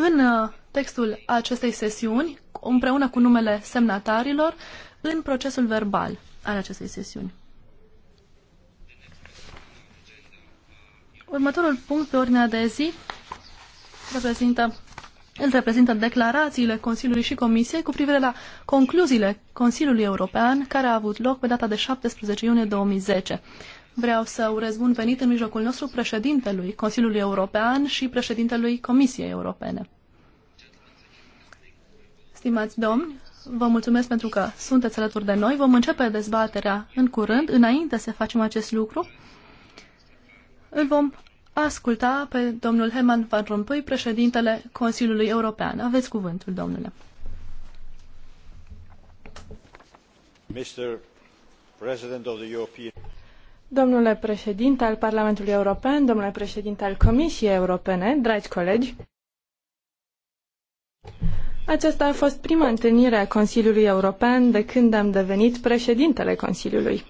în uh, textul acestei sesiuni, împreună cu numele semnatarilor, în procesul verbal al acestei sesiuni. Următorul punct pe ordinea de zi reprezintă, îl reprezintă declarațiile Consiliului și Comisiei cu privire la concluziile Consiliului European care a avut loc pe data de 17 iunie 2010. Vreau să urez bun venit în mijlocul nostru președintelui Consiliului European și președintelui Comisiei Europene. Stimați domni, vă mulțumesc pentru că sunteți alături de noi. Vom începe dezbaterea în curând. Înainte să facem acest lucru, îl vom asculta pe domnul Herman Van Rompuy, președintele Consiliului European. Aveți cuvântul, domnule. Mr. President of the European... Domnule președinte al Parlamentului European, domnule președinte al Comisiei Europene, dragi colegi, aceasta a fost prima întâlnire a Consiliului European de când am devenit președintele Consiliului.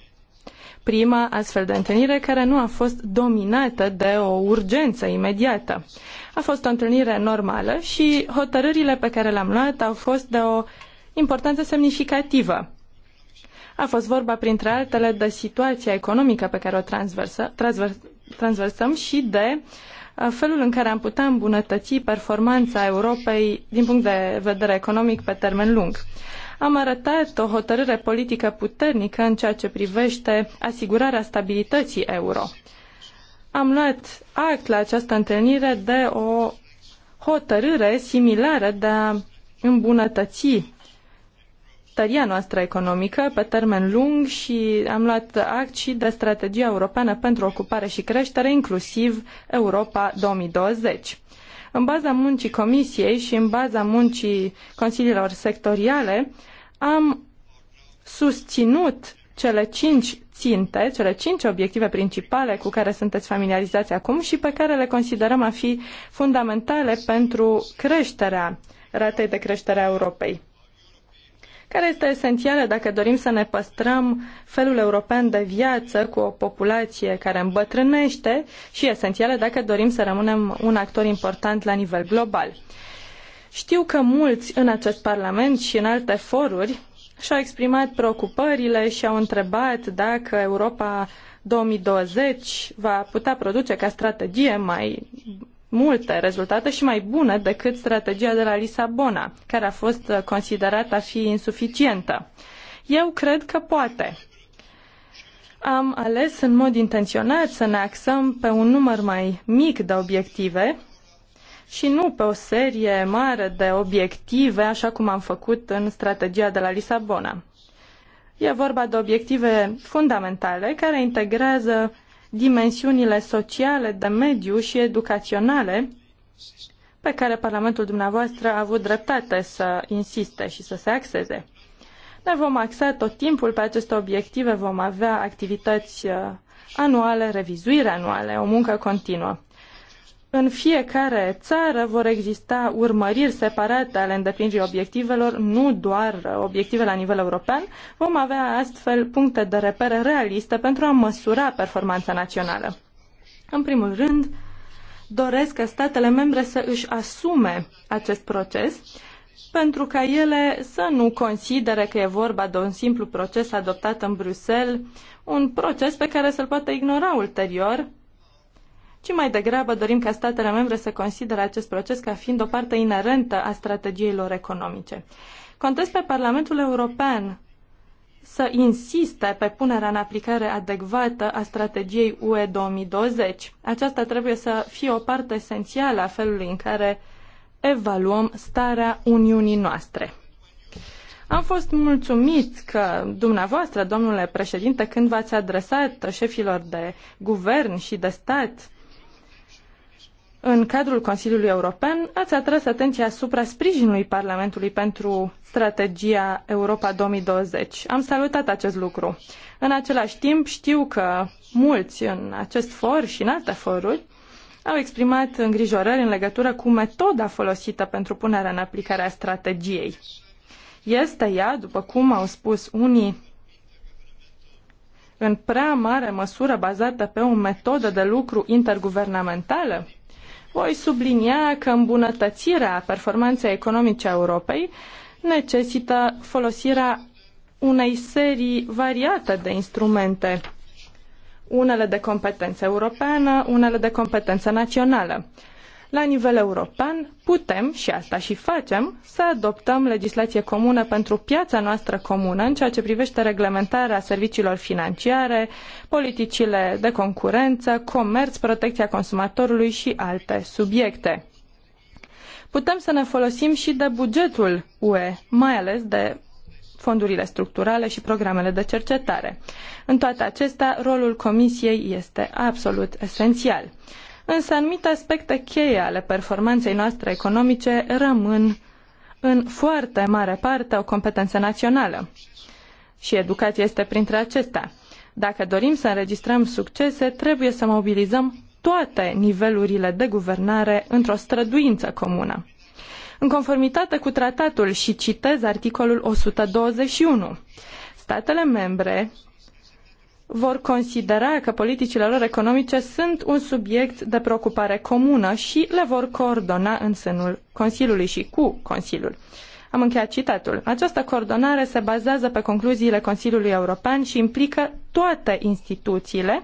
Prima astfel de întâlnire care nu a fost dominată de o urgență imediată. A fost o întâlnire normală și hotărârile pe care le-am luat au fost de o importanță semnificativă. A fost vorba, printre altele, de situația economică pe care o transversă, transver, transversăm și de felul în care am putea îmbunătăți performanța Europei din punct de vedere economic pe termen lung am arătat o hotărâre politică puternică în ceea ce privește asigurarea stabilității euro. Am luat act la această întâlnire de o hotărâre similară de a îmbunătăți tăria noastră economică pe termen lung și am luat act și de strategia europeană pentru ocupare și creștere, inclusiv Europa 2020. În baza muncii Comisiei și în baza muncii consiliilor sectoriale, am susținut cele cinci ținte, cele cinci obiective principale cu care sunteți familiarizați acum și pe care le considerăm a fi fundamentale pentru creșterea ratei de creștere a Europei care este esențială dacă dorim să ne păstrăm felul european de viață cu o populație care îmbătrânește și esențială dacă dorim să rămânem un actor important la nivel global. Știu că mulți în acest Parlament și în alte foruri și-au exprimat preocupările și au întrebat dacă Europa 2020 va putea produce ca strategie mai multe rezultate și mai bune decât strategia de la Lisabona, care a fost considerată a fi insuficientă. Eu cred că poate. Am ales în mod intenționat să ne axăm pe un număr mai mic de obiective și nu pe o serie mare de obiective, așa cum am făcut în strategia de la Lisabona. E vorba de obiective fundamentale care integrează dimensiunile sociale, de mediu și educaționale pe care Parlamentul dumneavoastră a avut dreptate să insiste și să se axeze. Ne vom axa tot timpul pe aceste obiective, vom avea activități uh, anuale, revizuiri anuale, o muncă continuă în fiecare țară vor exista urmăriri separate ale îndeplinirii obiectivelor, nu doar obiective la nivel european. Vom avea astfel puncte de repere realiste pentru a măsura performanța națională. În primul rând, doresc ca statele membre să își asume acest proces pentru ca ele să nu considere că e vorba de un simplu proces adoptat în Bruxelles, un proces pe care să-l poată ignora ulterior ci mai degrabă dorim ca statele membre să considere acest proces ca fiind o parte inerentă a strategiilor economice. Contez pe Parlamentul European să insiste pe punerea în aplicare adecvată a strategiei UE 2020. Aceasta trebuie să fie o parte esențială a felului în care evaluăm starea Uniunii noastre. Am fost mulțumit că dumneavoastră, domnule președinte, când v-ați adresat șefilor de guvern și de stat în cadrul Consiliului European ați atras atenția asupra sprijinului Parlamentului pentru strategia Europa 2020. Am salutat acest lucru. În același timp, știu că mulți în acest for și în alte foruri au exprimat îngrijorări în legătură cu metoda folosită pentru punerea în aplicare a strategiei. Este ea, după cum au spus unii, în prea mare măsură bazată pe o metodă de lucru interguvernamentală? voi sublinia că îmbunătățirea performanței economice a Europei necesită folosirea unei serii variate de instrumente, unele de competență europeană, unele de competență națională la nivel european putem, și asta și facem, să adoptăm legislație comună pentru piața noastră comună în ceea ce privește reglementarea serviciilor financiare, politicile de concurență, comerț, protecția consumatorului și alte subiecte. Putem să ne folosim și de bugetul UE, mai ales de fondurile structurale și programele de cercetare. În toate acestea, rolul Comisiei este absolut esențial însă anumite aspecte cheie ale performanței noastre economice rămân în foarte mare parte o competență națională. Și educația este printre acestea. Dacă dorim să înregistrăm succese, trebuie să mobilizăm toate nivelurile de guvernare într-o străduință comună. În conformitate cu tratatul și citez articolul 121, statele membre vor considera că politicile lor economice sunt un subiect de preocupare comună și le vor coordona în sânul Consiliului și cu Consiliul. Am încheiat citatul. Această coordonare se bazează pe concluziile Consiliului European și implică toate instituțiile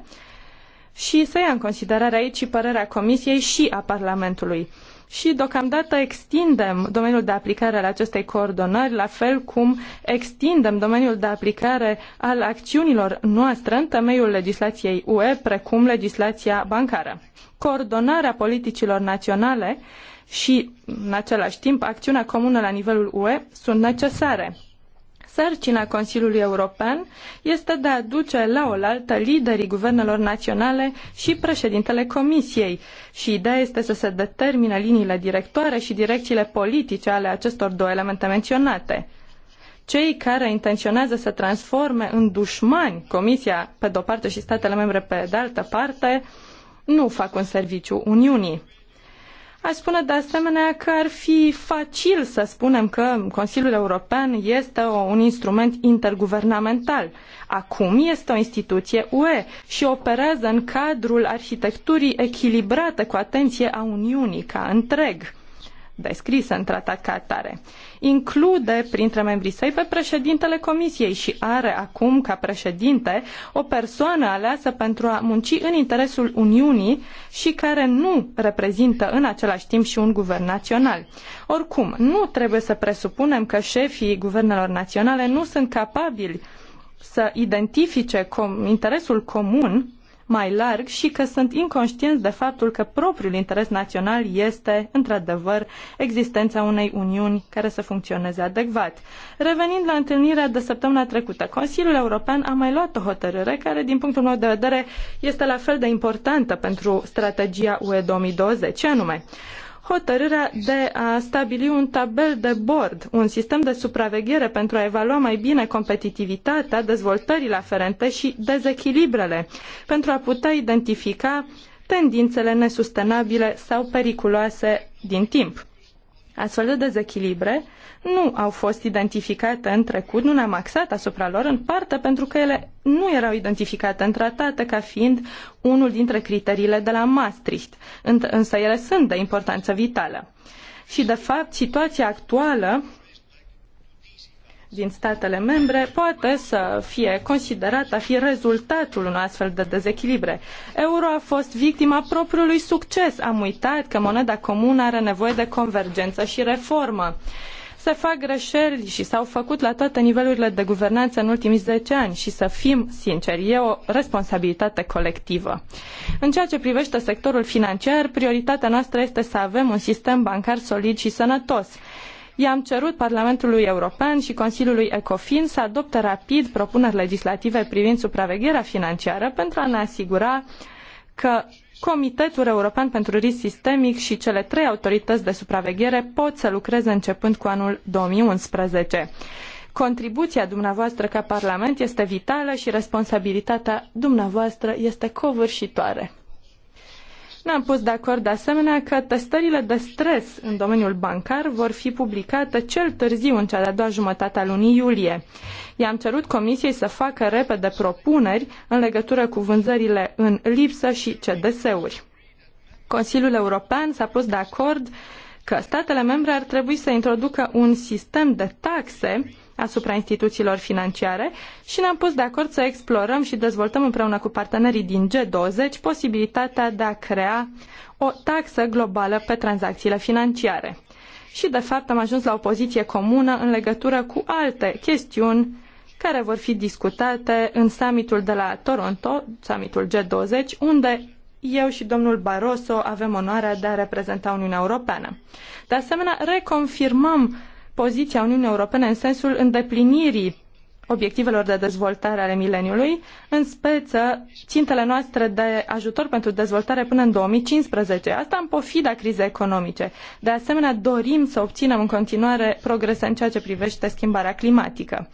și se ia în considerare aici și părerea Comisiei și a Parlamentului și deocamdată extindem domeniul de aplicare al acestei coordonări, la fel cum extindem domeniul de aplicare al acțiunilor noastre în temeiul legislației UE, precum legislația bancară. Coordonarea politicilor naționale și, în același timp, acțiunea comună la nivelul UE sunt necesare. Sarcina Consiliului European este de a aduce la oaltă liderii guvernelor naționale și președintele Comisiei și ideea este să se determine liniile directoare și direcțiile politice ale acestor două elemente menționate cei care intenționează să transforme în dușmani Comisia pe de-o parte și statele membre pe de altă parte, nu fac un serviciu Uniunii. Aș spune de asemenea că ar fi facil să spunem că Consiliul European este un instrument interguvernamental. Acum este o instituție UE și operează în cadrul arhitecturii echilibrate cu atenție a Uniunii ca întreg descrisă în tratat ca atare. Include printre membrii săi pe președintele comisiei și are acum ca președinte o persoană aleasă pentru a munci în interesul Uniunii și care nu reprezintă în același timp și un guvern național. Oricum, nu trebuie să presupunem că șefii guvernelor naționale nu sunt capabili să identifice com interesul comun mai larg și că sunt inconștienți de faptul că propriul interes național este, într-adevăr, existența unei uniuni care să funcționeze adecvat. Revenind la întâlnirea de săptămâna trecută, Consiliul European a mai luat o hotărâre care, din punctul meu de vedere, este la fel de importantă pentru strategia UE 2020, ce anume hotărârea de a stabili un tabel de bord, un sistem de supraveghere pentru a evalua mai bine competitivitatea, dezvoltările aferente și dezechilibrele, pentru a putea identifica tendințele nesustenabile sau periculoase din timp. Astfel de dezechilibre nu au fost identificate în trecut, nu ne-am axat asupra lor, în parte pentru că ele nu erau identificate în tratate ca fiind unul dintre criteriile de la Maastricht, însă ele sunt de importanță vitală. Și, de fapt, situația actuală din statele membre poate să fie considerat a fi rezultatul unui astfel de dezechilibre. Euro a fost victima propriului succes. Am uitat că moneda comună are nevoie de convergență și reformă. Se fac greșeli și s-au făcut la toate nivelurile de guvernanță în ultimii zece ani și să fim sinceri, e o responsabilitate colectivă. În ceea ce privește sectorul financiar, prioritatea noastră este să avem un sistem bancar solid și sănătos I-am cerut Parlamentului European și Consiliului ECOFIN să adopte rapid propuneri legislative privind supravegherea financiară pentru a ne asigura că Comitetul European pentru Risc Sistemic și cele trei autorități de supraveghere pot să lucreze începând cu anul 2011. Contribuția dumneavoastră ca Parlament este vitală și responsabilitatea dumneavoastră este covârșitoare. Ne-am pus de acord de asemenea că testările de stres în domeniul bancar vor fi publicate cel târziu în cea de-a doua jumătate a lunii iulie. I-am cerut Comisiei să facă repede propuneri în legătură cu vânzările în lipsă și CDS-uri. Consiliul European s-a pus de acord că statele membre ar trebui să introducă un sistem de taxe asupra instituțiilor financiare și ne-am pus de acord să explorăm și dezvoltăm împreună cu partenerii din G20 posibilitatea de a crea o taxă globală pe tranzacțiile financiare. Și, de fapt, am ajuns la o poziție comună în legătură cu alte chestiuni care vor fi discutate în summitul de la Toronto, summitul G20, unde eu și domnul Barroso avem onoarea de a reprezenta Uniunea Europeană. De asemenea, reconfirmăm poziția Uniunii Europene în sensul îndeplinirii obiectivelor de dezvoltare ale mileniului, în speță țintele noastre de ajutor pentru dezvoltare până în 2015. Asta în pofida crizei economice. De asemenea, dorim să obținem în continuare progrese în ceea ce privește schimbarea climatică.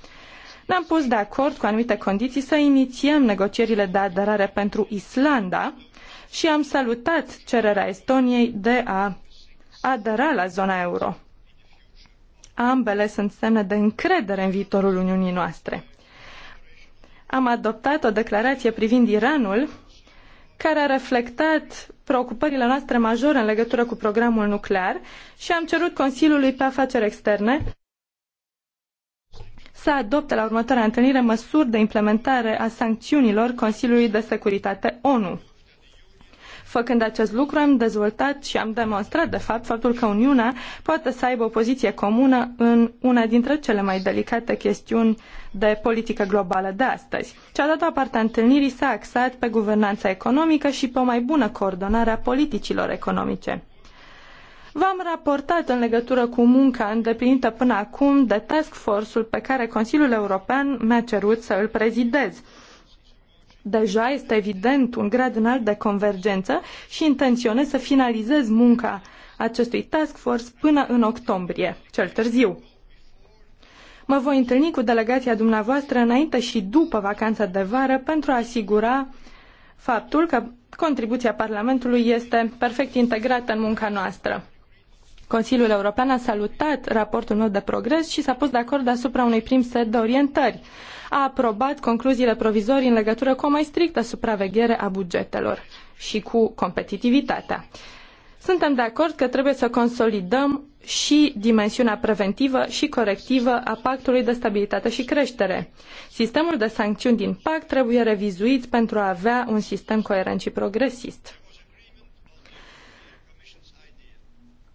Ne-am pus de acord cu anumite condiții să inițiem negocierile de aderare pentru Islanda și am salutat cererea Estoniei de a adera la zona euro. Ambele sunt semne de încredere în viitorul Uniunii noastre. Am adoptat o declarație privind Iranul care a reflectat preocupările noastre majore în legătură cu programul nuclear și am cerut Consiliului pe afaceri externe să adopte la următoarea întâlnire măsuri de implementare a sancțiunilor Consiliului de Securitate ONU. Făcând acest lucru, am dezvoltat și am demonstrat, de fapt, faptul că Uniunea poate să aibă o poziție comună în una dintre cele mai delicate chestiuni de politică globală de astăzi. Cea de-a doua parte a întâlnirii s-a axat pe guvernanța economică și pe o mai bună coordonare a politicilor economice. V-am raportat în legătură cu munca îndeplinită până acum de task force-ul pe care Consiliul European mi-a cerut să îl prezidez deja este evident un grad înalt de convergență și intenționez să finalizez munca acestui task force până în octombrie, cel târziu. Mă voi întâlni cu delegația dumneavoastră înainte și după vacanța de vară pentru a asigura faptul că contribuția Parlamentului este perfect integrată în munca noastră. Consiliul European a salutat raportul meu de progres și s-a pus de acord asupra unui prim set de orientări. A aprobat concluziile provizorii în legătură cu o mai strictă supraveghere a bugetelor și cu competitivitatea. Suntem de acord că trebuie să consolidăm și dimensiunea preventivă și corectivă a Pactului de Stabilitate și Creștere. Sistemul de sancțiuni din Pact trebuie revizuit pentru a avea un sistem coerent și progresist.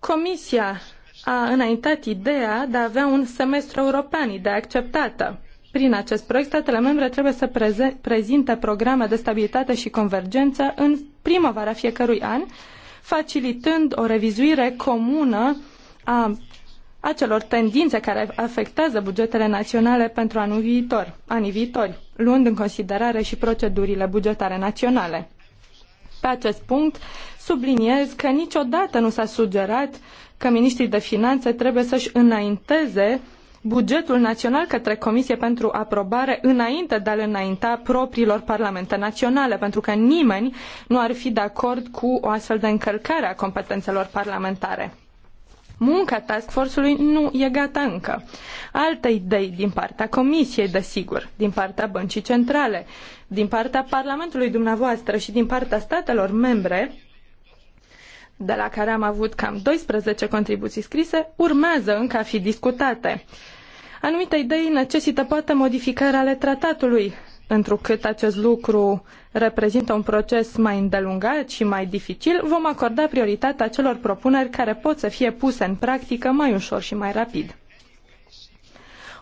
Comisia a înaintat ideea de a avea un semestru european, ideea acceptată. Prin acest proiect, statele membre trebuie să prezinte programe de stabilitate și convergență în primăvara fiecărui an, facilitând o revizuire comună a acelor tendințe care afectează bugetele naționale pentru anul viitor, anii viitori, luând în considerare și procedurile bugetare naționale pe acest punct subliniez că niciodată nu s-a sugerat că ministrii de finanțe trebuie să-și înainteze bugetul național către Comisie pentru aprobare înainte de a-l înainta propriilor parlamente naționale, pentru că nimeni nu ar fi de acord cu o astfel de încălcare a competențelor parlamentare. Munca task force-ului nu e gata încă. Alte idei din partea Comisiei, desigur, din partea Băncii Centrale, din partea Parlamentului dumneavoastră și din partea statelor membre, de la care am avut cam 12 contribuții scrise, urmează încă a fi discutate. Anumite idei necesită poate modificări ale tratatului, întrucât acest lucru reprezintă un proces mai îndelungat și mai dificil, vom acorda prioritatea celor propuneri care pot să fie puse în practică mai ușor și mai rapid.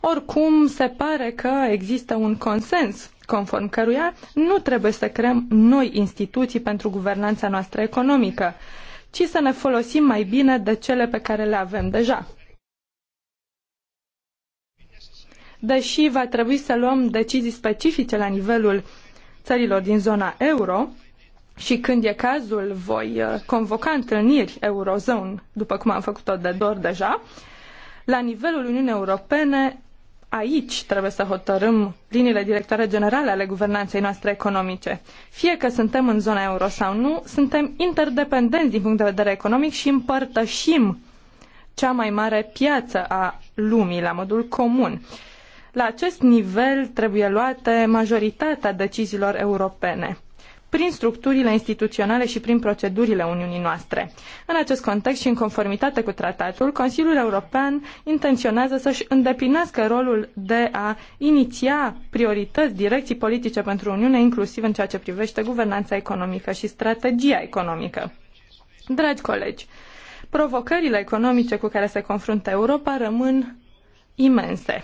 Oricum, se pare că există un consens conform căruia nu trebuie să creăm noi instituții pentru guvernanța noastră economică, ci să ne folosim mai bine de cele pe care le avem deja. Deși va trebui să luăm decizii specifice la nivelul țărilor din zona euro și când e cazul voi uh, convoca întâlniri eurozone, după cum am făcut-o de dor deja, la nivelul Uniunii Europene aici trebuie să hotărâm liniile directoare generale ale guvernanței noastre economice. Fie că suntem în zona euro sau nu, suntem interdependenți din punct de vedere economic și împărtășim cea mai mare piață a lumii la modul comun. La acest nivel trebuie luate majoritatea deciziilor europene prin structurile instituționale și prin procedurile Uniunii noastre. În acest context și în conformitate cu tratatul, Consiliul European intenționează să-și îndeplinească rolul de a iniția priorități, direcții politice pentru Uniune, inclusiv în ceea ce privește guvernanța economică și strategia economică. Dragi colegi, provocările economice cu care se confruntă Europa rămân imense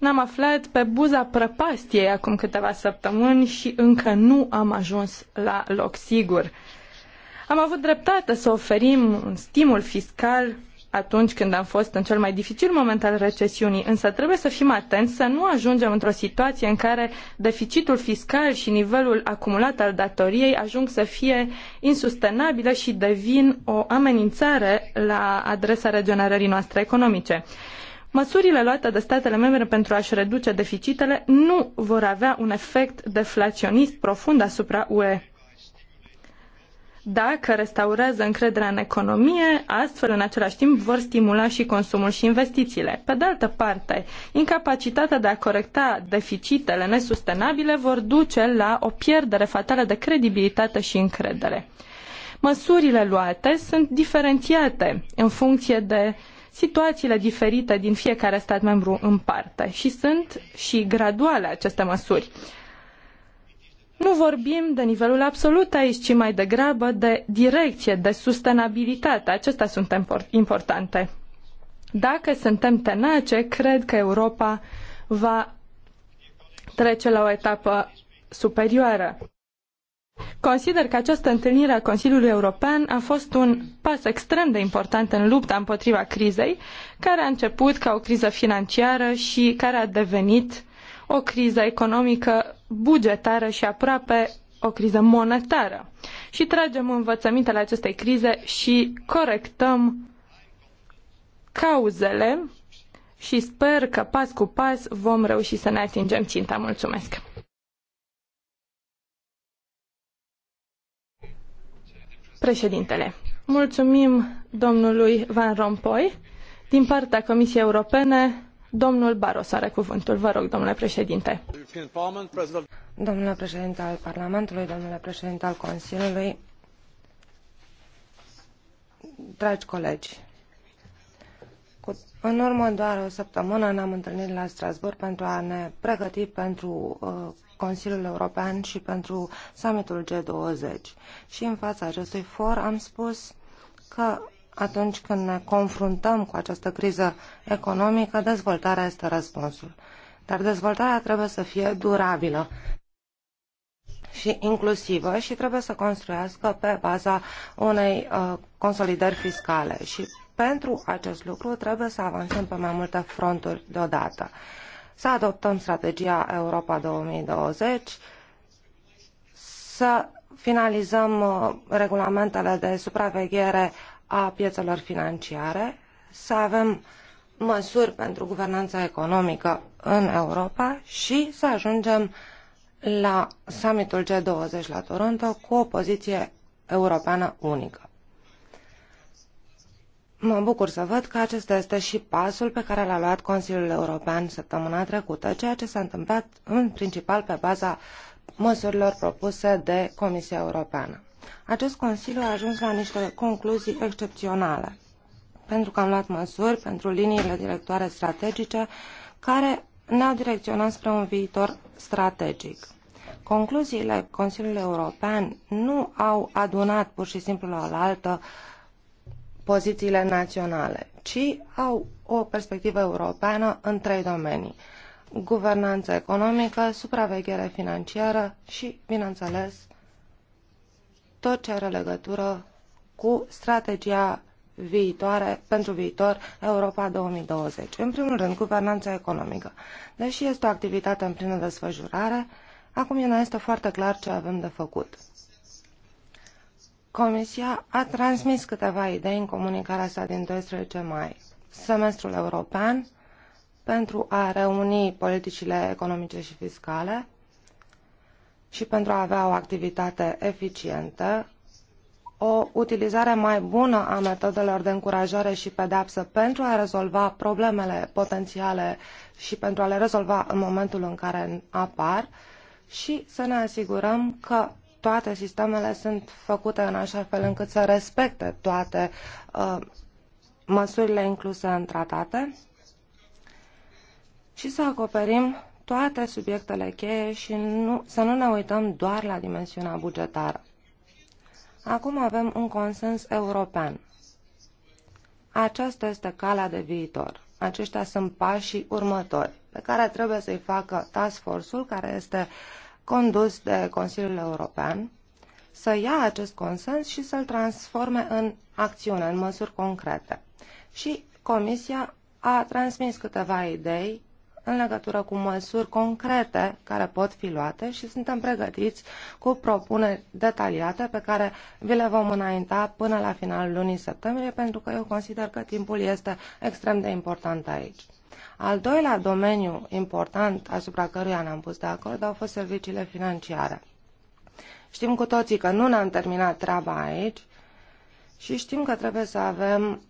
ne-am aflat pe buza prăpastiei acum câteva săptămâni și încă nu am ajuns la loc sigur. Am avut dreptate să oferim un stimul fiscal atunci când am fost în cel mai dificil moment al recesiunii, însă trebuie să fim atenți să nu ajungem într-o situație în care deficitul fiscal și nivelul acumulat al datoriei ajung să fie insustenabile și devin o amenințare la adresa regenerării noastre economice. Măsurile luate de statele membre pentru a-și reduce deficitele nu vor avea un efect deflaționist profund asupra UE. Dacă restaurează încrederea în economie, astfel în același timp vor stimula și consumul și investițiile. Pe de altă parte, incapacitatea de a corecta deficitele nesustenabile vor duce la o pierdere fatală de credibilitate și încredere. Măsurile luate sunt diferențiate în funcție de situațiile diferite din fiecare stat membru în parte și sunt și graduale aceste măsuri. Nu vorbim de nivelul absolut aici, ci mai degrabă de direcție, de sustenabilitate. Acestea sunt importante. Dacă suntem tenace, cred că Europa va trece la o etapă superioară. Consider că această întâlnire a Consiliului European a fost un pas extrem de important în lupta împotriva crizei, care a început ca o criză financiară și care a devenit o criză economică, bugetară și aproape o criză monetară. Și tragem învățămintele acestei crize și corectăm cauzele și sper că pas cu pas vom reuși să ne atingem ținta. Mulțumesc! Președintele, mulțumim domnului Van Rompuy. Din partea Comisiei Europene, domnul Barros are cuvântul. Vă rog, domnule președinte. Domnule președinte al Parlamentului, domnule președinte al Consiliului, dragi colegi, cu, în urmă doar o săptămână ne-am întâlnit la Strasbourg pentru a ne pregăti pentru uh, Consiliul European și pentru summitul G20. Și în fața acestui for am spus că atunci când ne confruntăm cu această criză economică, dezvoltarea este răspunsul. Dar dezvoltarea trebuie să fie durabilă și inclusivă și trebuie să construiască pe baza unei uh, consolidări fiscale. Și pentru acest lucru trebuie să avansăm pe mai multe fronturi deodată. Să adoptăm strategia Europa 2020, să finalizăm uh, regulamentele de supraveghere a piețelor financiare, să avem măsuri pentru guvernanța economică în Europa și să ajungem la summitul G20 la Toronto cu o poziție europeană unică. Mă bucur să văd că acesta este și pasul pe care l-a luat Consiliul European săptămâna trecută, ceea ce s-a întâmplat în principal pe baza măsurilor propuse de Comisia Europeană. Acest Consiliu a ajuns la niște concluzii excepționale, pentru că am luat măsuri pentru liniile directoare strategice care ne-au direcționat spre un viitor strategic. Concluziile Consiliului European nu au adunat pur și simplu la oaltă uh, pozițiile naționale, ci au o perspectivă europeană în trei domenii. Guvernanță economică, supraveghere financiară și, bineînțeles, tot ce are legătură cu strategia viitoare, pentru viitor Europa 2020. În primul rând, guvernanța economică. Deși este o activitate în plină desfășurare, acum nu este foarte clar ce avem de făcut. Comisia a transmis câteva idei în comunicarea sa din 12 mai. Semestrul european pentru a reuni politicile economice și fiscale și pentru a avea o activitate eficientă, o utilizare mai bună a metodelor de încurajare și pedapsă pentru a rezolva problemele potențiale și pentru a le rezolva în momentul în care apar și să ne asigurăm că toate sistemele sunt făcute în așa fel încât să respecte toate uh, măsurile incluse în tratate și să acoperim toate subiectele cheie și nu, să nu ne uităm doar la dimensiunea bugetară. Acum avem un consens european. Aceasta este calea de viitor. Aceștia sunt pașii următori pe care trebuie să-i facă task force-ul, care este uh, condus de Consiliul European, să ia acest consens și să-l transforme în acțiune, în măsuri concrete. Și Comisia a transmis câteva idei în legătură cu măsuri concrete care pot fi luate și suntem pregătiți cu propuneri detaliate pe care vi le vom înainta până la finalul lunii septembrie, pentru că eu consider că timpul este extrem de important aici. Al doilea domeniu important asupra căruia ne-am pus de acord au fost serviciile financiare. Știm cu toții că nu ne-am terminat treaba aici și știm că trebuie să avem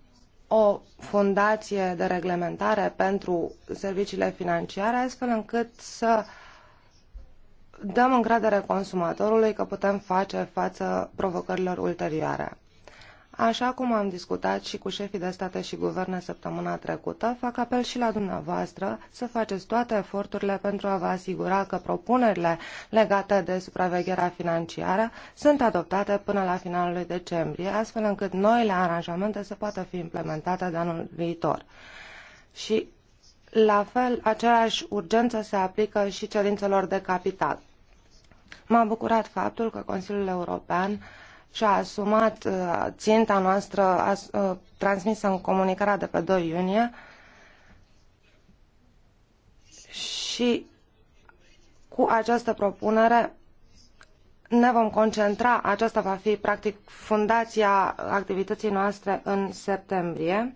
o fundație de reglementare pentru serviciile financiare, astfel încât să dăm încredere consumatorului că putem face față provocărilor ulterioare. Așa cum am discutat și cu șefii de state și guverne săptămâna trecută, fac apel și la dumneavoastră să faceți toate eforturile pentru a vă asigura că propunerile legate de supravegherea financiară sunt adoptate până la finalul lui decembrie, astfel încât noile aranjamente să poată fi implementate de anul viitor. Și la fel, aceeași urgență se aplică și cerințelor de capital. M-a bucurat faptul că Consiliul European și-a asumat uh, ținta noastră uh, transmisă în comunicarea de pe 2 iunie și cu această propunere ne vom concentra, aceasta va fi practic fundația activității noastre în septembrie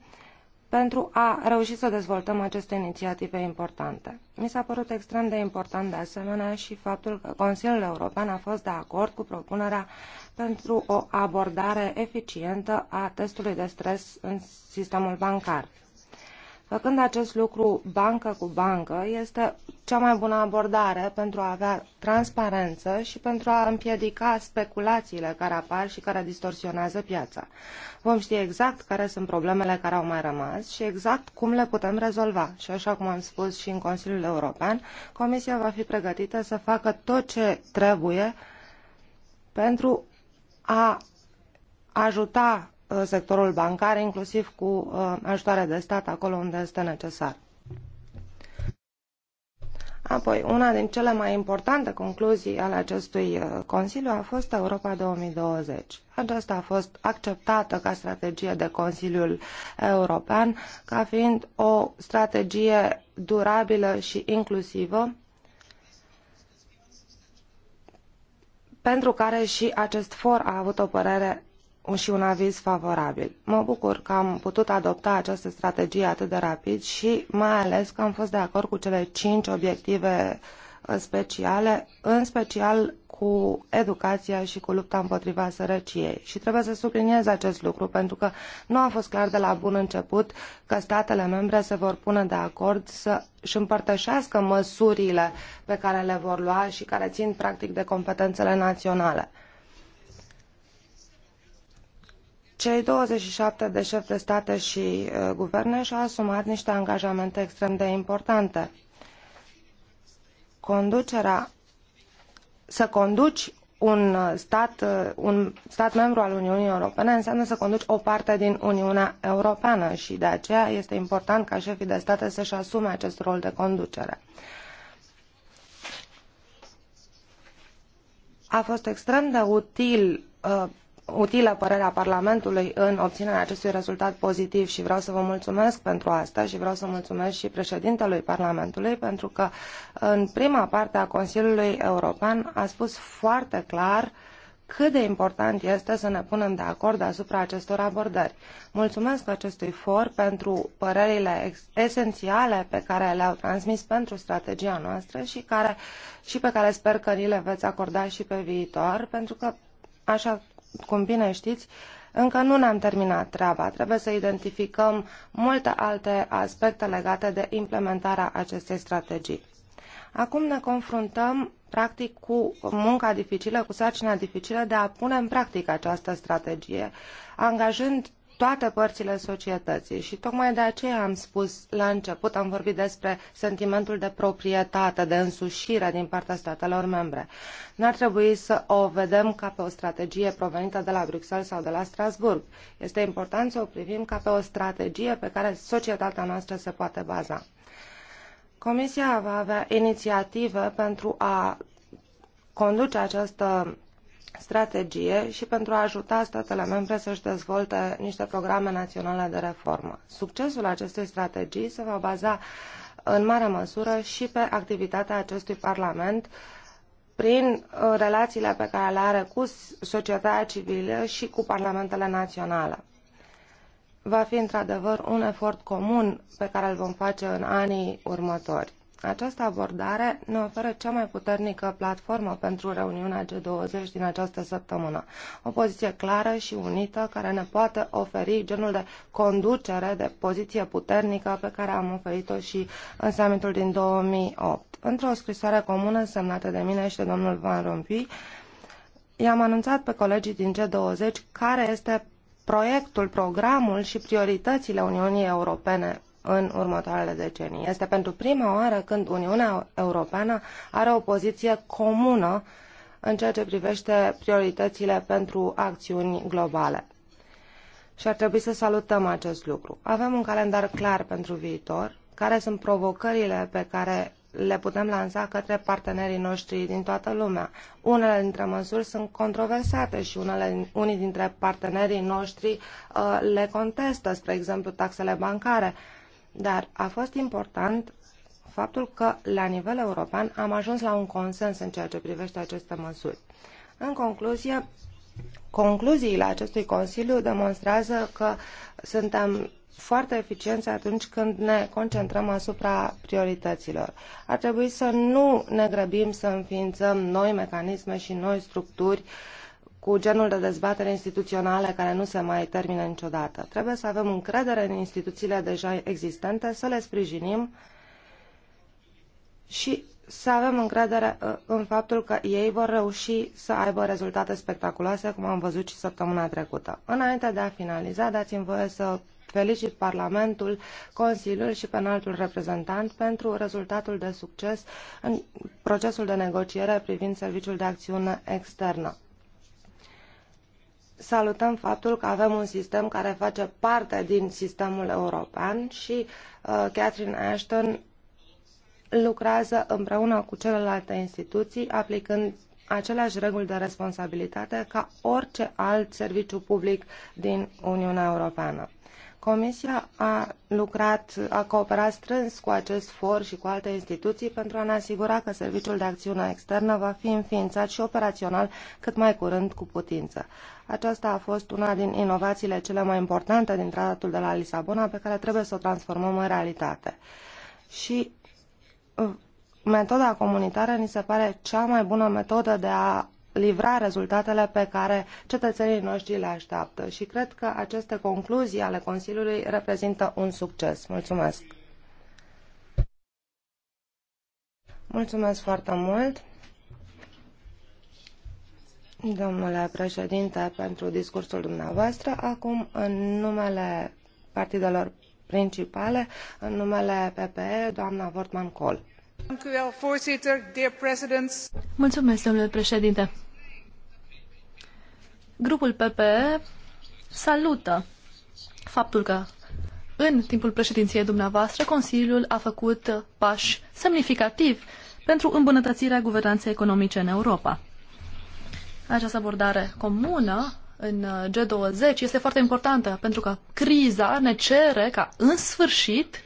pentru a reuși să dezvoltăm aceste inițiative importante. Mi s-a părut extrem de important de asemenea și faptul că Consiliul European a fost de acord cu propunerea pentru o abordare eficientă a testului de stres în sistemul bancar. Făcând acest lucru bancă cu bancă, este cea mai bună abordare pentru a avea transparență și pentru a împiedica speculațiile care apar și care distorsionează piața. Vom ști exact care sunt problemele care au mai rămas și exact cum le putem rezolva. Și așa cum am spus și în Consiliul European, Comisia va fi pregătită să facă tot ce trebuie pentru a ajuta Uh, sectorul bancar, inclusiv cu uh, ajutoare de stat acolo unde este necesar. Apoi, una din cele mai importante concluzii ale acestui uh, Consiliu a fost Europa 2020. Aceasta a fost acceptată ca strategie de Consiliul European, ca fiind o strategie durabilă și inclusivă, pentru care și acest for a avut o părere și un aviz favorabil. Mă bucur că am putut adopta această strategie atât de rapid și mai ales că am fost de acord cu cele cinci obiective uh, speciale, în special cu educația și cu lupta împotriva sărăciei. Și trebuie să subliniez acest lucru pentru că nu a fost clar de la bun început că statele membre se vor pune de acord să își împărtășească măsurile pe care le vor lua și care țin practic de competențele naționale. Cei 27 de șefi de state și uh, guverne și-au asumat niște angajamente extrem de importante. Conducerea, să conduci un uh, stat, uh, un stat membru al Uniunii Europene înseamnă să conduci o parte din Uniunea Europeană și de aceea este important ca șefii de state să-și asume acest rol de conducere. A fost extrem de util utilă părerea Parlamentului în obținerea acestui rezultat pozitiv și vreau să vă mulțumesc pentru asta și vreau să mulțumesc și președintelui Parlamentului pentru că în prima parte a Consiliului European a spus foarte clar cât de important este să ne punem de acord asupra acestor abordări. Mulțumesc acestui for pentru părerile esențiale pe care le-au transmis pentru strategia noastră și, care, și pe care sper că ni le veți acorda și pe viitor, pentru că, așa cum bine știți, încă nu ne-am terminat treaba. Trebuie să identificăm multe alte aspecte legate de implementarea acestei strategii. Acum ne confruntăm practic cu munca dificilă, cu sarcina dificilă de a pune în practică această strategie, angajând toate părțile societății și tocmai de aceea am spus la început, am vorbit despre sentimentul de proprietate, de însușire din partea statelor membre. N-ar trebui să o vedem ca pe o strategie provenită de la Bruxelles sau de la Strasbourg. Este important să o privim ca pe o strategie pe care societatea noastră se poate baza. Comisia va avea inițiative pentru a conduce această strategie și pentru a ajuta statele membre să-și dezvolte niște programe naționale de reformă. Succesul acestei strategii se va baza în mare măsură și pe activitatea acestui Parlament prin uh, relațiile pe care le are cu societatea civilă și cu parlamentele naționale. Va fi într-adevăr un efort comun pe care îl vom face în anii următori această abordare ne oferă cea mai puternică platformă pentru reuniunea G20 din această săptămână. O poziție clară și unită care ne poate oferi genul de conducere, de poziție puternică pe care am oferit-o și în summitul din 2008. Într-o scrisoare comună semnată de mine și de domnul Van Rompuy, i-am anunțat pe colegii din G20 care este proiectul, programul și prioritățile Uniunii Europene în următoarele decenii. Este pentru prima oară când Uniunea Europeană are o poziție comună în ceea ce privește prioritățile pentru acțiuni globale. Și ar trebui să salutăm acest lucru. Avem un calendar clar pentru viitor, care sunt provocările pe care le putem lansa către partenerii noștri din toată lumea. Unele dintre măsuri sunt controversate și unele, unii dintre partenerii noștri uh, le contestă, spre exemplu taxele bancare. Uh, dar a fost important faptul că la nivel european am ajuns la un consens în ceea ce privește aceste măsuri. În concluzie, concluziile acestui Consiliu demonstrează că suntem foarte eficienți atunci când ne concentrăm asupra priorităților. Ar trebui să nu ne grăbim să înființăm noi mecanisme și noi structuri uh, cu genul de dezbatere instituționale care nu se mai termină niciodată. Trebuie să avem încredere în instituțiile deja existente, să le sprijinim și să avem încredere uh, în faptul că ei vor reuși să aibă rezultate spectaculoase, cum am văzut și săptămâna trecută. Înainte de a finaliza, dați-mi voie să felicit Parlamentul, Consiliul și pe înaltul reprezentant pentru rezultatul de succes în procesul de negociere privind Serviciul de Acțiune Externă salutăm faptul că avem un sistem care face parte din sistemul european și uh, Catherine Ashton lucrează împreună cu celelalte instituții, aplicând aceleași reguli de responsabilitate ca orice alt serviciu public din Uniunea Europeană. Comisia a lucrat, a cooperat strâns cu acest for și cu alte instituții pentru a ne asigura că Serviciul de Acțiune Externă va fi înființat și operațional cât mai curând cu putință. Aceasta a fost una din inovațiile cele mai importante din tratatul de la Lisabona pe care trebuie să o transformăm în realitate. Și uh, metoda comunitară ni se pare cea mai bună metodă de a livra rezultatele pe care cetățenii noștri le așteaptă și cred că aceste concluzii ale Consiliului reprezintă un succes. Mulțumesc! Mulțumesc foarte mult, domnule președinte, pentru discursul dumneavoastră. Acum, în numele partidelor principale, în numele PPE, doamna Vortman Col. Mulțumesc, domnule președinte. Grupul PPE salută faptul că în timpul președinției dumneavoastră Consiliul a făcut pași semnificativi pentru îmbunătățirea guvernanței economice în Europa. Această abordare comună în G20 este foarte importantă pentru că criza ne cere ca în sfârșit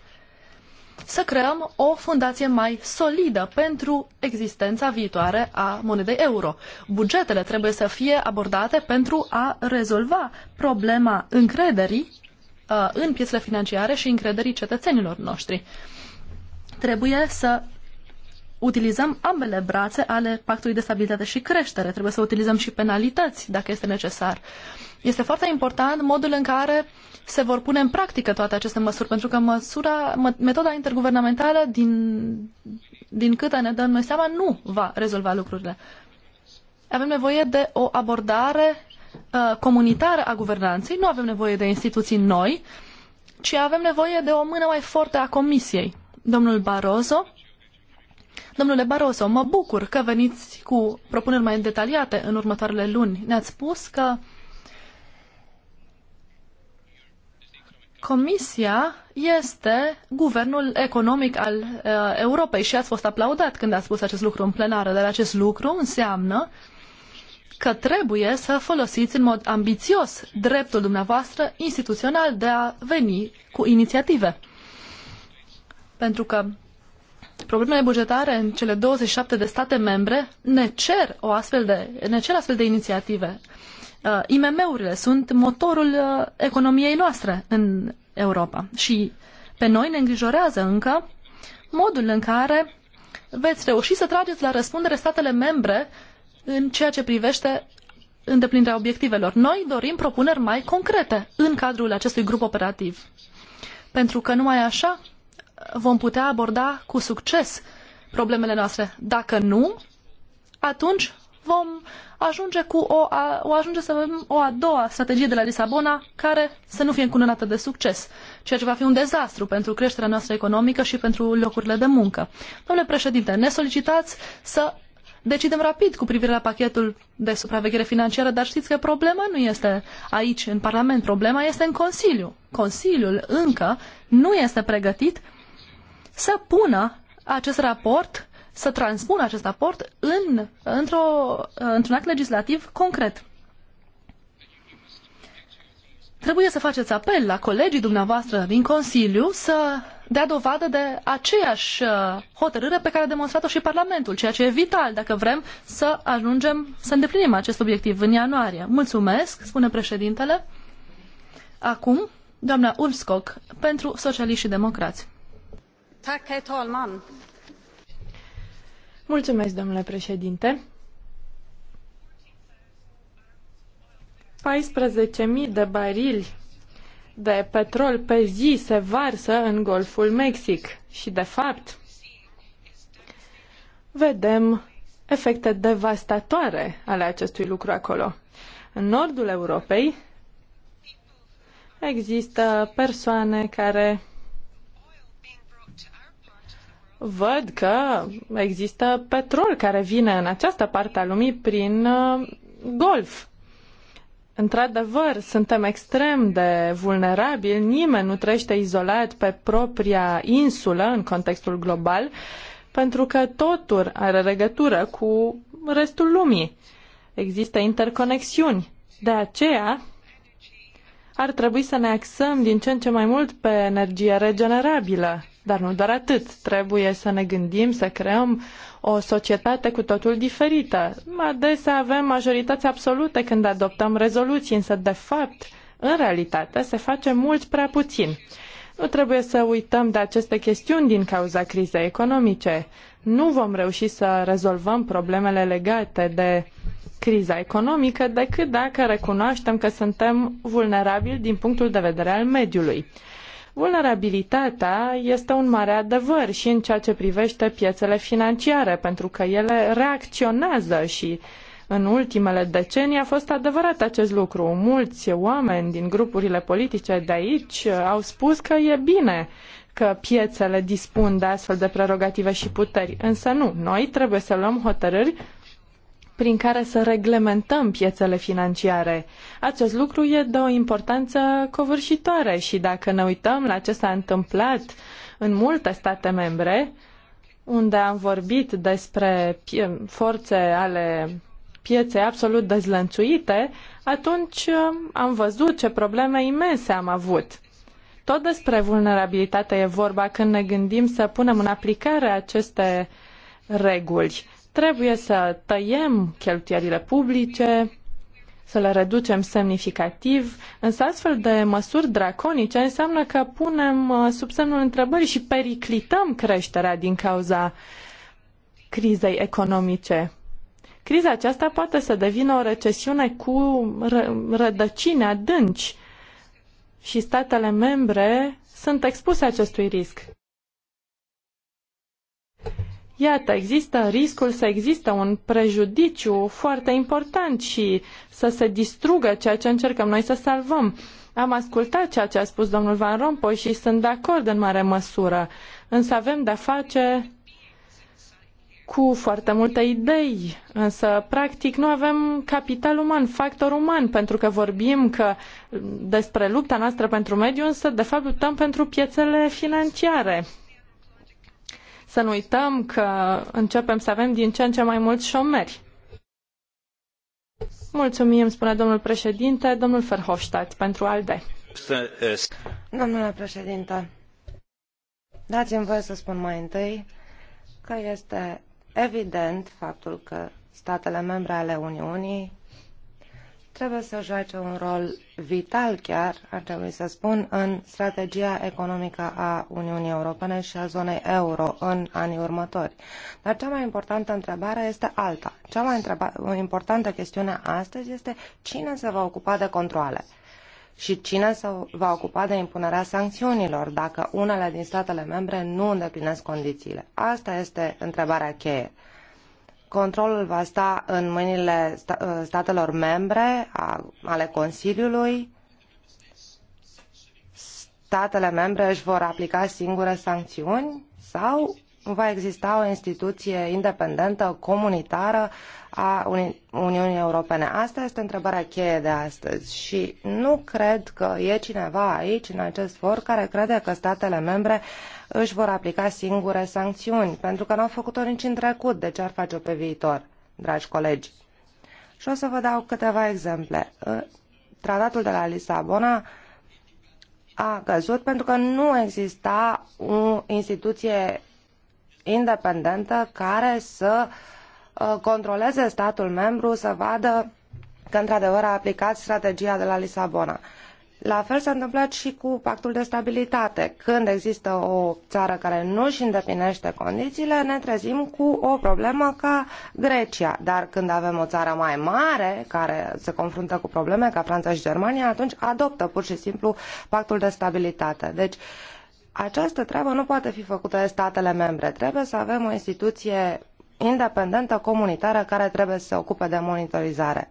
să creăm o fundație mai solidă pentru existența viitoare a monedei euro. Bugetele trebuie să fie abordate pentru a rezolva problema încrederii uh, în piețele financiare și încrederii cetățenilor noștri. Trebuie să utilizăm ambele brațe ale Pactului de Stabilitate și Creștere. Trebuie să utilizăm și penalități, dacă este necesar. Uh, este foarte important modul în care se vor pune în practică toate aceste măsuri, pentru că măsura, metoda interguvernamentală, din, din câte ne dăm noi seama, nu va rezolva lucrurile. Avem nevoie de o abordare uh, comunitară a guvernanței, nu avem nevoie de instituții noi, ci avem nevoie de o mână mai forte a Comisiei. Domnul Barroso, Domnule Barroso, mă bucur că veniți cu propuneri mai detaliate în următoarele luni. Ne-ați spus că uh, Comisia este guvernul economic al uh, Europei și ați fost aplaudat când ați spus acest lucru în plenară, dar acest lucru înseamnă că trebuie să folosiți în mod ambițios dreptul dumneavoastră instituțional de a veni cu inițiative. Pentru că problemele bugetare în cele 27 de state membre ne cer, o astfel de, ne cer astfel de inițiative uh, IMM-urile sunt motorul uh, economiei noastre în Europa. Și pe noi ne îngrijorează încă modul în care veți reuși să trageți la răspundere statele membre în ceea ce privește îndeplinirea obiectivelor. Noi dorim propuneri mai concrete în cadrul acestui grup operativ. Pentru că numai așa vom putea aborda cu succes problemele noastre. Dacă nu, atunci vom ajunge, cu o, a, o ajunge să avem o a doua strategie de la Lisabona care să nu fie încununată de succes, ceea ce va fi un dezastru pentru creșterea noastră economică și pentru locurile de muncă. Domnule președinte, ne solicitați să decidem rapid cu privire la pachetul de supraveghere financiară, dar știți că problema nu este aici, în Parlament, problema este în Consiliu. Consiliul încă nu este pregătit să pună acest raport să transpună acest raport în, într-o, într-un act legislativ concret. Trebuie să faceți apel la colegii dumneavoastră din Consiliu să dea dovadă de aceeași uh, hotărâre pe care a demonstrat-o și Parlamentul, ceea ce e vital dacă vrem să ajungem să îndeplinim acest obiectiv în ianuarie. Mulțumesc, spune președintele. Acum, doamna Ulfskog, pentru socialiști și democrați. herr talman. Mulțumesc, domnule președinte. 14.000 de barili de petrol pe zi se varsă în Golful Mexic și, de fapt, vedem efecte devastatoare ale acestui lucru acolo. În nordul Europei există persoane care văd că există petrol care vine în această parte a lumii prin uh, golf. Într-adevăr, suntem extrem de vulnerabili, nimeni nu trăiește izolat pe propria insulă în contextul global, pentru că totul are legătură cu restul lumii. Există interconexiuni. De aceea, ar trebui să ne axăm din ce în ce mai mult pe energie regenerabilă. Dar nu doar atât. Trebuie să ne gândim, să creăm o societate cu totul diferită. Adesea avem majorități absolute când adoptăm rezoluții, însă, de fapt, în realitate, se face mult prea puțin. Nu trebuie să uităm de aceste chestiuni din cauza crizei economice. Nu vom reuși să rezolvăm problemele legate de criza economică decât dacă recunoaștem că suntem vulnerabili din punctul de vedere al mediului. Vulnerabilitatea este un mare adevăr și în ceea ce privește piețele financiare, pentru că ele reacționează și în ultimele decenii a fost adevărat acest lucru. Mulți oameni din grupurile politice de aici au spus că e bine că piețele dispun de astfel de prerogative și puteri, însă nu. Noi trebuie să luăm hotărâri prin care să reglementăm piețele financiare. Acest lucru e de o importanță covârșitoare și dacă ne uităm la ce s-a întâmplat în multe state membre, unde am vorbit despre forțe ale pieței absolut dezlănțuite, atunci um, am văzut ce probleme imense am avut. Tot despre vulnerabilitate e vorba când ne gândim să punem în aplicare aceste reguli. Trebuie să tăiem cheltuielile publice, să le reducem semnificativ, însă astfel de măsuri draconice înseamnă că punem uh, sub semnul întrebării și periclităm creșterea din cauza crizei economice. Criza aceasta poate să devină o recesiune cu rădăcini adânci și statele membre sunt expuse acestui risc. Iată, există riscul să există un prejudiciu foarte important și să se distrugă ceea ce încercăm noi să salvăm. Am ascultat ceea ce a spus domnul Van Rompuy și sunt de acord în mare măsură, însă avem de-a face cu foarte multe idei, însă practic nu avem capital uman, factor uman, pentru că vorbim că despre lupta noastră pentru mediu, însă de fapt luptăm pentru piețele financiare. Să nu uităm că începem să avem din ce în ce mai mulți șomeri. Mulțumim, spune domnul președinte, domnul Ferhofstadt, pentru ALDE. Domnule președinte, dați-mi voie să spun mai întâi că este evident faptul că statele membre ale Uniunii trebuie să joace un rol vital chiar, ar trebui să spun, în strategia economică a Uniunii Europene și a zonei euro în anii următori. Dar cea mai importantă întrebare este alta. Cea mai importantă chestiune astăzi este cine se va ocupa de controle și cine se va ocupa de impunerea sancțiunilor dacă unele din statele membre nu îndeplinesc condițiile. Asta este întrebarea cheie controlul va sta în mâinile uh, statelor membre ale Consiliului. Statele membre își vor aplica singure sancțiuni sau va exista o instituție independentă, comunitară a Uni Uniunii Europene. Asta este întrebarea cheie de astăzi și nu cred că e cineva aici, în acest for, care crede că statele membre își vor aplica singure sancțiuni, pentru că n-au făcut-o nici în trecut, de ce ar face-o pe viitor, dragi colegi? Și o să vă dau câteva exemple. Tratatul de la Lisabona a căzut pentru că nu exista o instituție independentă care să uh, controleze statul membru, să vadă că într-adevăr a aplicat strategia de la Lisabona. La fel s-a întâmplat și cu pactul de stabilitate. Când există o țară care nu își îndeplinește condițiile, ne trezim cu o problemă ca Grecia. Dar când avem o țară mai mare care se confruntă cu probleme ca Franța și Germania, atunci adoptă pur și simplu pactul de stabilitate. Deci această treabă nu poate fi făcută de statele membre. Trebuie să avem o instituție independentă, comunitară, care trebuie să se ocupe de monitorizare.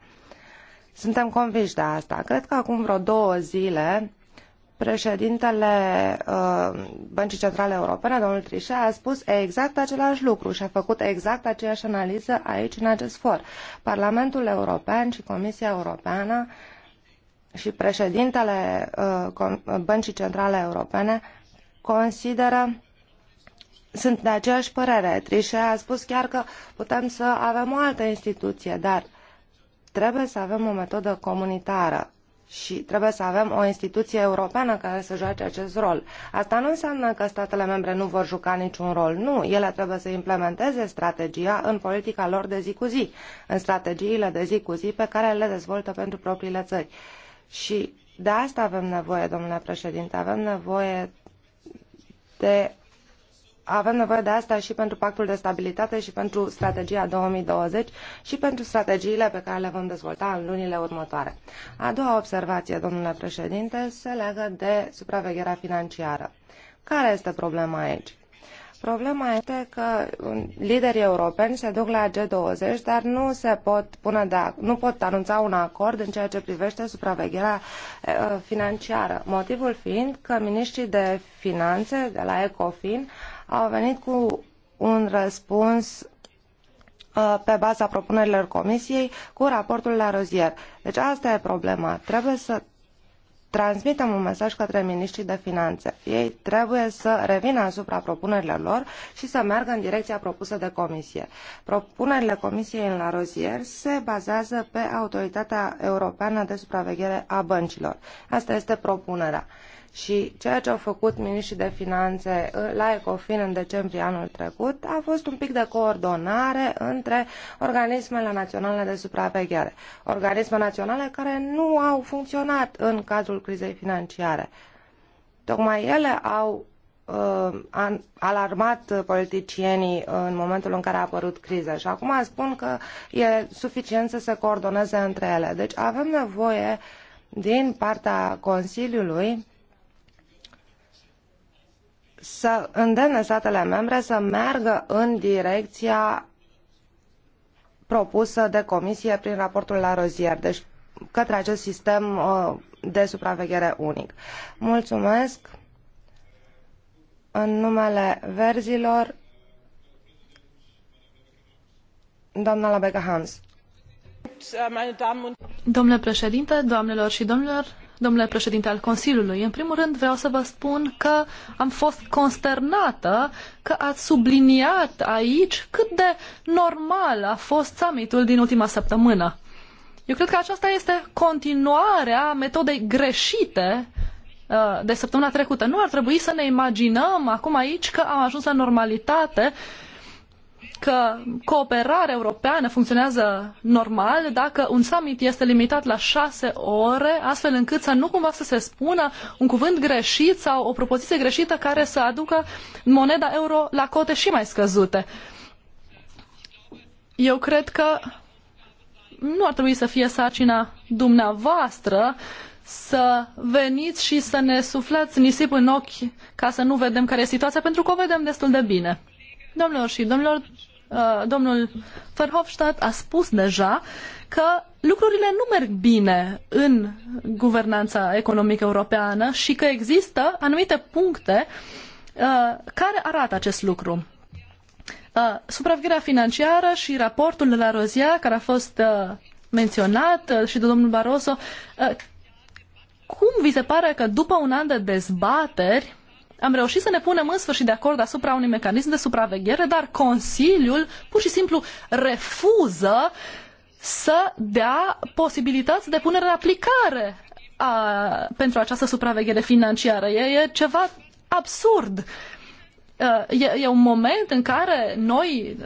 Suntem convinși de asta. Cred că acum vreo două zile președintele uh, Băncii Centrale Europene, domnul Trichet, a spus exact același lucru și a făcut exact aceeași analiză aici, în acest for. Parlamentul European și Comisia Europeană și președintele uh, Băncii Centrale Europene uh, consideră sunt de aceeași părere. Trișe a spus chiar că putem să avem o altă instituție, dar trebuie să avem o metodă comunitară și trebuie să avem o instituție europeană care să joace acest rol. Asta nu înseamnă că statele membre nu vor juca niciun rol. Nu, ele trebuie să implementeze strategia în politica lor de zi cu zi, în strategiile de zi cu zi pe care le dezvoltă pentru propriile țări. Și de asta avem nevoie, domnule președinte, avem nevoie de avem nevoie de asta și pentru pactul de stabilitate și pentru strategia 2020 și pentru strategiile pe care le vom dezvolta în lunile următoare. A doua observație, domnule președinte, se legă de supravegherea financiară. Care este problema aici? Problema este că liderii europeni se duc la G20, dar nu se pot pune de, nu pot anunța un acord în ceea ce privește supravegherea financiară. Motivul fiind că miniștrii de finanțe de la Ecofin au venit cu un răspuns pe baza propunerilor comisiei cu raportul la rozier. Deci asta e problema. Trebuie să transmitem un mesaj către ministrii de finanțe. Ei trebuie să revină asupra propunerilor lor și să meargă în direcția propusă de comisie. Propunerile comisiei în la rozier se bazează pe Autoritatea Europeană de Supraveghere a Băncilor. Asta este propunerea. Uh, și ceea ce au făcut miniștrii de finanțe uh, la ECOFIN în decembrie anul trecut a fost un pic de coordonare între organismele naționale de supraveghere. Organisme naționale care nu au funcționat în cazul crizei financiare. Tocmai ele au uh, alarmat politicienii în momentul în care a apărut criza și acum spun că e suficient să se coordoneze între ele. Deci avem nevoie din partea Consiliului să îndemne statele membre să meargă în direcția propusă de comisie prin raportul la rozier, deci către acest sistem uh, de supraveghere unic. Mulțumesc în numele verzilor doamna Labeca Hans. Domnule președinte, doamnelor și domnilor, domnule președinte al Consiliului. În primul rând vreau să vă spun că am fost consternată că ați subliniat aici cât de normal a fost summitul din ultima săptămână. Eu cred că aceasta este continuarea metodei greșite uh, de săptămâna trecută. Nu ar trebui să ne imaginăm acum aici că am ajuns la normalitate uh, că cooperarea europeană funcționează normal dacă un summit este limitat la șase ore, astfel încât să nu cumva să se spună un cuvânt greșit sau o propoziție greșită care să aducă moneda euro la cote și mai scăzute. Eu cred că nu ar trebui să fie sarcina dumneavoastră să veniți și să ne suflați nisip în ochi ca să nu vedem care e situația, pentru că o vedem destul de bine. Domnilor și domnilor, Uh, domnul Verhofstadt a spus deja că lucrurile nu merg bine în guvernanța economică europeană și că există anumite puncte uh, care arată acest lucru. Uh, supravegherea financiară și raportul de la Rozia, care a fost menționat și de domnul Barroso, cum vi se pare că după un an de dezbateri am reușit să ne punem în sfârșit de acord asupra unui mecanism de supraveghere, dar Consiliul pur și simplu refuză să dea posibilități de punere în aplicare a, pentru această supraveghere financiară. E, e ceva absurd. E, e un moment în care noi,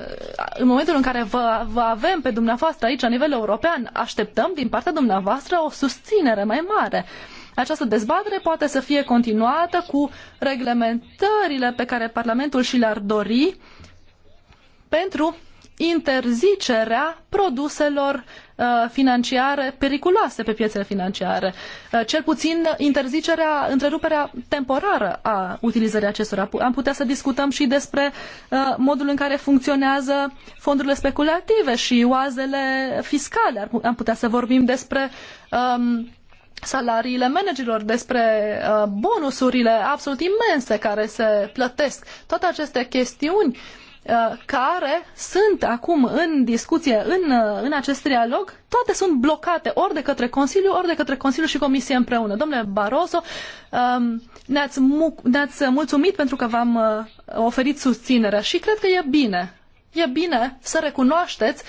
în momentul în care vă, vă avem pe dumneavoastră aici la nivel european, așteptăm din partea dumneavoastră o susținere mai mare. Uh, această dezbatere poate să fie continuată cu reglementările pe care Parlamentul și le-ar dori pentru interzicerea produselor uh, financiare periculoase pe piețele financiare, uh, cel puțin interzicerea, întreruperea temporară a utilizării acestora. Am putea să discutăm și despre uh, modul în care funcționează fondurile speculative și oazele fiscale. Am putea să vorbim despre um, salariile managerilor, despre uh, bonusurile absolut imense care se plătesc. Toate aceste chestiuni uh, care sunt acum în discuție în, uh, în acest dialog, toate sunt blocate ori de către Consiliu, ori de către Consiliu și Comisie împreună. Domnule Barroso, um, ne-ați, ne mulțumit pentru că v-am oferit susținere și cred că e bine. E bine să recunoașteți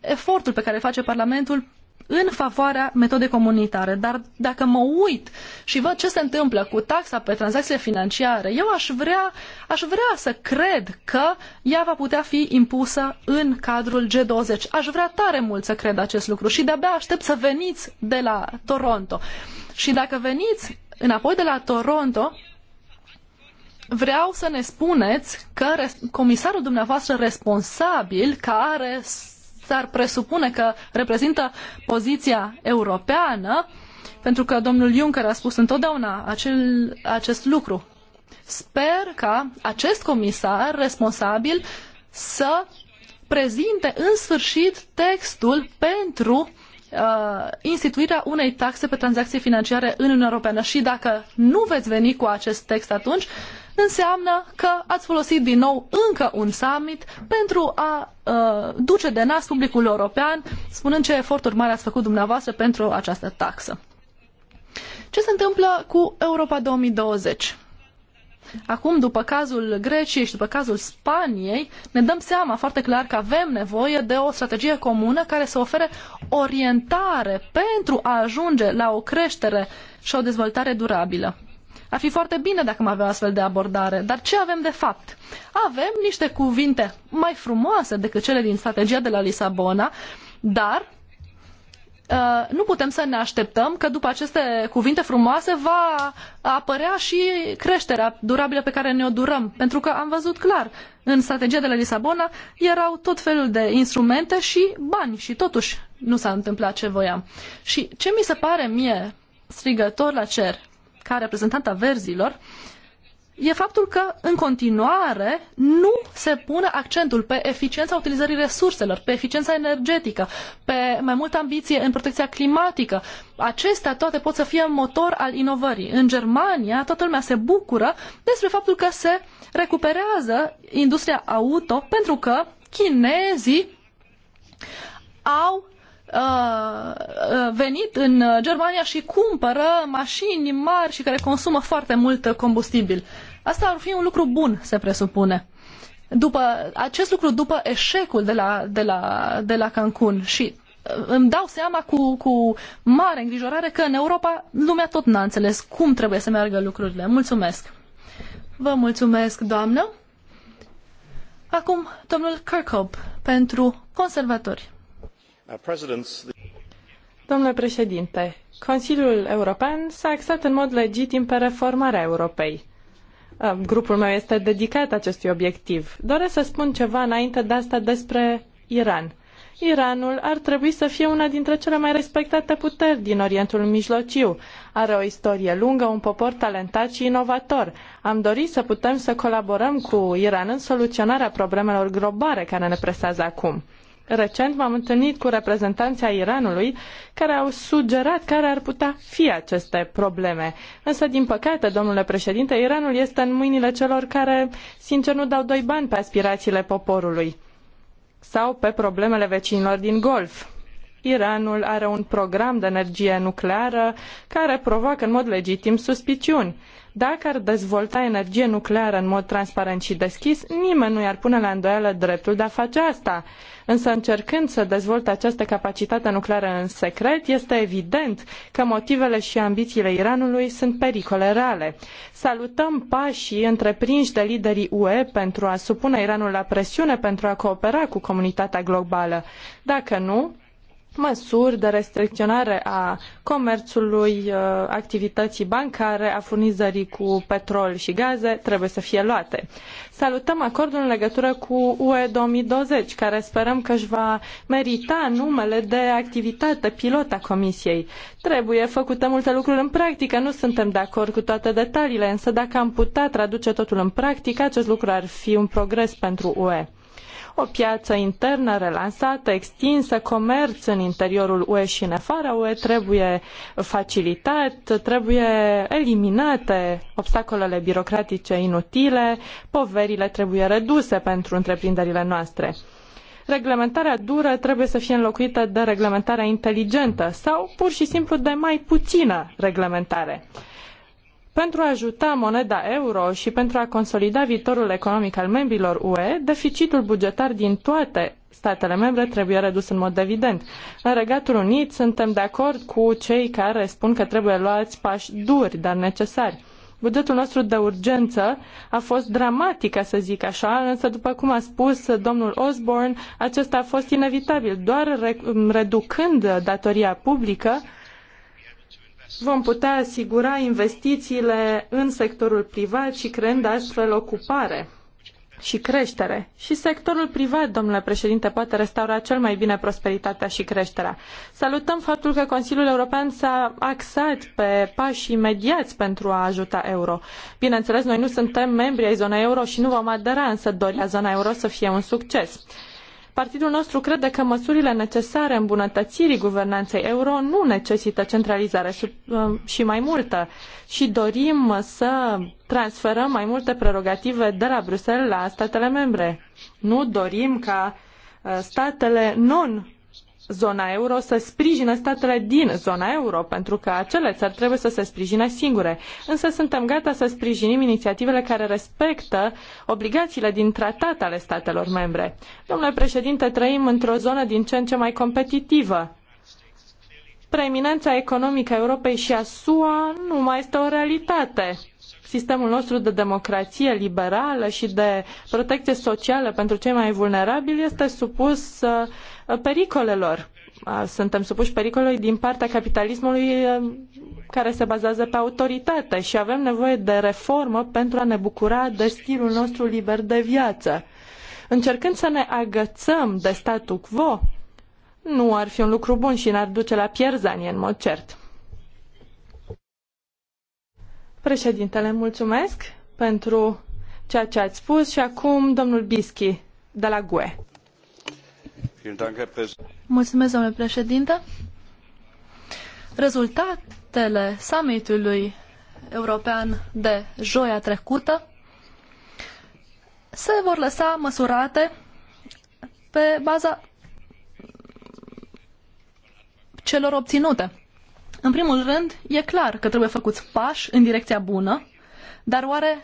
efortul pe care îl face Parlamentul în favoarea metodei comunitare. Dar dacă mă uit și văd ce se întâmplă cu taxa pe tranzacțiile financiare, eu aș vrea, aș vrea să cred că ea va putea fi impusă în cadrul G20. Aș vrea tare mult să cred acest lucru și de-abia aștept să veniți de la Toronto. Și dacă veniți înapoi de la Toronto, vreau să ne spuneți că comisarul dumneavoastră responsabil, care s-ar presupune că reprezintă poziția europeană, pentru că domnul Juncker a spus întotdeauna acel, acest lucru. Sper ca acest comisar responsabil să prezinte în sfârșit textul pentru uh, instituirea unei taxe pe tranzacții financiare în Uniunea Europeană. Și dacă nu veți veni cu acest text atunci, uh, înseamnă că ați folosit din nou încă un summit pentru a uh, duce de nas publicul european, spunând ce eforturi mari ați făcut dumneavoastră pentru această taxă. Ce se întâmplă cu Europa 2020? Acum, după cazul Greciei și după cazul Spaniei, ne dăm seama foarte clar că avem nevoie de o strategie comună care să ofere orientare pentru a ajunge la o creștere și o dezvoltare durabilă. Ar fi foarte bine dacă am avea astfel de abordare, dar ce avem de fapt? Avem niște cuvinte mai frumoase decât cele din strategia de la Lisabona, dar uh, nu putem să ne așteptăm că după aceste cuvinte frumoase va apărea și creșterea durabilă pe care ne-o durăm. Pentru că am văzut clar, în strategia de la Lisabona erau tot felul de instrumente și bani și totuși nu s-a întâmplat ce voiam. Și ce mi se pare mie strigător la cer ca reprezentant a verzilor, e faptul că în continuare nu se pune accentul pe eficiența utilizării resurselor, pe eficiența energetică, pe mai multă ambiție în protecția climatică. Acestea toate pot să fie motor al inovării. În Germania toată lumea se bucură despre faptul că se recuperează industria auto pentru că chinezii au Uh, uh, venit în Germania și cumpără mașini mari și care consumă foarte mult combustibil. Asta ar fi un lucru bun, se presupune. După, acest lucru după eșecul de la, de la, de la Cancun și uh, îmi dau seama cu, cu mare îngrijorare că în Europa lumea tot n-a înțeles cum trebuie să meargă lucrurile. Mulțumesc! Vă mulțumesc, doamnă! Acum, domnul Kirkhope, pentru conservatori. Uh, Domnule președinte, Consiliul European s-a axat în mod legitim pe reformarea Europei. Uh, grupul meu este dedicat acestui obiectiv. Doresc să spun ceva înainte de asta despre Iran. Iranul ar trebui să fie una dintre cele mai respectate puteri din Orientul Mijlociu. Are o istorie lungă, un popor talentat și inovator. Am dorit să putem să colaborăm cu Iran în soluționarea problemelor globale care ne presează acum recent m-am întâlnit cu reprezentanții ai Iranului care au sugerat care ar putea fi aceste probleme. Însă, din păcate, domnule președinte, Iranul este în mâinile celor care, sincer, nu dau doi bani pe aspirațiile poporului sau pe problemele vecinilor din Golf. Iranul are un program de energie nucleară care provoacă în mod legitim suspiciuni. Dacă ar dezvolta energie nucleară în mod transparent și deschis, nimeni nu i-ar pune la îndoială dreptul de a face asta. Însă încercând să dezvolte această capacitate nucleară în secret, este evident că motivele și ambițiile Iranului sunt pericole reale. Salutăm pașii întreprinși de liderii UE pentru a supune Iranul la presiune pentru a coopera cu comunitatea globală. Dacă nu, măsuri de restricționare a comerțului, uh, activității bancare, a furnizării cu petrol și gaze trebuie să fie luate. Salutăm acordul în legătură cu UE 2020, care sperăm că își va merita numele de activitate pilot a Comisiei. Trebuie făcute multe lucruri în practică, nu suntem de acord cu toate detaliile, însă dacă am putea traduce totul în practică, acest lucru ar fi un progres pentru UE o piață internă relansată, extinsă, comerț în interiorul UE și în afara UE trebuie facilitat, trebuie eliminate obstacolele birocratice inutile, poverile trebuie reduse pentru întreprinderile noastre reglementarea dură trebuie să fie înlocuită de reglementarea inteligentă sau pur și simplu de mai puțină reglementare. Pentru a ajuta moneda euro și pentru a consolida viitorul economic al membrilor UE, deficitul bugetar din toate statele membre trebuie redus în mod evident. În Regatul Unit suntem de acord cu cei care spun că trebuie luați pași duri, dar necesari. Bugetul nostru de urgență a fost dramatic, ca să zic așa, însă, după cum a spus domnul Osborne, acesta a fost inevitabil. Doar reducând datoria publică, vom putea asigura investițiile în sectorul privat și creând astfel ocupare și creștere. Și sectorul privat, domnule președinte, poate restaura cel mai bine prosperitatea și creșterea. Salutăm faptul că Consiliul European s-a axat pe pași imediați pentru a ajuta euro. Bineînțeles, noi nu suntem membri ai zonei euro și nu vom adera, însă dori la zona euro să fie un succes partidul nostru crede că măsurile necesare îmbunătățirii guvernanței euro nu necesită centralizare um, și mai multă și dorim să transferăm mai multe prerogative de la Bruxelles la statele membre. Nu dorim ca uh, statele non zona euro să sprijine statele din zona euro, pentru că acele țări trebuie să se sprijine singure. Însă suntem gata să sprijinim inițiativele care respectă obligațiile din tratat ale statelor membre. Domnule președinte, trăim într-o zonă din ce în ce mai competitivă. Preeminența economică a Europei și a SUA nu mai este o realitate sistemul nostru de democrație liberală și de protecție socială pentru cei mai vulnerabili este supus uh, pericolelor. Uh, suntem supuși pericolului din partea capitalismului uh, care se bazează pe autoritate și avem nevoie de reformă pentru a ne bucura de stilul nostru liber de viață. Încercând să ne agățăm de statul quo, nu ar fi un lucru bun și ne-ar duce la pierzanie în mod cert. Președintele, mulțumesc pentru ceea ce ați spus și acum domnul Bischi de la GUE. Mulțumesc, domnule președinte. Rezultatele summitului european de joia trecută se vor lăsa măsurate pe baza celor obținute. În primul rând, e clar că trebuie făcuți pași în direcția bună, dar oare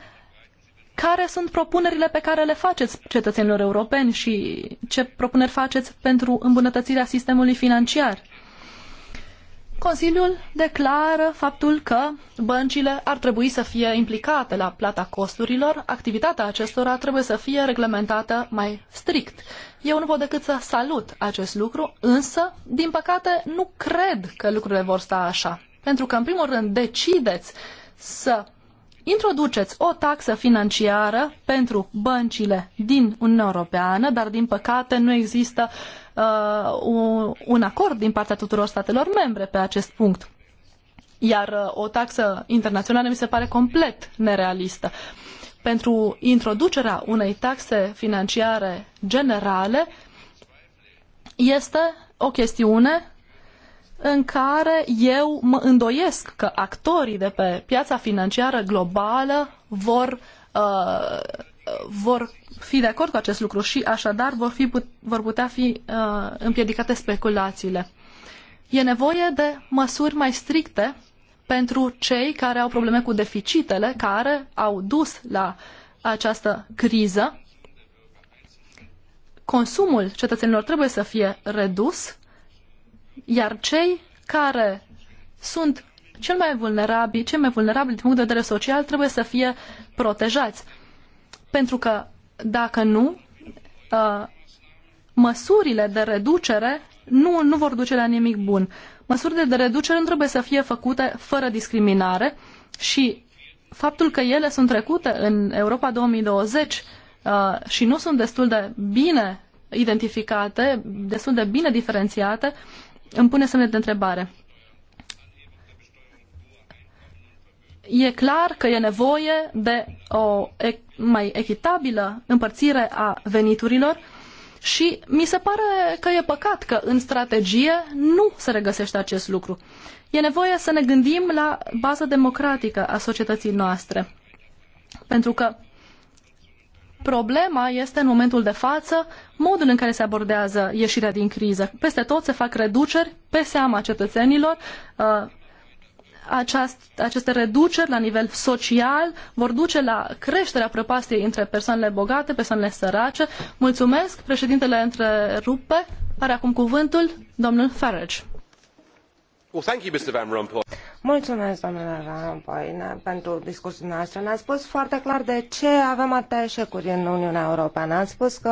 care sunt propunerile pe care le faceți cetățenilor europeni și ce propuneri faceți pentru îmbunătățirea sistemului financiar? Consiliul declară faptul că băncile ar trebui să fie implicate la plata costurilor, activitatea acestora trebuie să fie reglementată mai strict. Eu nu pot decât să salut acest lucru, însă, din păcate, nu cred că lucrurile vor sta așa. Pentru că, în primul rând, decideți să introduceți o taxă financiară pentru băncile din Uniunea Europeană, dar, din păcate, nu există uh, uh, un acord din partea tuturor statelor membre pe acest punct. Iar uh, o taxă internațională mi se pare complet nerealistă. Pentru introducerea unei taxe financiare generale este o chestiune în care eu mă îndoiesc că actorii de pe piața financiară globală vor uh, vor fi de acord cu acest lucru și așadar vor, fi put, vor putea fi uh, împiedicate speculațiile. E nevoie de măsuri mai stricte pentru cei care au probleme cu deficitele, care au dus la această criză. Consumul cetățenilor trebuie să fie redus, iar cei care sunt cel mai vulnerabili, cei mai vulnerabili din punct de vedere social, trebuie să fie protejați pentru că dacă nu, uh, măsurile de reducere nu, nu vor duce la nimic bun. Măsurile de reducere nu trebuie să fie făcute fără discriminare și faptul că ele sunt trecute în Europa 2020 uh, și nu sunt destul de bine identificate, destul de bine diferențiate, îmi pune semne de întrebare. e clar că e nevoie de o mai echitabilă împărțire a veniturilor și mi se pare că e păcat că în strategie nu se regăsește acest lucru. E nevoie să ne gândim la baza democratică a societății noastre. Pentru că problema este în momentul de față modul în care se abordează ieșirea din criză. Peste tot se fac reduceri pe seama cetățenilor, uh, aceast, aceste reduceri la nivel social vor duce la creșterea prăpastiei între persoanele bogate, persoanele sărace. Mulțumesc, președintele întrerupe. Are acum cuvântul domnul Farage. Mulțumesc, domnule Van Rompuy, pentru discursul noastră. Ne-ați spus foarte clar de ce avem atâtea eșecuri în Uniunea Europeană. Ați spus că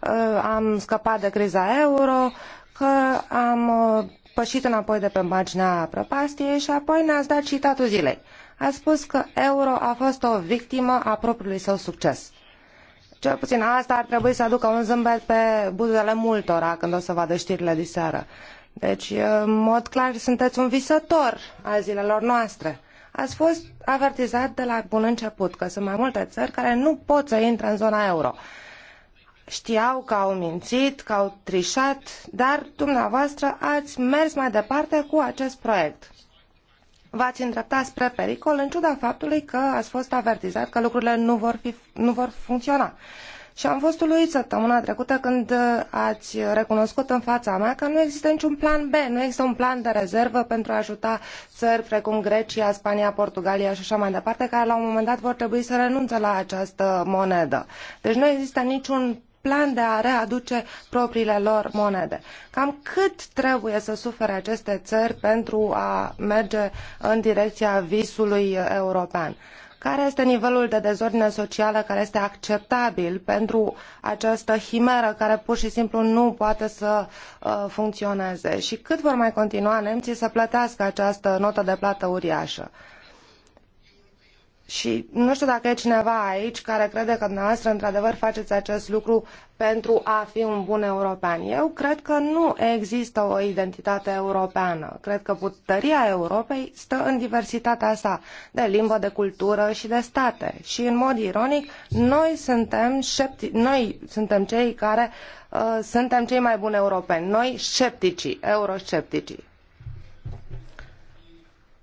uh, am scăpat de criza euro, că am uh, pășit înapoi de pe marginea prăpastiei și apoi ne-ați dat citatul zilei. A spus că euro a fost o victimă a propriului său succes. Cel puțin asta ar trebui să aducă un zâmbet pe buzele multora când o să vadă știrile de seară. Deci, în mod clar, sunteți un visător al zilelor noastre. Ați fost avertizat de la bun început că sunt mai multe țări care nu pot să intre în zona euro știau că au mințit, că au trișat, dar dumneavoastră ați mers mai departe cu acest proiect. V-ați îndreptat spre pericol în ciuda faptului că ați fost avertizat că lucrurile nu vor, fi, nu vor funcționa. Și am fost uluit săptămâna trecută când ați recunoscut în fața mea că nu există niciun plan B, nu există un plan de rezervă pentru a ajuta țări precum Grecia, Spania, Portugalia și așa mai departe, care la un moment dat vor trebui să renunțe la această monedă. Deci nu există niciun plan de a readuce propriile lor monede. Cam cât trebuie să sufere aceste țări pentru a merge în direcția visului european? Care este nivelul de dezordine socială care este acceptabil pentru această himeră care pur și simplu nu poate să uh, funcționeze? Și cât vor mai continua nemții să plătească această notă de plată uriașă? Uh, și nu știu dacă e cineva aici care crede că dumneavoastră într-adevăr faceți acest lucru pentru a fi un bun european. Eu cred că nu există o identitate europeană. Cred că putăria Europei stă în diversitatea sa de limbă, de cultură și de state. Și în mod ironic, noi suntem, șepti- noi suntem cei care uh, suntem cei mai buni europeni. Noi scepticii, euroscepticii.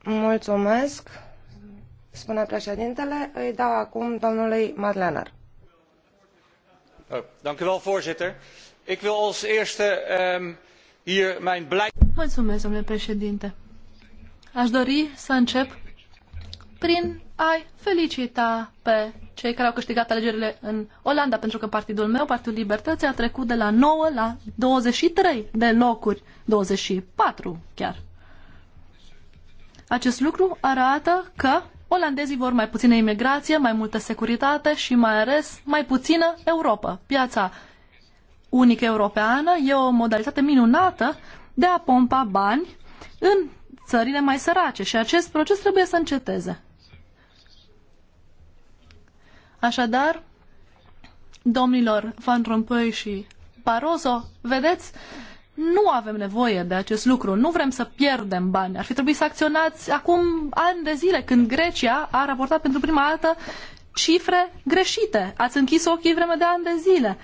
Mulțumesc spune președintele. Îi dau acum domnului Madlener. Mulțumesc, domnule președinte. Aș dori să încep prin a-i felicita pe cei care au câștigat alegerile în Olanda, pentru că partidul meu, Partidul Libertății, a trecut de la 9 la 23 de locuri, 24 chiar. Acest lucru arată că Olandezii vor mai puțină imigrație, mai multă securitate și mai ales mai puțină Europa. Piața unică europeană e o modalitate minunată de a pompa bani în țările mai sărace și acest proces trebuie să înceteze. Așadar, domnilor Van Rompuy și Barroso, vedeți, nu avem nevoie de acest lucru, nu vrem să pierdem bani. Ar fi trebuit să acționați acum ani de zile, când Grecia a raportat pentru prima dată cifre greșite. Ați închis ochii vreme de ani de zile.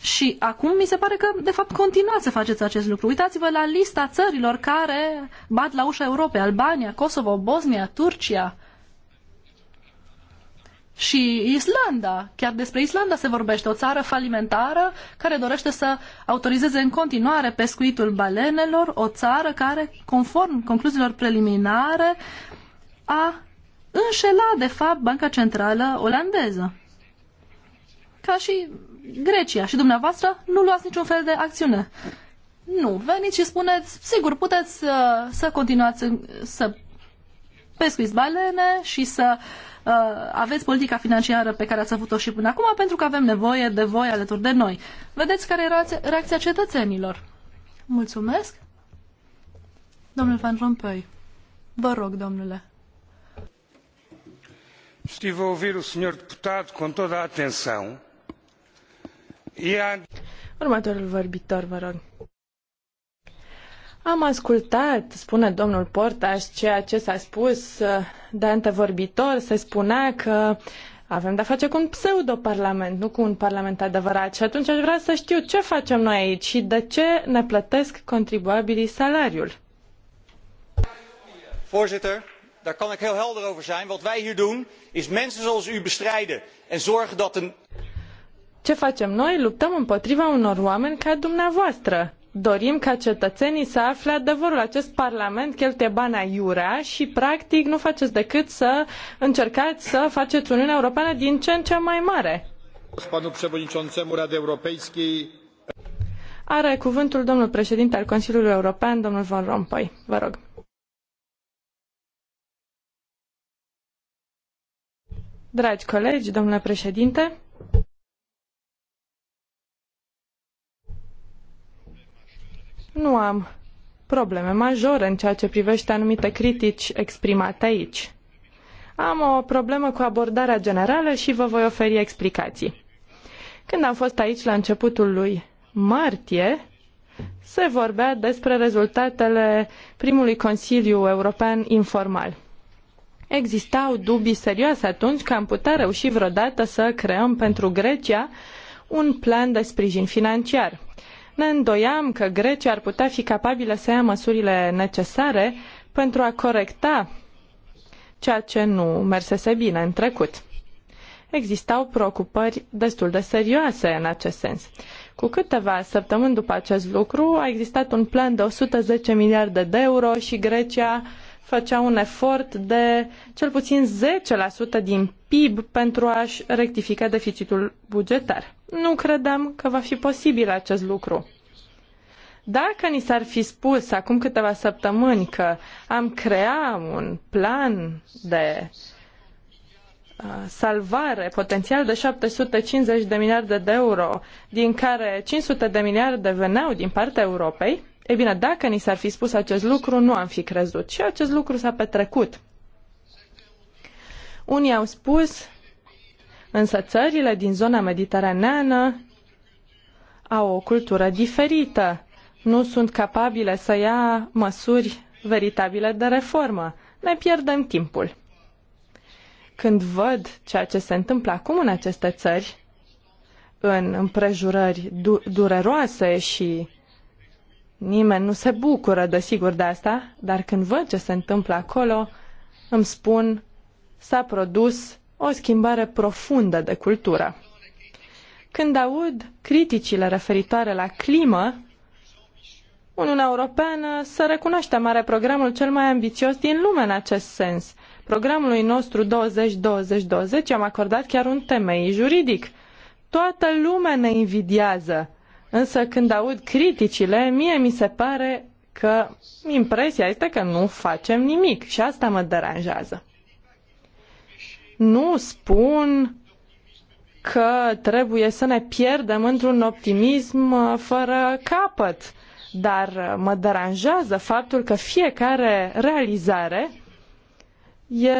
Și acum mi se pare că, de fapt, continuați să faceți acest lucru. Uitați-vă la lista țărilor care bat la ușa Europei. Albania, Kosovo, Bosnia, Turcia, și Islanda. Chiar despre Islanda se vorbește, o țară falimentară care dorește să autorizeze în continuare pescuitul balenelor, o țară care, conform concluziilor preliminare, a înșelat, de fapt, Banca Centrală Olandeză. Ca și Grecia. Și dumneavoastră nu luați niciun fel de acțiune. Nu, veniți și spuneți, sigur, puteți uh, să continuați să pescuiți balene și să uh, uh, aveți politica financiară pe care ați avut-o și până acum pentru că avem nevoie de voi alături de noi. Vedeți care era reacția cetățenilor. Mulțumesc. Domnul Van Rompuy, vă rog, domnule. Estive a ouvir o senhor deputado com toda a atenção. E a... Următorul vorbitor, vă rog. Am ascultat, spune domnul Portaș, ceea ce s-a spus uh, de antevorbitor. Se spunea că avem de-a face cu un pseudo-parlament, nu cu un parlament adevărat. Și atunci aș vrea să știu ce facem noi aici și de ce ne plătesc contribuabilii salariul. Voorzitter, daar kan ik heel helder over zijn. Wat wij hier doen is mensen zoals u bestrijden en zorgen dat een... Ce facem noi? Luptăm împotriva unor oameni ca dumneavoastră dorim ca cetățenii să afle adevărul. Acest parlament cheltuie bani aiurea și practic nu faceți decât să încercați să faceți Uniunea Europeană din ce în ce mai mare. Are cuvântul domnul președinte al Consiliului European, domnul Van Rompuy. Vă rog. Dragi colegi, domnule președinte, nu am probleme majore în ceea ce privește anumite critici exprimate aici. Am o problemă cu abordarea generală și vă voi oferi explicații. Când am fost aici la începutul lui martie, se vorbea despre rezultatele primului Consiliu European Informal. Existau dubii serioase atunci că am putea reuși vreodată să creăm pentru Grecia un plan de sprijin financiar ne îndoiam că Grecia ar putea fi capabilă să ia măsurile necesare pentru a corecta ceea ce nu mersese bine în trecut. Existau preocupări destul de serioase în acest sens. Cu câteva săptămâni după acest lucru a existat un plan de 110 miliarde de euro și Grecia făcea un efort de cel puțin 10% din PIB pentru a-și rectifica deficitul bugetar. Nu credeam că va fi posibil acest lucru. Dacă ni s-ar fi spus acum câteva săptămâni că am crea un plan de uh, salvare potențial de 750 de miliarde de euro, din care 500 de miliarde veneau din partea Europei, ei bine, dacă ni s-ar fi spus acest lucru, nu am fi crezut. Și acest lucru s-a petrecut. Unii au spus, însă țările din zona mediteraneană au o cultură diferită. Nu sunt capabile să ia măsuri veritabile de reformă. Ne pierdem timpul. Când văd ceea ce se întâmplă acum în aceste țări, în împrejurări du- dureroase și Nimeni nu se bucură, desigur, de asta, dar când văd ce se întâmplă acolo, îmi spun, s-a produs o schimbare profundă de cultură. Când aud criticile referitoare la climă, Uniunea Europeană să recunoaște mare programul cel mai ambițios din lume în acest sens. Programului nostru 20-20-20 am acordat chiar un temei juridic. Toată lumea ne invidiază Însă când aud criticile, mie mi se pare că impresia este că nu facem nimic și asta mă deranjează. Nu spun că trebuie să ne pierdem într-un optimism uh, fără capăt, dar uh, mă deranjează faptul că fiecare realizare e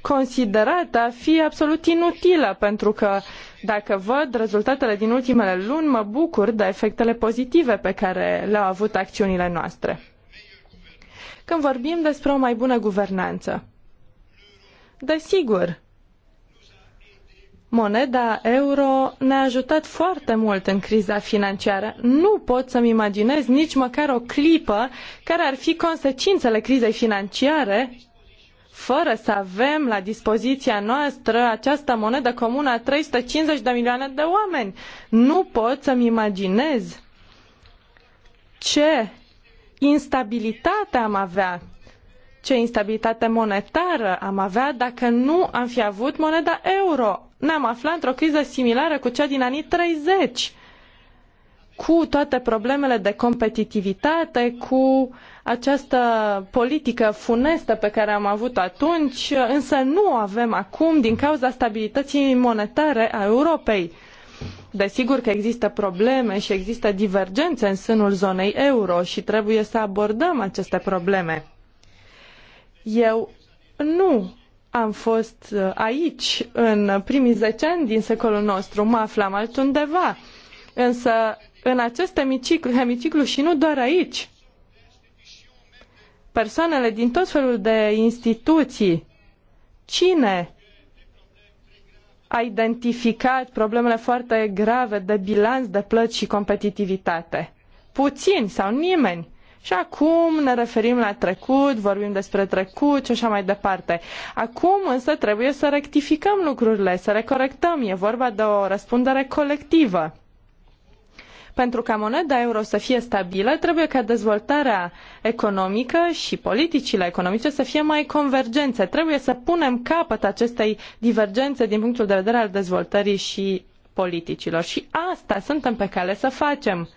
considerată a fi absolut inutilă, pentru că dacă văd rezultatele din ultimele luni, mă bucur de efectele pozitive pe care le-au avut acțiunile noastre. Când vorbim despre o mai bună guvernanță, desigur, Moneda euro ne-a ajutat foarte mult în criza financiară. Nu pot să-mi imaginez nici măcar o clipă care ar fi consecințele crizei financiare fără să avem la dispoziția noastră această monedă comună a 350 de milioane de oameni. Nu pot să-mi imaginez ce instabilitate am avea, ce instabilitate monetară am avea dacă nu am fi avut moneda euro. Ne-am aflat într-o criză similară cu cea din anii 30 cu toate problemele de competitivitate, cu această politică funestă pe care am avut atunci, însă nu o avem acum din cauza stabilității monetare a Europei. Desigur că există probleme și există divergențe în sânul zonei euro și trebuie să abordăm aceste probleme. Eu nu am fost uh, aici în primii zece ani din secolul nostru, mă aflam altundeva. Însă în acest hemiciclu, hemiciclu și nu doar aici. Persoanele din tot felul de instituții, cine a identificat problemele foarte grave de bilanț, de plăți și competitivitate? Puțin sau nimeni. Și acum ne referim la trecut, vorbim despre trecut și așa mai departe. Acum însă trebuie să rectificăm lucrurile, să recorectăm. E vorba de o răspundere colectivă. Pentru ca moneda euro să fie stabilă, trebuie ca dezvoltarea economică și politicile economice să fie mai convergențe. Trebuie să punem capăt acestei divergențe din punctul de vedere al dezvoltării și politicilor. Și asta suntem pe cale să facem.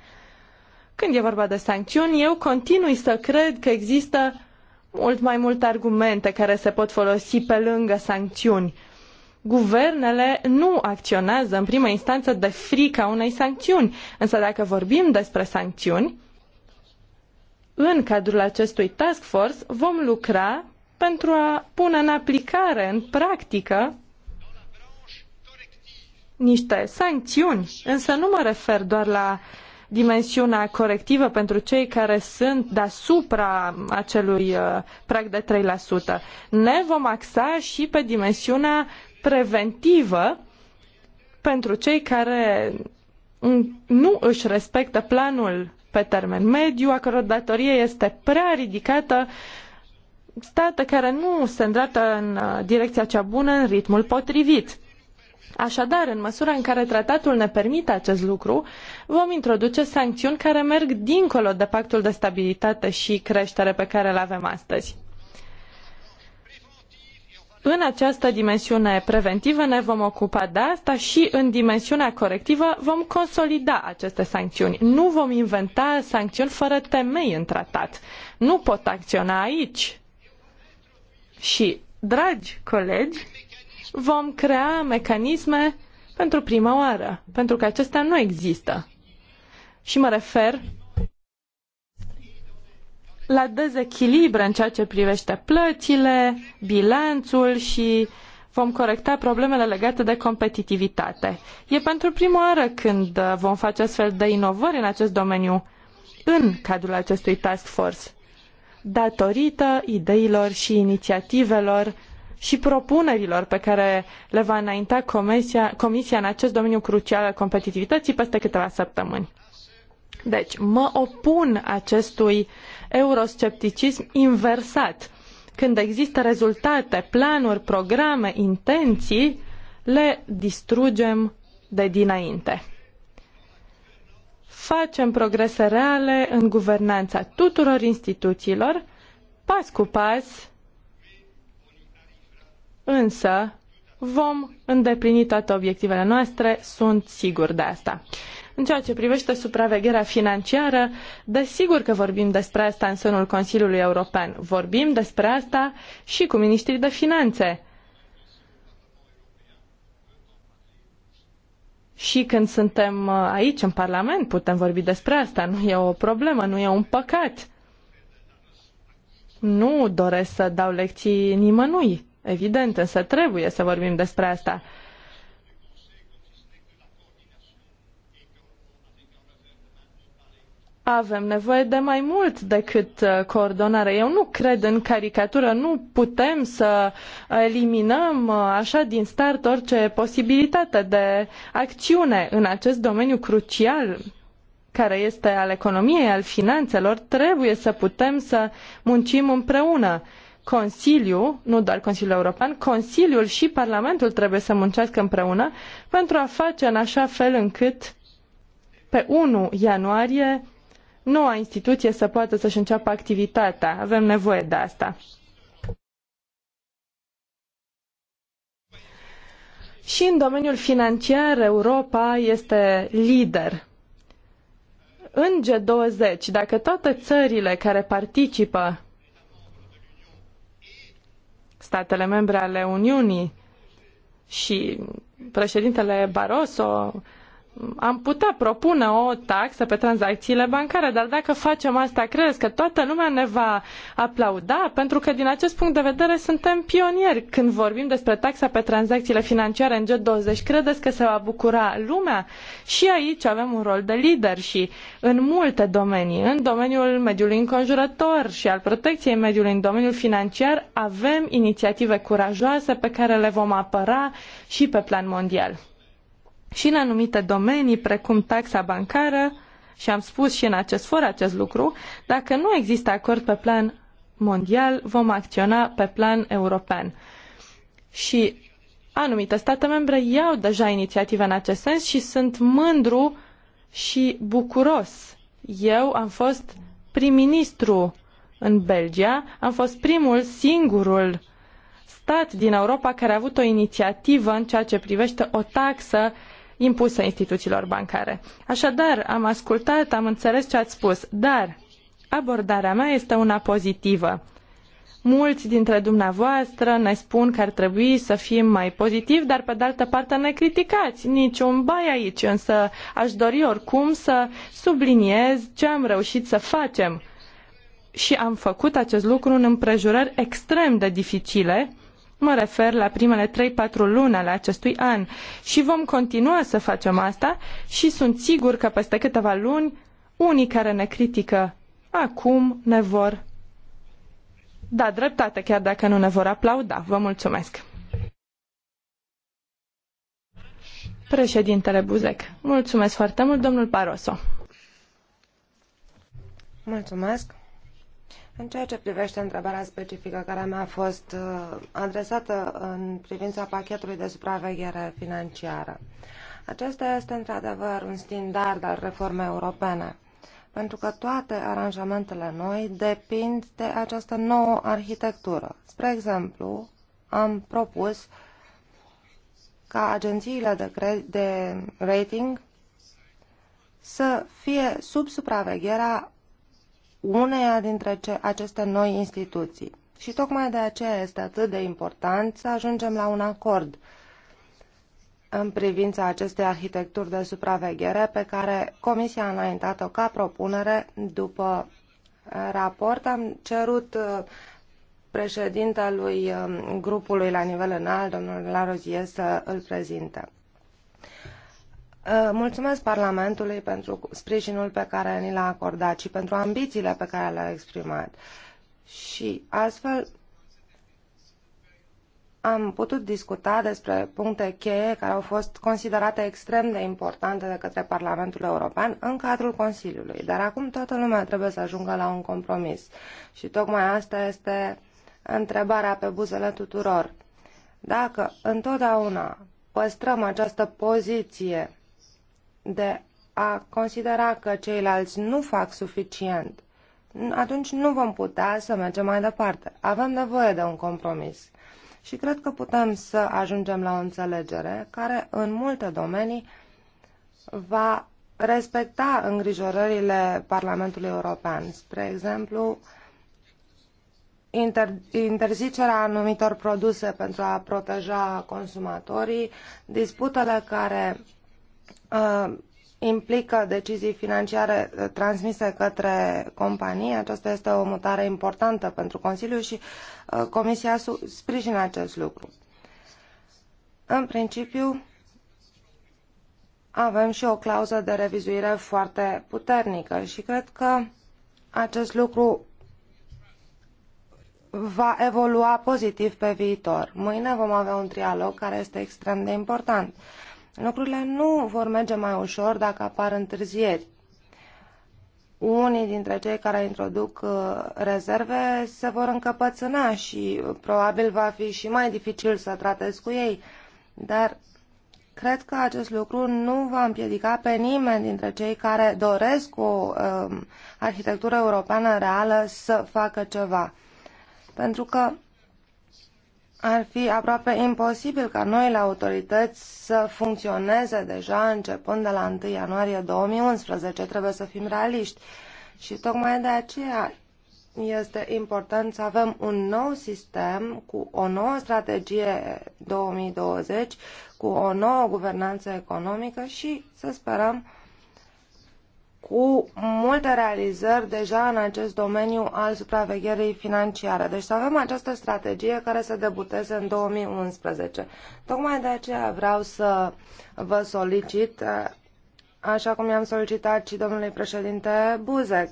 Când e vorba de sancțiuni, eu continui să cred că există mult mai multe argumente care se pot folosi pe lângă sancțiuni guvernele nu acționează în primă instanță de frica unei sancțiuni. Însă dacă vorbim despre sancțiuni, în cadrul acestui task force vom lucra pentru a pune în aplicare, în practică, niște sancțiuni. Însă nu mă refer doar la dimensiunea corectivă pentru cei care sunt deasupra acelui uh, prag de 3%. Ne vom axa și pe dimensiunea preventivă pentru cei care nu își respectă planul pe termen mediu, a căror datorie este prea ridicată, stată care nu se îndreaptă în uh, direcția cea bună, în ritmul potrivit. Așadar, în măsura în care tratatul ne permite acest lucru, vom introduce sancțiuni care merg dincolo de pactul de stabilitate și creștere pe care îl avem astăzi. În această dimensiune preventivă ne vom ocupa de asta și în dimensiunea corectivă vom consolida aceste sancțiuni. Nu vom inventa sancțiuni fără temei în tratat. Nu pot acționa aici. Și, dragi colegi, vom crea mecanisme pentru prima oară, pentru că acestea nu există. Și mă refer la dezechilibre în ceea ce privește plățile, bilanțul și vom corecta problemele legate de competitivitate. E pentru prima oară când uh, vom face astfel de inovări în acest domeniu în cadrul acestui task force, datorită ideilor și inițiativelor și propunerilor pe care le va înainta comisia, comisia în acest domeniu crucial al competitivității peste câteva săptămâni. Deci, mă opun acestui euroscepticism inversat. Când există rezultate, planuri, programe, intenții, le distrugem de dinainte. Facem progrese reale în guvernanța tuturor instituțiilor, pas cu pas, însă vom îndeplini toate obiectivele noastre, sunt sigur de asta. În ceea ce privește supravegherea financiară, desigur că vorbim despre asta în sânul Consiliului European. Vorbim despre asta și cu ministrii de finanțe. Și când suntem uh, aici, în Parlament, putem vorbi despre asta. Nu e o problemă, nu e un păcat. Nu doresc să dau lecții nimănui, evident, însă trebuie să vorbim despre asta. avem nevoie de mai mult decât uh, coordonare. Eu nu cred în caricatură, nu putem să eliminăm uh, așa din start orice posibilitate de acțiune în acest domeniu crucial care este al economiei, al finanțelor, trebuie să putem să muncim împreună. Consiliul, nu doar Consiliul European, Consiliul și Parlamentul trebuie să muncească împreună pentru a face în așa fel încât pe 1 ianuarie noua instituție să poată să-și înceapă activitatea. Avem nevoie de asta. Și în domeniul financiar, Europa este lider. În G20, dacă toate țările care participă, statele membre ale Uniunii și președintele Barroso, am putea propune o taxă pe tranzacțiile bancare, dar dacă facem asta, credeți că toată lumea ne va aplauda? Pentru că din acest punct de vedere suntem pionieri. Când vorbim despre taxa pe tranzacțiile financiare în G20, credeți că se va bucura lumea? Și aici avem un rol de lider și în multe domenii, în domeniul mediului înconjurător și al protecției mediului, în domeniul financiar, avem inițiative curajoase pe care le vom apăra și pe plan mondial și în anumite domenii, precum taxa bancară, și am spus și în acest for acest lucru, dacă nu există acord pe plan mondial, vom acționa pe plan european. Și anumite state membre iau deja inițiative în acest sens și sunt mândru și bucuros. Eu am fost prim-ministru în Belgia, am fost primul, singurul stat din Europa care a avut o inițiativă în ceea ce privește o taxă impusă instituțiilor bancare. Așadar, am ascultat, am înțeles ce ați spus, dar abordarea mea este una pozitivă. Mulți dintre dumneavoastră ne spun că ar trebui să fim mai pozitivi, dar pe de altă parte ne criticați. Niciun bai aici, însă aș dori oricum să subliniez ce am reușit să facem. Și am făcut acest lucru în împrejurări extrem de dificile, Mă refer la primele trei patru luni ale acestui an și vom continua să facem asta și sunt sigur că peste câteva luni unii care ne critică acum ne vor da dreptate, chiar dacă nu ne vor aplauda. Vă mulțumesc! Președintele Buzek, mulțumesc foarte mult, domnul Paroso. Mulțumesc! În ceea ce privește întrebarea specifică care mi-a fost uh, adresată în privința pachetului de supraveghere financiară, acesta este într-adevăr un standard al reformei europene, pentru că toate aranjamentele noi depind de această nouă arhitectură. Spre exemplu, am propus ca agențiile de, de rating să fie sub supravegherea uneia dintre aceste noi instituții. Și tocmai de aceea este atât de important să ajungem la un acord în privința acestei arhitecturi de supraveghere pe care Comisia a înaintat-o ca propunere după uh, raport. Am cerut uh, președintelui um, grupului la nivel înalt, domnul Larozie, să îl prezinte. Uh, mulțumesc Parlamentului pentru sprijinul pe care ni l-a acordat și pentru ambițiile pe care le-a exprimat. Și astfel am putut discuta despre puncte cheie care au fost considerate extrem de importante de către Parlamentul European în cadrul Consiliului. Dar acum toată lumea trebuie să ajungă la un compromis. Și tocmai asta este întrebarea pe buzele tuturor. Dacă întotdeauna păstrăm această poziție de a considera că ceilalți nu fac suficient, atunci nu vom putea să mergem mai departe. Avem nevoie de un compromis. Și cred că putem să ajungem la o înțelegere care, în multe domenii, va respecta îngrijorările Parlamentului European. Spre exemplu, interzicerea anumitor produse pentru a proteja consumatorii, disputele care Uh, implică decizii financiare uh, transmise către companii. Aceasta este o mutare importantă pentru Consiliu și uh, Comisia sprijină acest lucru. În principiu, avem și o clauză de revizuire foarte puternică și cred că acest lucru va evolua pozitiv pe viitor. Mâine vom avea un trialog care este extrem de important. Uh, Lucrurile nu vor merge mai ușor dacă apar întârzieri. Unii dintre cei care introduc uh, rezerve se vor încăpățâna și probabil va fi și mai dificil să tratezi cu ei, dar cred că acest lucru nu va împiedica pe nimeni dintre cei care doresc o um, arhitectură europeană reală să facă ceva. Pentru că ar fi aproape imposibil ca noile autorități să funcționeze deja începând de la 1 ianuarie 2011. Trebuie să fim realiști. Și tocmai de aceea este important să avem un nou sistem cu o nouă strategie 2020, cu o nouă guvernanță economică și, să sperăm, cu multe realizări deja în acest domeniu al supravegherii financiare. Deci să avem această strategie care se debuteze în 2011. Tocmai de aceea vreau să vă solicit, așa cum i-am solicitat și domnului președinte Buzec,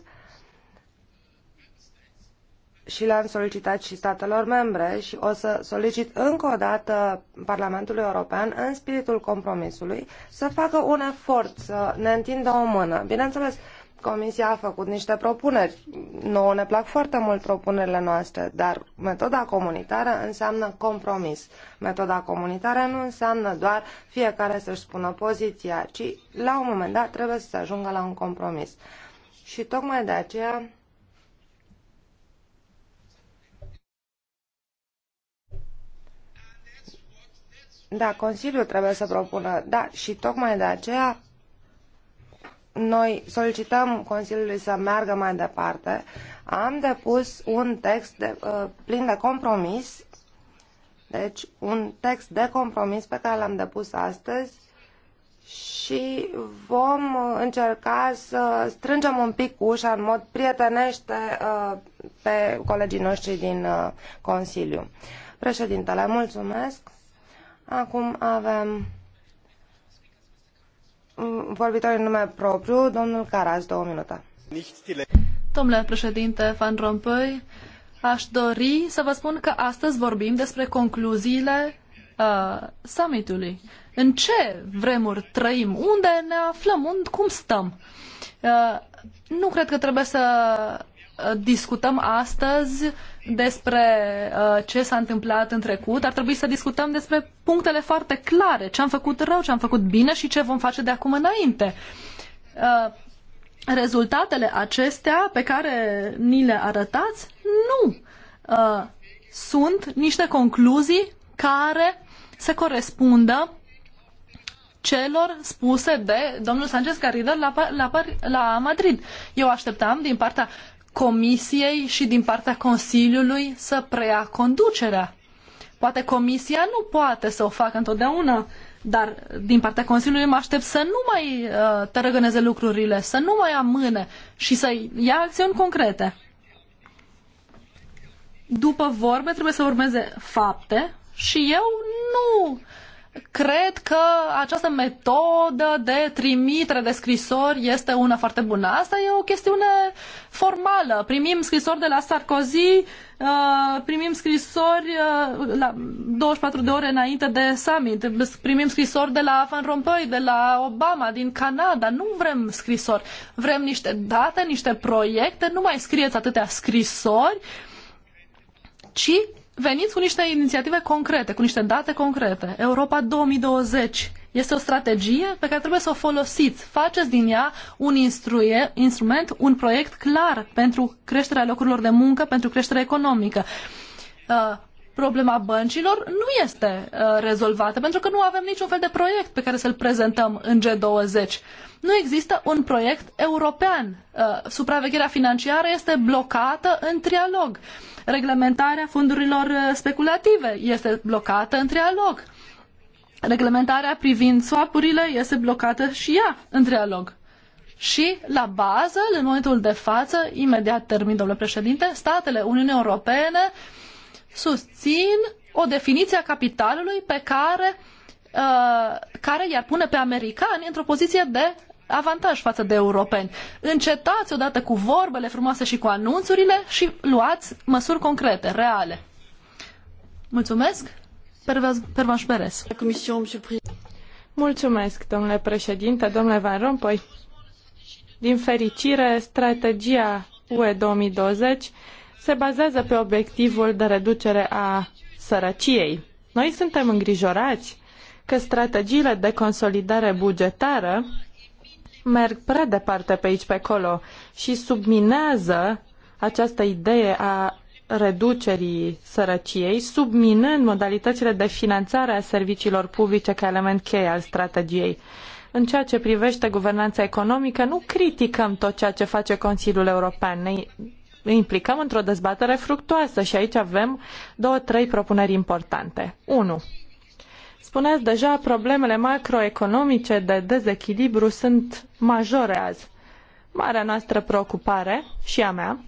și le-am solicitat și statelor membre și o să solicit încă o dată Parlamentului European, în spiritul compromisului, să facă un efort, să ne întindă o mână. Bineînțeles, Comisia a făcut niște propuneri. Nouă ne plac foarte mult propunerile noastre, dar metoda comunitară înseamnă compromis. Metoda comunitară nu înseamnă doar fiecare să-și spună poziția, ci la un moment dat trebuie să se ajungă la un compromis. Și tocmai de aceea Da, Consiliul trebuie să propună, da, și tocmai de aceea noi solicităm Consiliului să meargă mai departe. Am depus un text de, uh, plin de compromis, deci un text de compromis pe care l-am depus astăzi și vom uh, încerca să strângem un pic ușa în mod prietenește uh, pe colegii noștri din uh, Consiliu. Președintele, mulțumesc! Acum avem vorbitorul în nume propriu, domnul Caras, două minute. Domnule președinte Van Rompuy, aș dori să vă spun că astăzi vorbim despre concluziile uh, summitului. În ce vremuri trăim? Unde ne aflăm? Unde, cum stăm? Uh, nu cred că trebuie să discutăm astăzi despre uh, ce s-a întâmplat în trecut, ar trebui să discutăm despre punctele foarte clare, ce am făcut rău, ce am făcut bine și ce vom face de acum înainte. Uh, rezultatele acestea pe care ni le arătați, nu. Uh, sunt niște concluzii care se corespundă celor spuse de domnul Sanchez Garrido la, la, la Madrid. Eu așteptam din partea Comisiei și din partea Consiliului să preia conducerea. Poate Comisia nu poate să o facă întotdeauna, dar din partea Consiliului mă aștept să nu mai uh, lucrurile, să nu mai amâne și să ia acțiuni concrete. După vorbe trebuie să urmeze fapte și eu nu cred că această metodă de trimitere de scrisori este una foarte bună. Asta e o chestiune formală. Primim scrisori de la Sarkozy, uh, primim scrisori uh, la 24 de ore înainte de summit, primim scrisori de la Van Rompuy, de la Obama, din Canada. Nu vrem scrisori. Vrem niște date, niște proiecte. Nu mai scrieți atâtea scrisori, ci veniți cu niște inițiative concrete, cu niște date concrete. Europa 2020 este o strategie pe care trebuie să o folosiți. Faceți din ea un instruie, instrument, un proiect clar pentru creșterea locurilor de muncă, pentru creșterea economică. Uh, problema băncilor nu este uh, rezolvată pentru că nu avem niciun fel de proiect pe care să-l prezentăm în G20 nu există un proiect european. Uh, supravegherea financiară este blocată în trialog. Reglementarea fondurilor uh, speculative este blocată în trialog. Reglementarea privind swapurile este blocată și ea în trialog. Și, la bază, în momentul de față, imediat termin, domnule președinte, statele Uniunii Europene susțin o definiție a capitalului pe care, uh, care i-ar pune pe americani într-o poziție de avantaj față de europeni. Încetați odată cu vorbele frumoase și cu anunțurile și luați măsuri concrete, reale. Mulțumesc. Pervaș Beres. Mulțumesc, domnule președinte, domnule Van Rompuy. Din fericire, strategia UE 2020 se bazează pe obiectivul de reducere a sărăciei. Noi suntem îngrijorați că strategiile de consolidare bugetară merg prea departe pe aici, pe acolo și subminează această idee a reducerii sărăciei, subminând modalitățile de finanțare a serviciilor publice ca element cheie al strategiei. În ceea ce privește guvernanța economică, nu criticăm tot ceea ce face Consiliul European. Ne implicăm într-o dezbatere fructuoasă și aici avem două, trei propuneri importante. 1 Spuneați deja, problemele macroeconomice de dezechilibru sunt majore azi. Marea noastră preocupare, și a mea,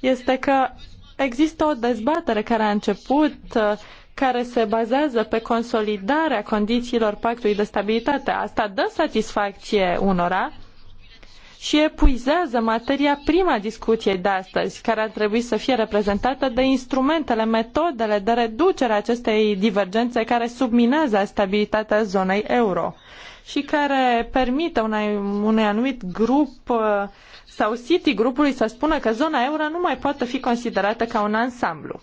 este că există o dezbatere care a început uh, care se bazează pe consolidarea condițiilor pactului de stabilitate. Asta dă satisfacție unora, și epuizează materia prima discuției de astăzi, care ar trebui să fie reprezentată de instrumentele, metodele de reducere a acestei divergențe care subminează stabilitatea zonei euro și care permite unei, unui anumit grup uh, sau city grupului să spună că zona euro nu mai poate fi considerată ca un ansamblu.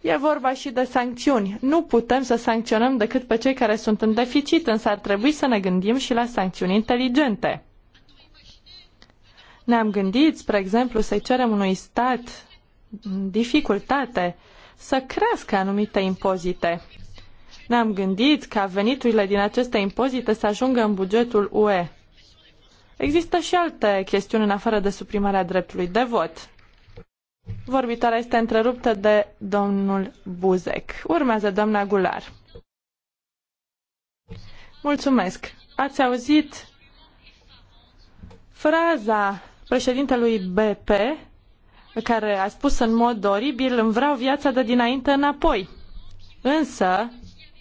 E vorba și de sancțiuni. Nu putem să sancționăm decât pe cei care sunt în deficit, însă ar trebui să ne gândim și la sancțiuni inteligente. Ne-am gândit, spre exemplu, să-i cerem unui stat în dificultate să crească anumite impozite. Ne-am gândit ca veniturile din aceste impozite să ajungă în bugetul UE. Există și alte chestiuni în afară de suprimarea dreptului de vot. Vorbitoarea este întreruptă de domnul Buzek. Urmează doamna Gular. Mulțumesc. Ați auzit fraza președintelui BP, care a spus în mod oribil, îmi vreau viața de dinainte înapoi. Însă,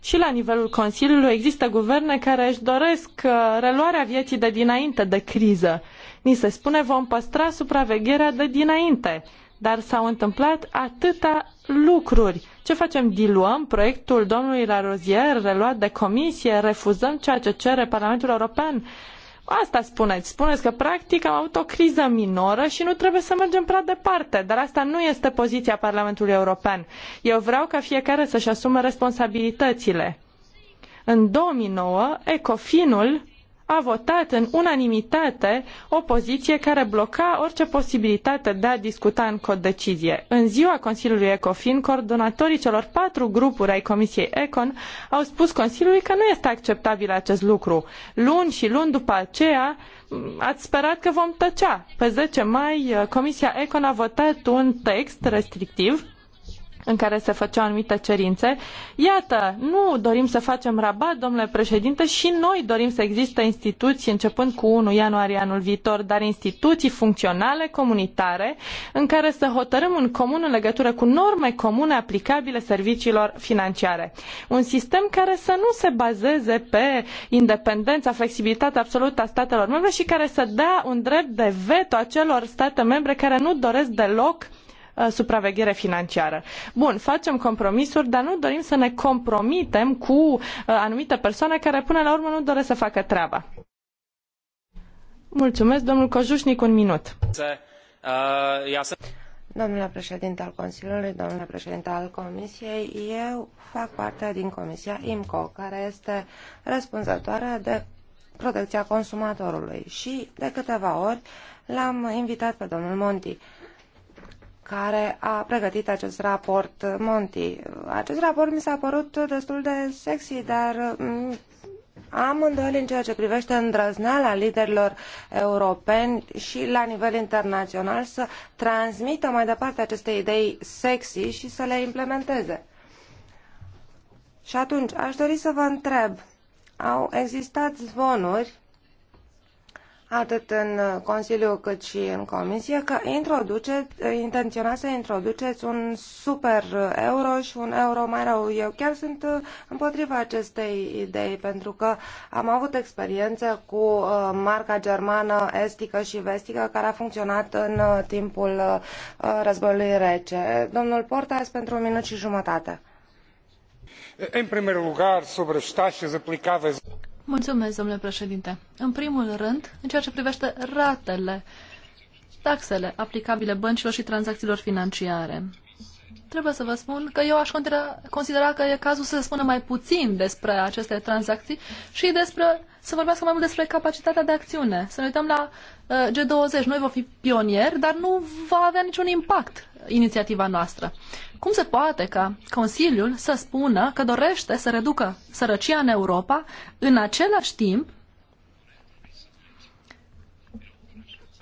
și la nivelul Consiliului există guverne care își doresc uh, reluarea vieții de dinainte de criză. Ni se spune vom păstra supravegherea de dinainte, dar s-au întâmplat atâtea lucruri. Ce facem? Diluăm proiectul domnului Larozier reluat de comisie? Refuzăm ceea ce cere Parlamentul European? Asta spuneți. Spuneți că practic am avut o criză minoră și nu trebuie să mergem prea departe, dar asta nu este poziția Parlamentului European. Eu vreau ca fiecare să-și asume responsabilitățile. În 2009, Ecofinul a votat în unanimitate o poziție care bloca orice posibilitate de a discuta în codecizie. În ziua Consiliului Ecofin, coordonatorii celor patru grupuri ai Comisiei Econ au spus Consiliului că nu este acceptabil acest lucru. Luni și luni după aceea, ați sperat că vom tăcea. Pe 10 mai, Comisia Econ a votat un text restrictiv în care se făceau anumite cerințe. Iată, nu dorim să facem rabat, domnule președinte, și noi dorim să existe instituții începând cu 1 ianuarie anul viitor, dar instituții funcționale, comunitare, în care să hotărâm în comun în legătură cu norme comune aplicabile serviciilor financiare. Un sistem care să nu se bazeze pe independența, flexibilitatea absolută a statelor membre și care să dea un drept de veto acelor state membre care nu doresc deloc Uh, supraveghere financiară. Bun, facem compromisuri, dar nu dorim să ne compromitem cu uh, anumite persoane care până la urmă nu doresc să facă treaba. Mulțumesc, domnul Cojușnic, un minut. Domnule președinte al Consiliului, domnule președinte al Comisiei, eu fac parte din Comisia IMCO, care este răspunzătoare de protecția consumatorului și de câteva ori l-am invitat pe domnul Monti care a pregătit acest raport, uh, Monti. Acest raport mi s-a părut destul de sexy, dar mm, am îndoieli în ceea ce privește îndrăzneala liderilor europeni și la nivel internațional să transmită mai departe aceste idei sexy și să le implementeze. Și atunci, aș dori să vă întreb, au existat zvonuri atât în Consiliu cât și în Comisie, că introduce, intenționa să introduceți un super euro și un euro mai rău. Eu chiar sunt împotriva acestei idei, pentru că am avut experiență cu uh, marca germană estică și vestică, care a funcționat în uh, timpul uh, războiului rece. Domnul Portas, pentru un minut și jumătate. În primul rând, sobre as taxas aplicáveis Mulțumesc, domnule președinte. În primul rând, în ceea ce privește ratele, taxele aplicabile băncilor și tranzacțiilor financiare. Trebuie să vă spun că eu aș considera, că e cazul să se spună mai puțin despre aceste tranzacții și despre, să vorbească mai mult despre capacitatea de acțiune. Să ne uităm la uh, G20. Noi vom fi pionieri, dar nu va avea niciun impact inițiativa noastră. Cum se poate ca Consiliul să spună că dorește să reducă sărăcia în Europa, în același timp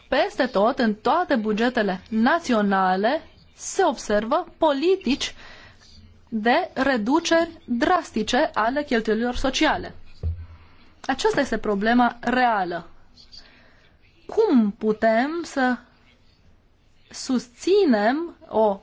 peste tot, în toate bugetele naționale, se observă politici de reduceri drastice ale cheltuielilor sociale. Aceasta este problema reală. Cum putem să susținem o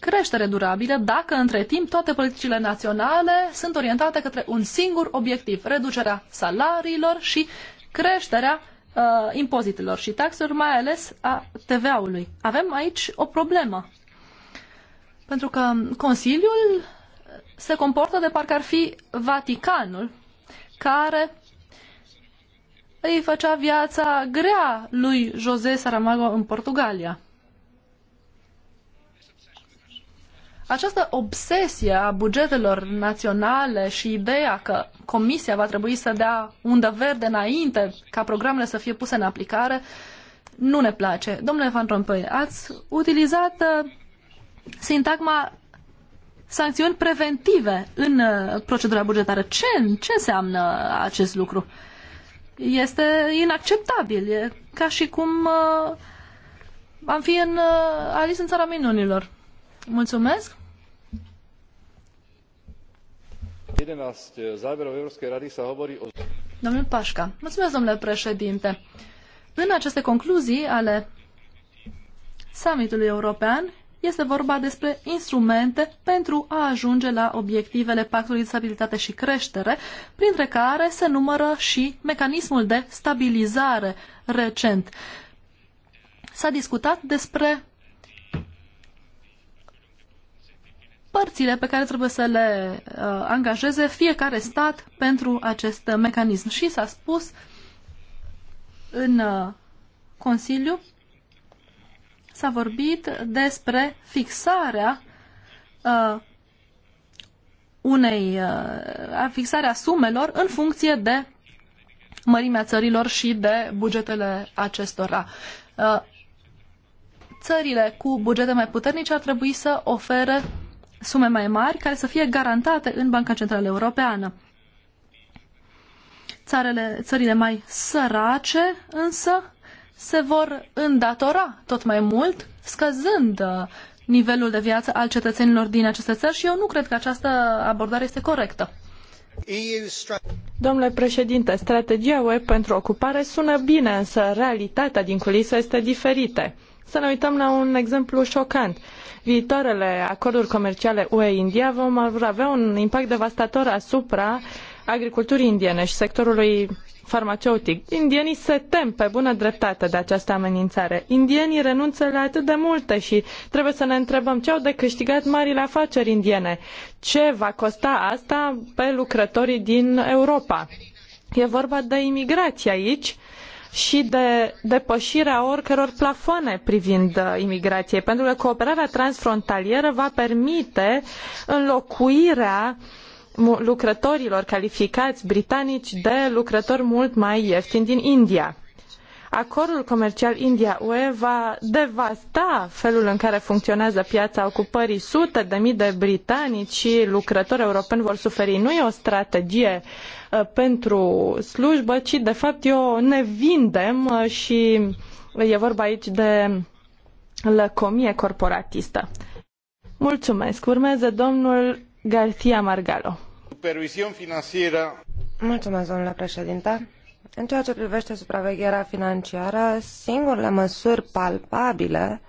creștere durabilă dacă între timp toate politicile naționale sunt orientate către un singur obiectiv, reducerea salariilor și creșterea uh, impozitelor și taxelor, mai ales a TVA-ului. Avem aici o problemă. Pentru că Consiliul se comportă de parcă ar fi Vaticanul, care îi făcea viața grea lui José Saramago în Portugalia. Această obsesie a bugetelor naționale și ideea că Comisia va trebui să dea undă verde înainte ca programele să fie puse în aplicare nu ne place. Domnule Van Rompuy, ați utilizat uh, sintagma sancțiuni preventive în uh, procedura bugetară. Ce, ce înseamnă acest lucru? Este inacceptabil. E ca și cum uh, am fi în, uh, în țara minunilor. Mulțumesc. 11 záverov Európskej rady sa hovorí o... Domnul Pașca. Mulțumesc, domnule președinte. În aceste concluzii ale summitului european este vorba despre instrumente pentru a ajunge la obiectivele Pactului de Stabilitate și Creștere, printre care se numără și mecanismul de stabilizare recent. S-a discutat despre părțile pe care trebuie să le uh, angajeze fiecare stat pentru acest mecanism. Și s-a spus în uh, Consiliu, s-a vorbit despre fixarea uh, unei uh, fixarea sumelor în funcție de mărimea țărilor și de bugetele acestora. Uh, țările cu bugete mai puternice ar trebui să ofere sume mai mari care să fie garantate în Banca Centrală Europeană. Țarele, țările mai sărace însă se vor îndatora tot mai mult, scăzând uh, nivelul de viață al cetățenilor din aceste țări și eu nu cred că această abordare este corectă. Domnule președinte, strategia UE pentru ocupare sună bine, însă realitatea din culise este diferită. Să ne uităm la un exemplu șocant viitoarele acorduri comerciale UE-India vom avea un impact devastator asupra agriculturii indiene și sectorului farmaceutic. Indienii se tem pe bună dreptate de această amenințare. Indienii renunță la atât de multe și trebuie să ne întrebăm ce au de câștigat marile afaceri indiene. Ce va costa asta pe lucrătorii din Europa? E vorba de imigrație aici și de depășirea oricăror plafoane privind uh, imigrație, pentru că cooperarea transfrontalieră va permite înlocuirea lucrătorilor calificați britanici de lucrători mult mai ieftini din India. Acordul comercial India-UE va devasta felul în care funcționează piața ocupării. Sute de mii de britanici și lucrători europeni vor suferi. Nu e o strategie uh, pentru slujbă, ci de fapt eu ne vindem uh, și e vorba aici de lăcomie corporatistă. Mulțumesc. Urmează domnul García Margalo. Supervisión financiară. Mulțumesc, domnule președinte în ceea ce privește supravegherea financiară, singurele măsuri palpabile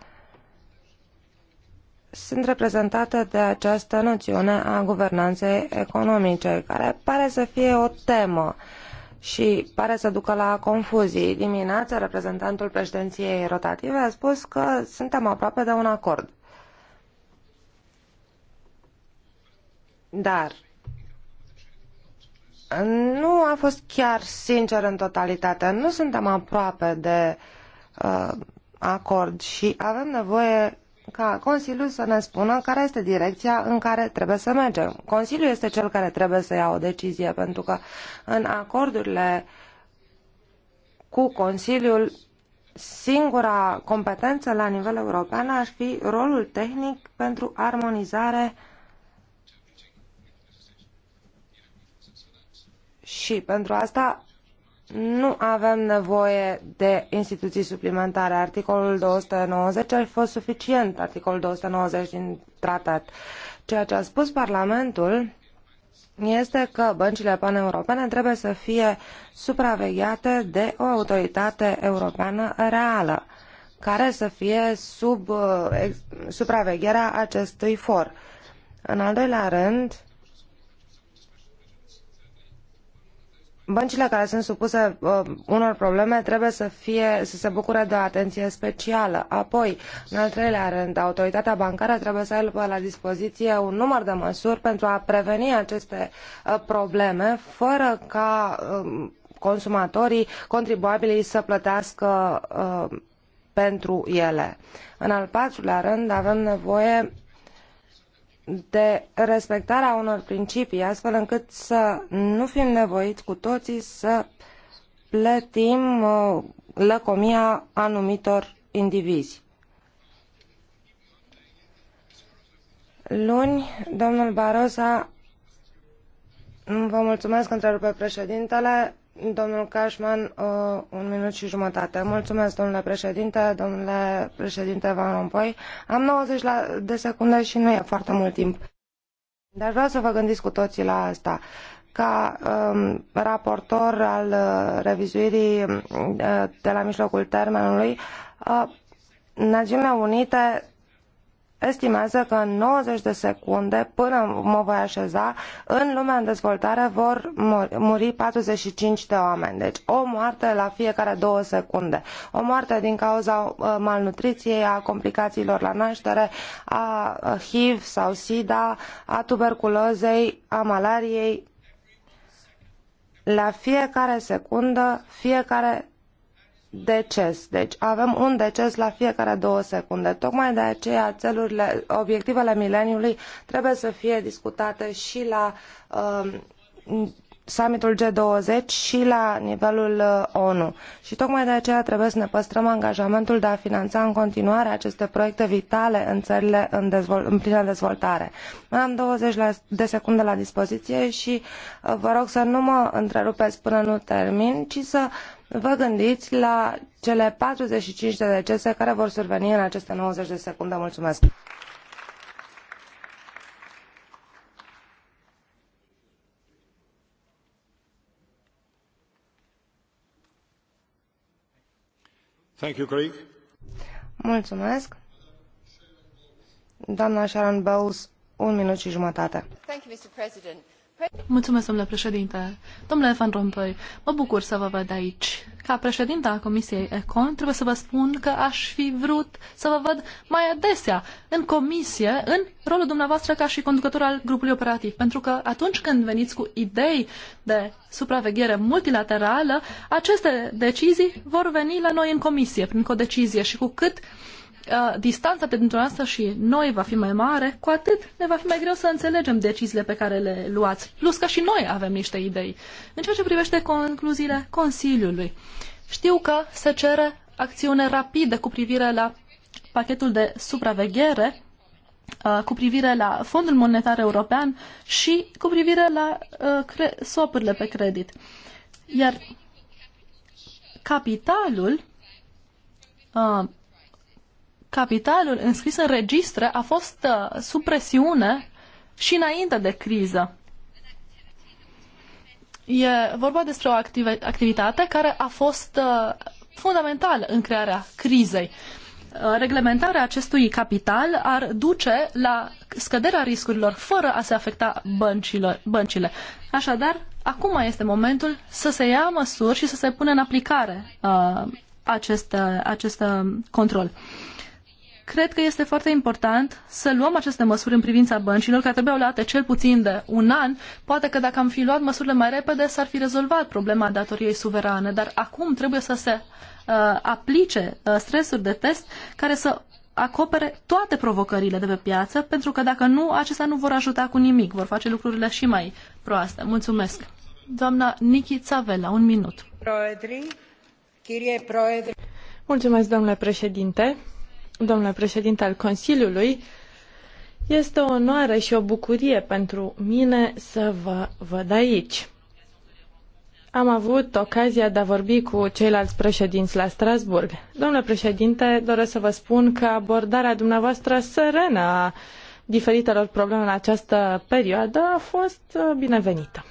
sunt reprezentate de această noțiune a guvernanței economice, care pare să fie o temă și pare să ducă la confuzii. Dimineața, reprezentantul președinției rotative a spus că suntem aproape de un acord. Dar nu a fost chiar sincer în totalitate. Nu suntem aproape de uh, acord și avem nevoie ca Consiliul să ne spună care este direcția în care trebuie să mergem. Consiliul este cel care trebuie să ia o decizie, pentru că în acordurile cu Consiliul, singura competență la nivel european ar fi rolul tehnic pentru armonizare uh, Și pentru asta nu avem nevoie de instituții suplimentare. Articolul 290 a fost suficient, articolul 290 din tratat. Ceea ce a spus Parlamentul este că băncile paneuropene trebuie să fie supravegheate de o autoritate europeană reală, care să fie sub uh, supravegherea acestui for. În al doilea rând, băncile care sunt supuse uh, unor probleme trebuie să, fie, să se bucure de o atenție specială. Apoi, în al treilea rând, autoritatea bancară trebuie să aibă la dispoziție un număr de măsuri pentru a preveni aceste uh, probleme fără ca uh, consumatorii, contribuabilii să plătească uh, pentru ele. În al patrulea rând, avem nevoie de respectarea unor principii, astfel încât să nu fim nevoiți cu toții să plătim uh, lăcomia anumitor indivizi. Luni, domnul Barroso, vă mulțumesc, întrerupe președintele, Domnul Cashman, uh, un minut și jumătate. Mulțumesc, domnule președinte, domnule președinte Van Rompuy. Am 90 de secunde și nu e foarte mult timp. Dar vreau să vă gândiți cu toții la asta. Ca um, raportor al uh, revizuirii uh, de la mijlocul termenului, uh, Națiunile Unite estimează că în 90 de secunde, până mă voi așeza, în lumea în dezvoltare vor muri 45 de oameni. Deci o moarte la fiecare două secunde. O moarte din cauza uh, malnutriției, a complicațiilor la naștere, a uh, HIV sau SIDA, a tuberculozei, a malariei. La fiecare secundă, fiecare deces. Deci avem un deces la fiecare două secunde. Tocmai de aceea țelurile, obiectivele mileniului trebuie să fie discutate și la uh, summitul G20 și la nivelul uh, ONU. Și tocmai de aceea trebuie să ne păstrăm angajamentul de a finanța în continuare aceste proiecte vitale în țările în, dezvol- în plină dezvoltare. Mai am 20 de secunde la dispoziție și uh, vă rog să nu mă întrerupeți până nu termin, ci să vă gândiți la cele 45 de decese care vor surveni în aceste 90 de secunde. Mulțumesc! Mulțumesc. Doamna Sharon Bowles, un minut și jumătate. Thank you, Mr. President. Mulțumesc, domnule președinte. Domnule Van Rompuy, mă bucur să vă văd aici. Ca președinte a Comisiei Econ, trebuie să vă spun că aș fi vrut să vă văd mai adesea în comisie, în rolul dumneavoastră ca și conducător al grupului operativ, pentru că atunci când veniți cu idei de supraveghere multilaterală, aceste decizii vor veni la noi în comisie, prin codecizie și cu cât uh, Uh, distanța distanța dintre noastră și noi va fi mai mare, cu atât ne va fi mai greu să înțelegem deciziile pe care le luați. Plus că și noi avem niște idei. În ceea ce privește concluziile Consiliului, știu că se cere acțiune rapidă cu privire la pachetul de supraveghere, uh, cu privire la Fondul Monetar European și cu privire la uh, sopurile pe credit. Iar capitalul uh, capitalul înscris în registre a fost uh, sub presiune și înainte de criză. E vorba despre o activitate care a fost uh, fundamentală în crearea crizei. Uh, reglementarea acestui capital ar duce la scăderea riscurilor fără a se afecta băncilor, băncile. Așadar, acum este momentul să se ia măsuri și să se pună în aplicare uh, acest, acest control. Uh, cred că este foarte important să luăm aceste măsuri în privința băncilor, care trebuiau luate cel puțin de un an. Poate că dacă am fi luat măsurile mai repede, s-ar fi rezolvat problema datoriei suverane, dar acum trebuie să se uh, aplice uh, stresuri de test care să acopere toate provocările de pe piață, pentru că dacă nu, acestea nu vor ajuta cu nimic, vor face lucrurile și mai proaste. Mulțumesc. Doamna Nichi Țavela, un minut. Mulțumesc, domnule președinte domnule președinte al Consiliului, este o onoare și o bucurie pentru mine să vă văd aici. Am avut ocazia de a vorbi cu ceilalți președinți la Strasbourg. Domnule președinte, doresc să vă spun că abordarea dumneavoastră serenă a diferitelor probleme în această perioadă a fost uh, binevenită.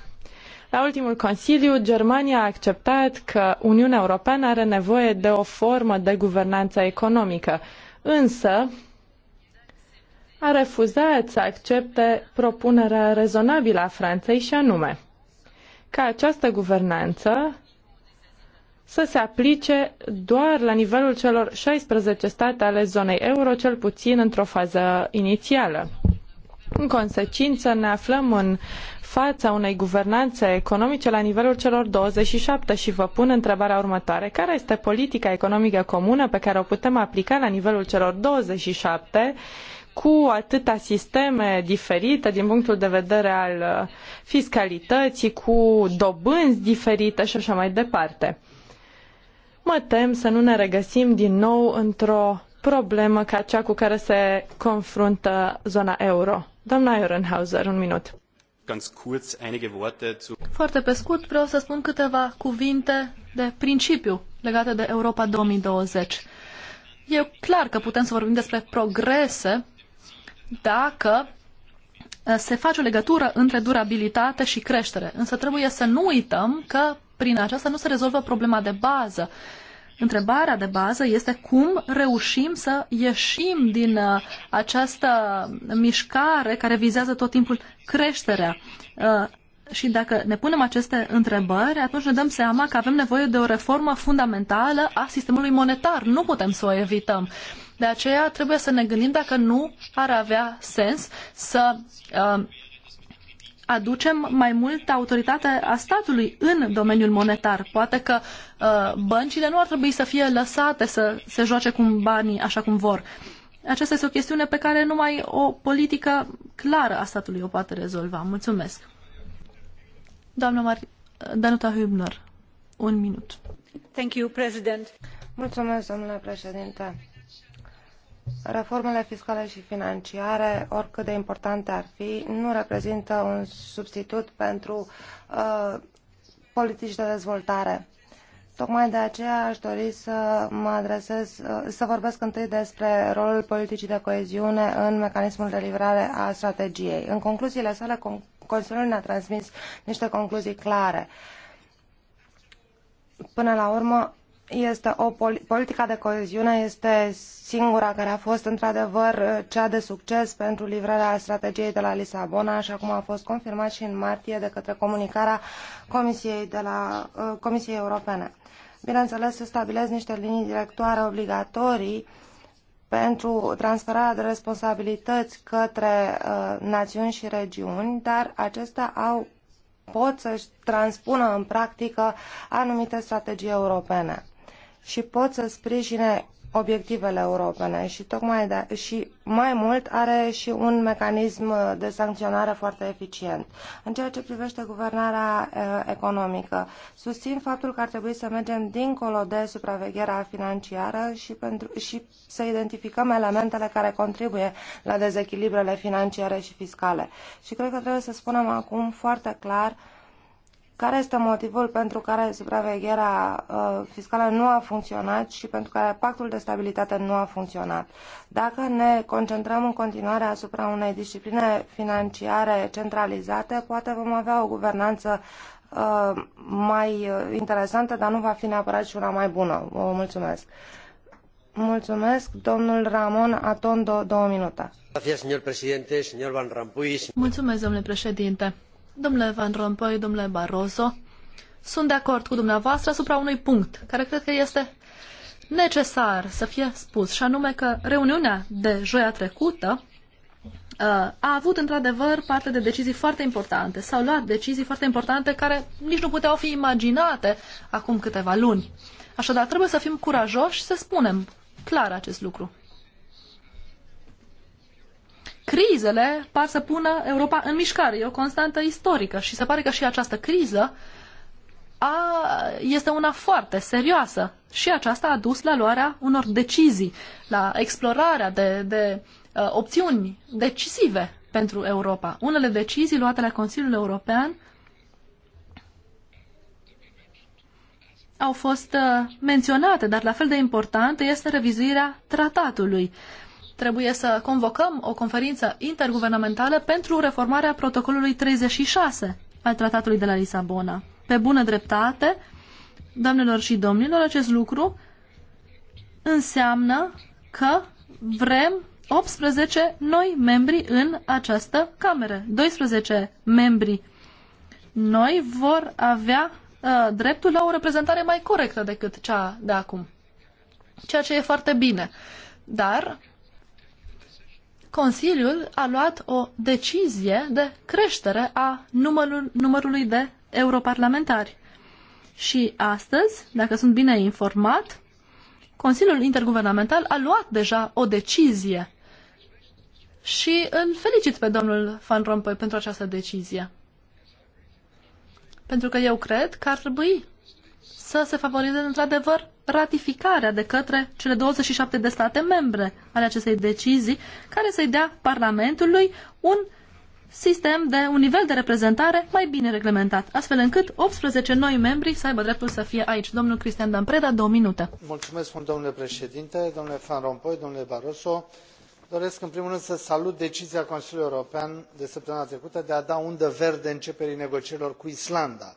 La ultimul Consiliu, Germania a acceptat că Uniunea Europeană are nevoie de o formă de guvernanță economică însă a refuzat să accepte propunerea rezonabilă a Franței și anume ca această guvernanță să se aplice doar la nivelul celor 16 state ale zonei euro, cel puțin într-o fază inițială. În consecință, ne aflăm în fața unei guvernanțe economice la nivelul celor 27 și vă pun întrebarea următoare. Care este politica economică comună pe care o putem aplica la nivelul celor 27 cu atâtea sisteme diferite din punctul de vedere al uh, fiscalității, cu dobânzi diferite și așa mai departe? Mă tem să nu ne regăsim din nou într-o problemă ca cea cu care se confruntă zona euro. Doamna Eurenhauser, un minut. Foarte pe scurt vreau să spun câteva cuvinte de principiu legate de Europa 2020. E clar că putem să vorbim despre progrese dacă eh, se face o legătură între durabilitate și creștere. Însă trebuie să nu uităm că prin aceasta nu se rezolvă problema de bază Întrebarea de bază este cum reușim să ieșim din uh, această mișcare care vizează tot timpul creșterea. Uh, și dacă ne punem aceste întrebări, atunci ne dăm seama că avem nevoie de o reformă fundamentală a sistemului monetar. Nu putem să o evităm. De aceea trebuie să ne gândim dacă nu ar avea sens să uh, aducem mai multă autoritate a statului în domeniul monetar. Poate că uh, băncile nu ar trebui să fie lăsate să se joace cu banii așa cum vor. Aceasta este o chestiune pe care numai o politică clară a statului o poate rezolva. Mulțumesc. Doamna Mar- Danuta Hübner, un minut. Thank you, President. Mulțumesc, domnule președinte. Reformele fiscale și financiare, oricât de importante ar fi, nu reprezintă un substitut pentru uh, politici de dezvoltare. Tocmai de aceea aș dori să mă adresez, uh, să vorbesc întâi despre rolul politicii de coeziune în mecanismul de livrare a strategiei. În concluziile sale, Consiliul ne-a transmis niște concluzii clare. Până la urmă, este o politica de coeziune este singura care a fost într-adevăr cea de succes pentru livrarea strategiei de la Lisabona, așa cum a fost confirmat și în martie de către comunicarea Comisiei, de la, uh, Comisiei Europene. Bineînțeles, se stabilesc niște linii directoare obligatorii pentru transferarea de responsabilități către uh, națiuni și regiuni, dar acestea au pot să-și transpună în practică anumite strategii europene și pot să sprijine obiectivele europene și tocmai de, și mai mult are și un mecanism de sancționare foarte eficient. În ceea ce privește guvernarea economică, susțin faptul că ar trebui să mergem dincolo de supravegherea financiară și, pentru, și să identificăm elementele care contribuie la dezechilibrele financiare și fiscale. Și cred că trebuie să spunem acum foarte clar uh, care este motivul pentru care supravegherea uh, fiscală nu a funcționat și pentru care pactul de stabilitate nu a funcționat? Dacă ne concentrăm în continuare asupra unei discipline financiare centralizate, poate vom avea o guvernanță uh, mai uh, interesantă, dar nu va fi neapărat și una mai bună. Vă mulțumesc. Mulțumesc, domnul Ramon Atondo, două minute. Mulțumesc, domnule președinte. Domnule Van Rompuy, domnule Barroso, sunt de acord cu dumneavoastră asupra unui punct care cred că este necesar să fie spus, și anume că reuniunea de joia trecută uh, a avut într-adevăr parte de decizii foarte importante. S-au luat decizii foarte importante care nici nu puteau fi imaginate acum câteva luni. Așadar, trebuie să fim curajoși să spunem clar acest lucru crizele par să pună Europa în mișcare. E o constantă istorică și se pare că și această criză a, este una foarte serioasă și aceasta a dus la luarea unor decizii, la explorarea de, de uh, opțiuni decisive pentru Europa. Unele decizii luate la Consiliul European au fost uh, menționate, dar la fel de importantă este revizuirea tratatului trebuie să convocăm o conferință interguvernamentală pentru reformarea protocolului 36 al Tratatului de la Lisabona. Pe bună dreptate, doamnelor și domnilor, acest lucru înseamnă că vrem 18 noi membri în această cameră. 12 membri noi vor avea uh, dreptul la o reprezentare mai corectă decât cea de acum. Ceea ce e foarte bine. Dar Consiliul a luat o decizie de creștere a numărul, numărului de europarlamentari. Și astăzi, dacă sunt bine informat, Consiliul Interguvernamental a luat deja o decizie și îl felicit pe domnul Van Rompuy pentru această decizie. Pentru că eu cred că ar trebui să se favorizeze într-adevăr ratificarea de către cele 27 de state membre ale acestei decizii, care să-i dea Parlamentului un sistem de un nivel de reprezentare mai bine reglementat, astfel încât 18 noi membri să aibă dreptul să fie aici. Domnul Cristian Dampreda, două minute. Mulțumesc mult, domnule președinte, domnule Van Rompuy, domnule Barroso. Doresc în primul rând să salut decizia Consiliului European de săptămâna trecută de a da undă verde începerii negocierilor cu Islanda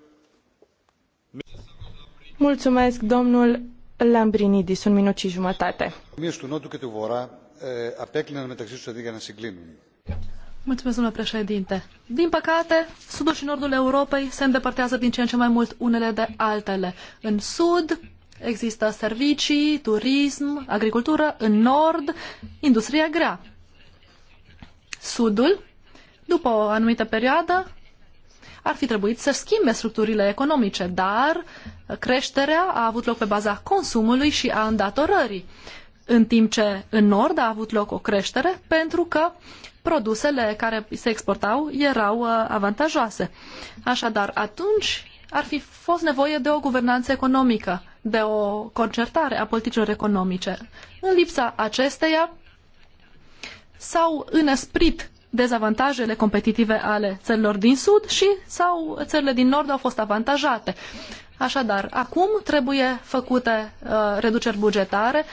Mulțumesc, domnul Lambrinidis, un minut și jumătate. Mulțumesc, domnule președinte. Din păcate, sudul și nordul Europei se îndepărtează din ce în ce mai mult unele de altele. În sud există servicii, turism, agricultură, în nord, industria grea. Sudul, după o anumită perioadă, ar fi trebuit să schimbe structurile economice, dar creșterea a avut loc pe baza consumului și a îndatorării, în timp ce în Nord a avut loc o creștere pentru că produsele care se exportau erau uh, avantajoase. Așadar, atunci ar fi fost nevoie de o guvernanță economică, de o concertare a politicilor economice. În lipsa acesteia s-au înăsprit dezavantajele competitive ale țărilor din sud și sau țările din nord au fost avantajate. Așadar, acum trebuie făcute uh, reduceri bugetare,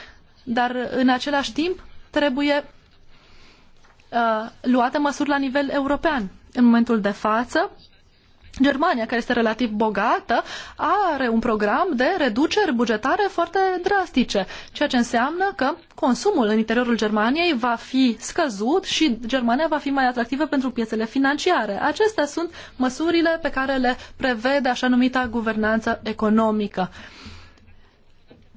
dar în același timp trebuie uh, luate măsuri la nivel european. În momentul de față, Germania, care este relativ bogată, are un program de reduceri bugetare foarte drastice, ceea ce înseamnă că consumul în interiorul Germaniei va fi scăzut și Germania va fi mai atractivă pentru piețele financiare. Acestea sunt măsurile pe care le prevede așa numita guvernanță economică.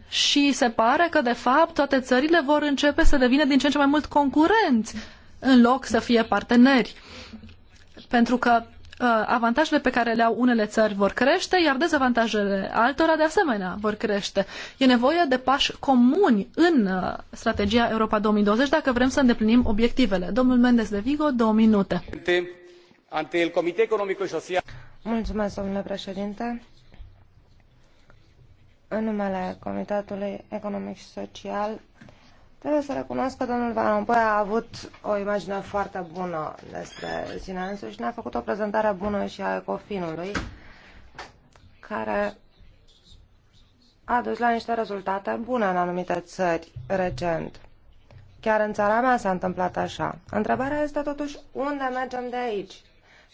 Și se pare că, de fapt, toate țările vor începe să devină din ce în ce mai mult concurenți în loc să fie parteneri. Pentru că Uh, avantajele pe care le au unele țări vor crește, iar dezavantajele altora de asemenea vor crește. E nevoie de pași comuni în uh, strategia Europa 2020 dacă vrem să îndeplinim obiectivele. Domnul Mendes de Vigo, două minute. Mulțumesc, domnule președinte. În numele Comitetului Economic și Social, Trebuie să recunosc că domnul Van Rompuy a avut o imagine foarte bună despre sine însuși și ne-a făcut o prezentare bună și a Ecofinului, care a dus la niște rezultate bune în anumite țări recent. Chiar în țara mea s-a întâmplat așa. Întrebarea este totuși unde mergem de aici?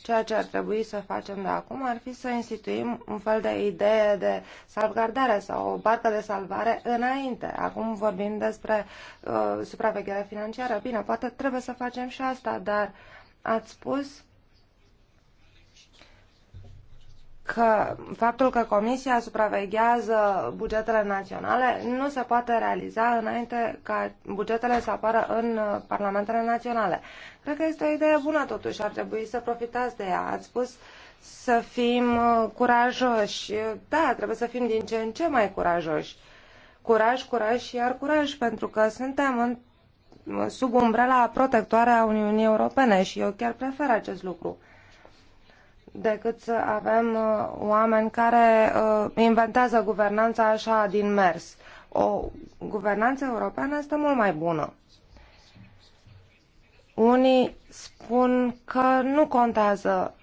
Ceea ce ar trebui să facem de acum ar fi să instituim un fel de idee de salvgardare sau o barcă de salvare înainte. Acum vorbim despre uh, supraveghere financiară. Bine, poate trebuie să facem și asta, dar ați spus că faptul că Comisia supraveghează bugetele naționale nu se poate realiza înainte ca bugetele să apară în parlamentele naționale. Cred că este o idee bună totuși, ar trebui să profitați de ea. Ați spus să fim uh, curajoși. Da, trebuie să fim din ce în ce mai curajoși. Curaj, curaj și iar curaj, pentru că suntem în, sub umbrela protectoare a Uniunii Europene și eu chiar prefer acest lucru decât să avem uh, oameni care uh, inventează guvernanța așa din mers. O guvernanță europeană este mult mai bună. Unii spun că nu contează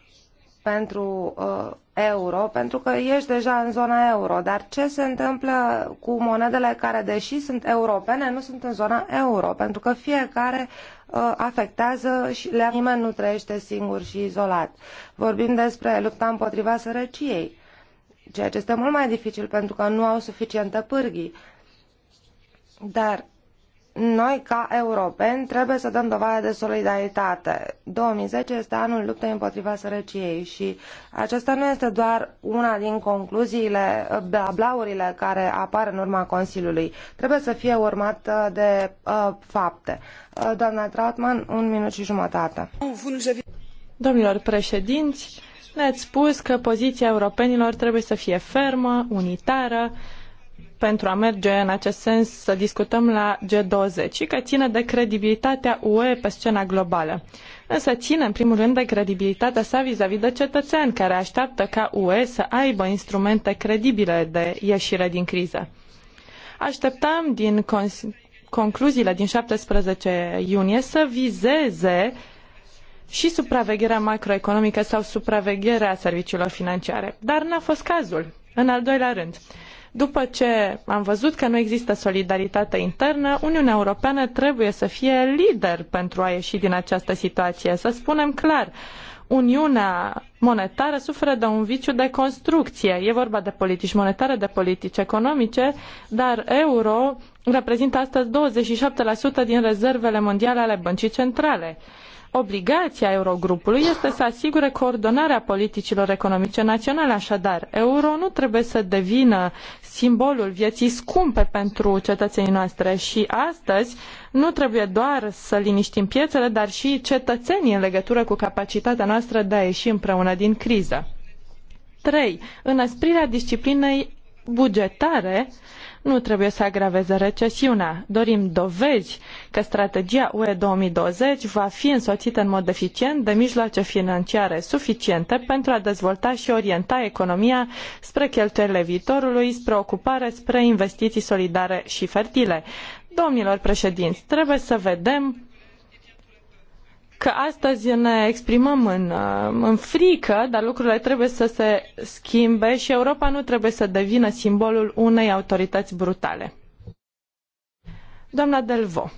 pentru uh, euro, pentru că ești deja în zona euro, dar ce se întâmplă cu monedele care, deși sunt europene, nu sunt în zona euro, pentru că fiecare uh, afectează și le nimeni nu trăiește singur și izolat. Vorbim despre lupta împotriva sărăciei, ceea ce este mult mai dificil pentru că nu au suficientă pârghii. Dar noi, ca europeni, trebuie să dăm dovadă de solidaritate. 2010 este anul luptei împotriva sărăciei și aceasta nu este doar una din concluziile, blaurile care apar în urma Consiliului. Trebuie să fie urmată de uh, fapte. Uh, doamna Trautmann, un minut și jumătate. Domnilor președinți, ne-ați spus că poziția europenilor trebuie să fie fermă, unitară, pentru a merge în acest sens să discutăm la G20 și că ține de credibilitatea UE pe scena globală. Însă ține în primul rând de credibilitatea sa vis-a-vis -vis de cetățean care așteaptă ca UE să aibă instrumente credibile de ieșire din criză. Așteptăm din concluziile din 17 iunie să vizeze și supravegherea macroeconomică sau supravegherea serviciilor financiare. Dar n-a fost cazul. În al doilea rând, după ce am văzut că nu există solidaritate internă, Uniunea Europeană trebuie să fie lider pentru a ieși din această situație. Să spunem clar, Uniunea monetară suferă de un viciu de construcție. E vorba de politici monetare, de politici economice, dar euro reprezintă astăzi 27% din rezervele mondiale ale băncii centrale. Obligația Eurogrupului este să asigure coordonarea politicilor economice naționale, așadar, euro nu trebuie să devină simbolul vieții scumpe pentru cetățenii noastre și astăzi nu trebuie doar să liniștim piețele, dar și cetățenii în legătură cu capacitatea noastră de a ieși împreună din criză. 3. Înăsprirea disciplinei bugetare nu trebuie să agraveze recesiunea. Dorim dovezi că strategia UE 2020 va fi însoțită în mod eficient de mijloace financiare suficiente pentru a dezvolta și orienta economia spre cheltuielile viitorului, spre ocupare, spre investiții solidare și fertile. Domnilor președinți, trebuie să vedem că astăzi ne exprimăm în, uh, în frică, dar lucrurile trebuie să se schimbe și Europa nu trebuie să devină simbolul unei autorități brutale. Doamna Delvo.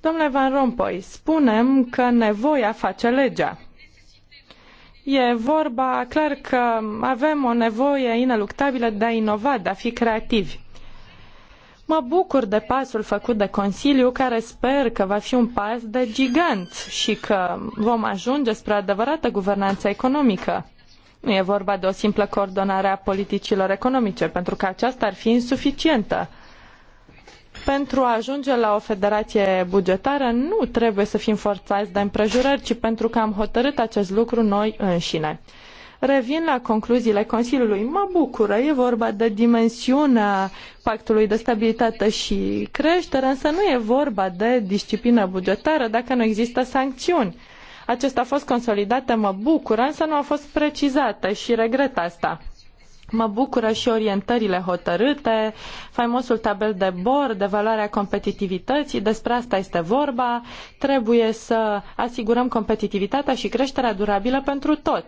Domnule Van Rompuy, spunem că nevoia face legea. E vorba clar că avem o nevoie ineluctabilă de a inova, de a fi creativi. Mă bucur de pasul făcut de Consiliu, care sper că va fi un pas de gigant și că vom ajunge spre adevărată guvernanță economică. Nu e vorba de o simplă coordonare a politicilor economice, pentru că aceasta ar fi insuficientă. Pentru a ajunge la o federație bugetară nu trebuie să fim forțați de împrejurări, ci pentru că am hotărât acest lucru noi înșine. Revin la concluziile Consiliului. Mă bucură, e vorba de dimensiunea pactului de stabilitate și creștere, însă nu e vorba de disciplină bugetară dacă nu există sancțiuni. Acesta a fost consolidat, mă bucură, însă nu a fost precizată și regret asta. Mă bucură și orientările hotărâte, faimosul tabel de bord, de valoarea competitivității, despre asta este vorba. Trebuie să asigurăm competitivitatea și creșterea durabilă pentru tot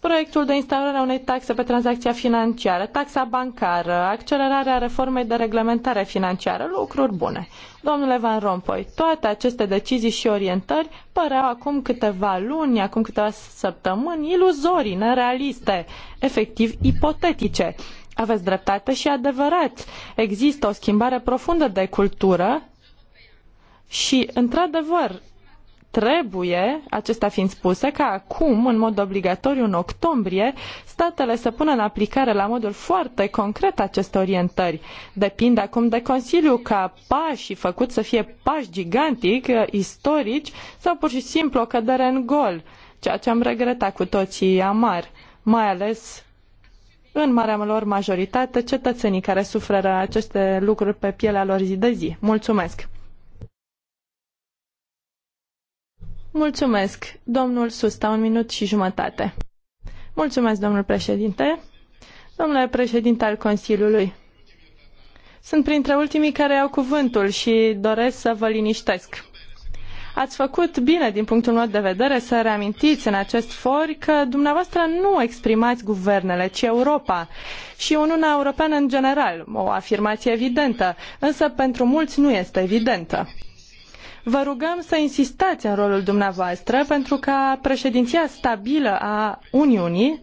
proiectul de instaurare a unei taxe pe tranzacția financiară, taxa bancară, accelerarea reformei de reglementare financiară, lucruri bune. Domnule Van Rompuy, toate aceste decizii și orientări păreau acum câteva luni, acum câteva săptămâni, iluzorii, nerealiste, efectiv ipotetice. Aveți dreptate și adevărat. Există o schimbare profundă de cultură și, într-adevăr, trebuie, acestea fiind spuse, ca acum, în mod obligatoriu, în octombrie, statele să pună în aplicare la modul foarte concret aceste orientări. Depinde acum de Consiliu ca pașii făcut să fie pași gigantic, eh, istorici sau pur și simplu o cădere în gol, ceea ce am regretat cu toții amar, mai ales în marea lor majoritate, cetățenii care suferă aceste lucruri pe pielea lor zi de zi. Mulțumesc! Mulțumesc. Domnul Susta, un minut și jumătate. Mulțumesc, domnul președinte. Domnule președinte al Consiliului, sunt printre ultimii care au cuvântul și doresc să vă liniștesc. Ați făcut bine, din punctul meu de vedere, să reamintiți în acest for că dumneavoastră nu exprimați guvernele, ci Europa și Uniunea Europeană în general. O afirmație evidentă, însă pentru mulți nu este evidentă. Vă rugăm să insistați în rolul dumneavoastră pentru ca președinția stabilă a Uniunii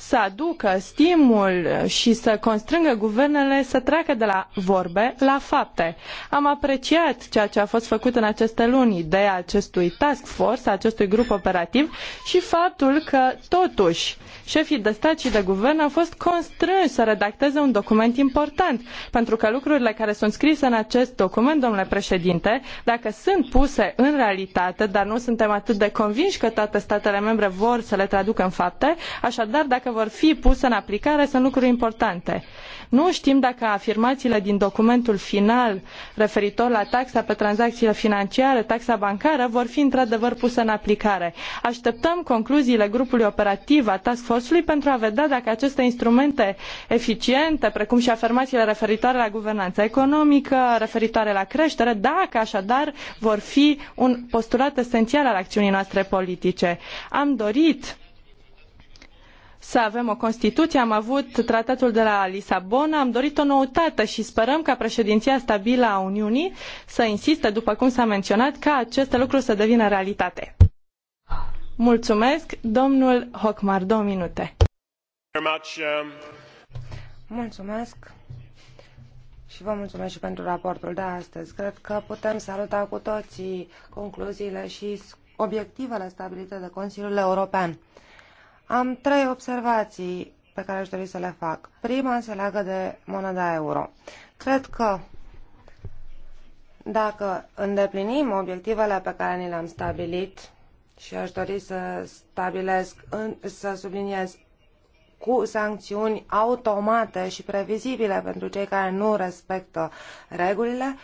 să aducă stimul și să constrângă guvernele să treacă de la vorbe la fapte. Am apreciat ceea ce a fost făcut în aceste luni, ideea acestui task force, acestui grup operativ și faptul că totuși șefii de stat și de guvern au fost constrânși să redacteze un document important, pentru că lucrurile care sunt scrise în acest document, domnule președinte, dacă sunt puse în realitate, dar nu suntem atât de convinși că toate statele membre vor să le traducă în fapte, așadar dacă dacă vor fi puse în aplicare, sunt lucruri importante. Nu știm dacă afirmațiile din documentul final referitor la taxa pe tranzacțiile financiare, taxa bancară, vor fi într-adevăr puse în aplicare. Așteptăm concluziile grupului operativ a Task Force-ului pentru a vedea dacă aceste instrumente eficiente, precum și afirmațiile referitoare la guvernanța economică, referitoare la creștere, dacă așadar vor fi un postulat esențial al acțiunii noastre politice. Am dorit să avem o Constituție. Am avut tratatul de la Lisabona, am dorit o noutate și sperăm ca președinția stabilă a Uniunii să insiste, după cum s-a menționat, ca aceste lucruri să devină realitate. Mulțumesc, domnul Hocmar, două minute. Mulțumesc și vă mulțumesc și pentru raportul de astăzi. Cred că putem saluta cu toții concluziile și obiectivele stabilite de Consiliul European am trei observații pe care aș dori să le fac. Prima se leagă de moneda euro. Cred că dacă îndeplinim obiectivele pe care ni le-am stabilit și aș dori să stabilesc, să subliniez cu sancțiuni automate și previzibile pentru cei care nu respectă regulile, uh,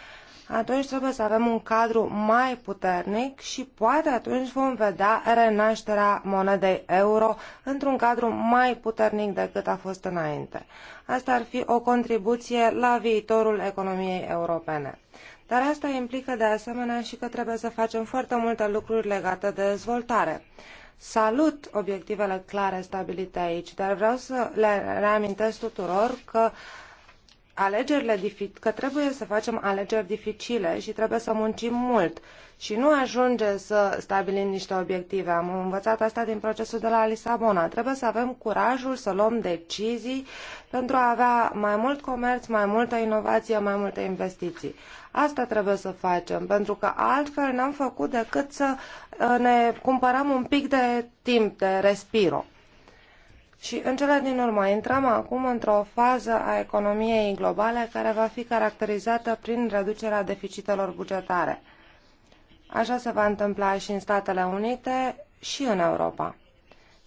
atunci trebuie să avem un cadru mai puternic și poate atunci vom vedea renașterea monedei euro într-un cadru mai puternic decât a fost înainte. Asta ar fi o contribuție la viitorul economiei europene. Dar asta implică de asemenea și că trebuie să facem foarte multe lucruri legate de dezvoltare. Salut obiectivele clare stabilite aici, dar vreau să le reamintesc tuturor că uh, alegerile că trebuie să facem alegeri dificile și trebuie să muncim mult și nu ajunge să stabilim niște obiective. Am învățat asta din procesul de la Lisabona. Trebuie să avem curajul să luăm decizii pentru a avea mai mult comerț, mai multă inovație, mai multe investiții. Asta trebuie să facem, pentru că altfel n-am făcut decât să uh, ne cumpărăm un pic de timp, de respiro. Și în cele din urmă intrăm acum într-o fază a economiei globale care va fi caracterizată prin reducerea deficitelor bugetare. Așa se va întâmpla și în Statele Unite și în Europa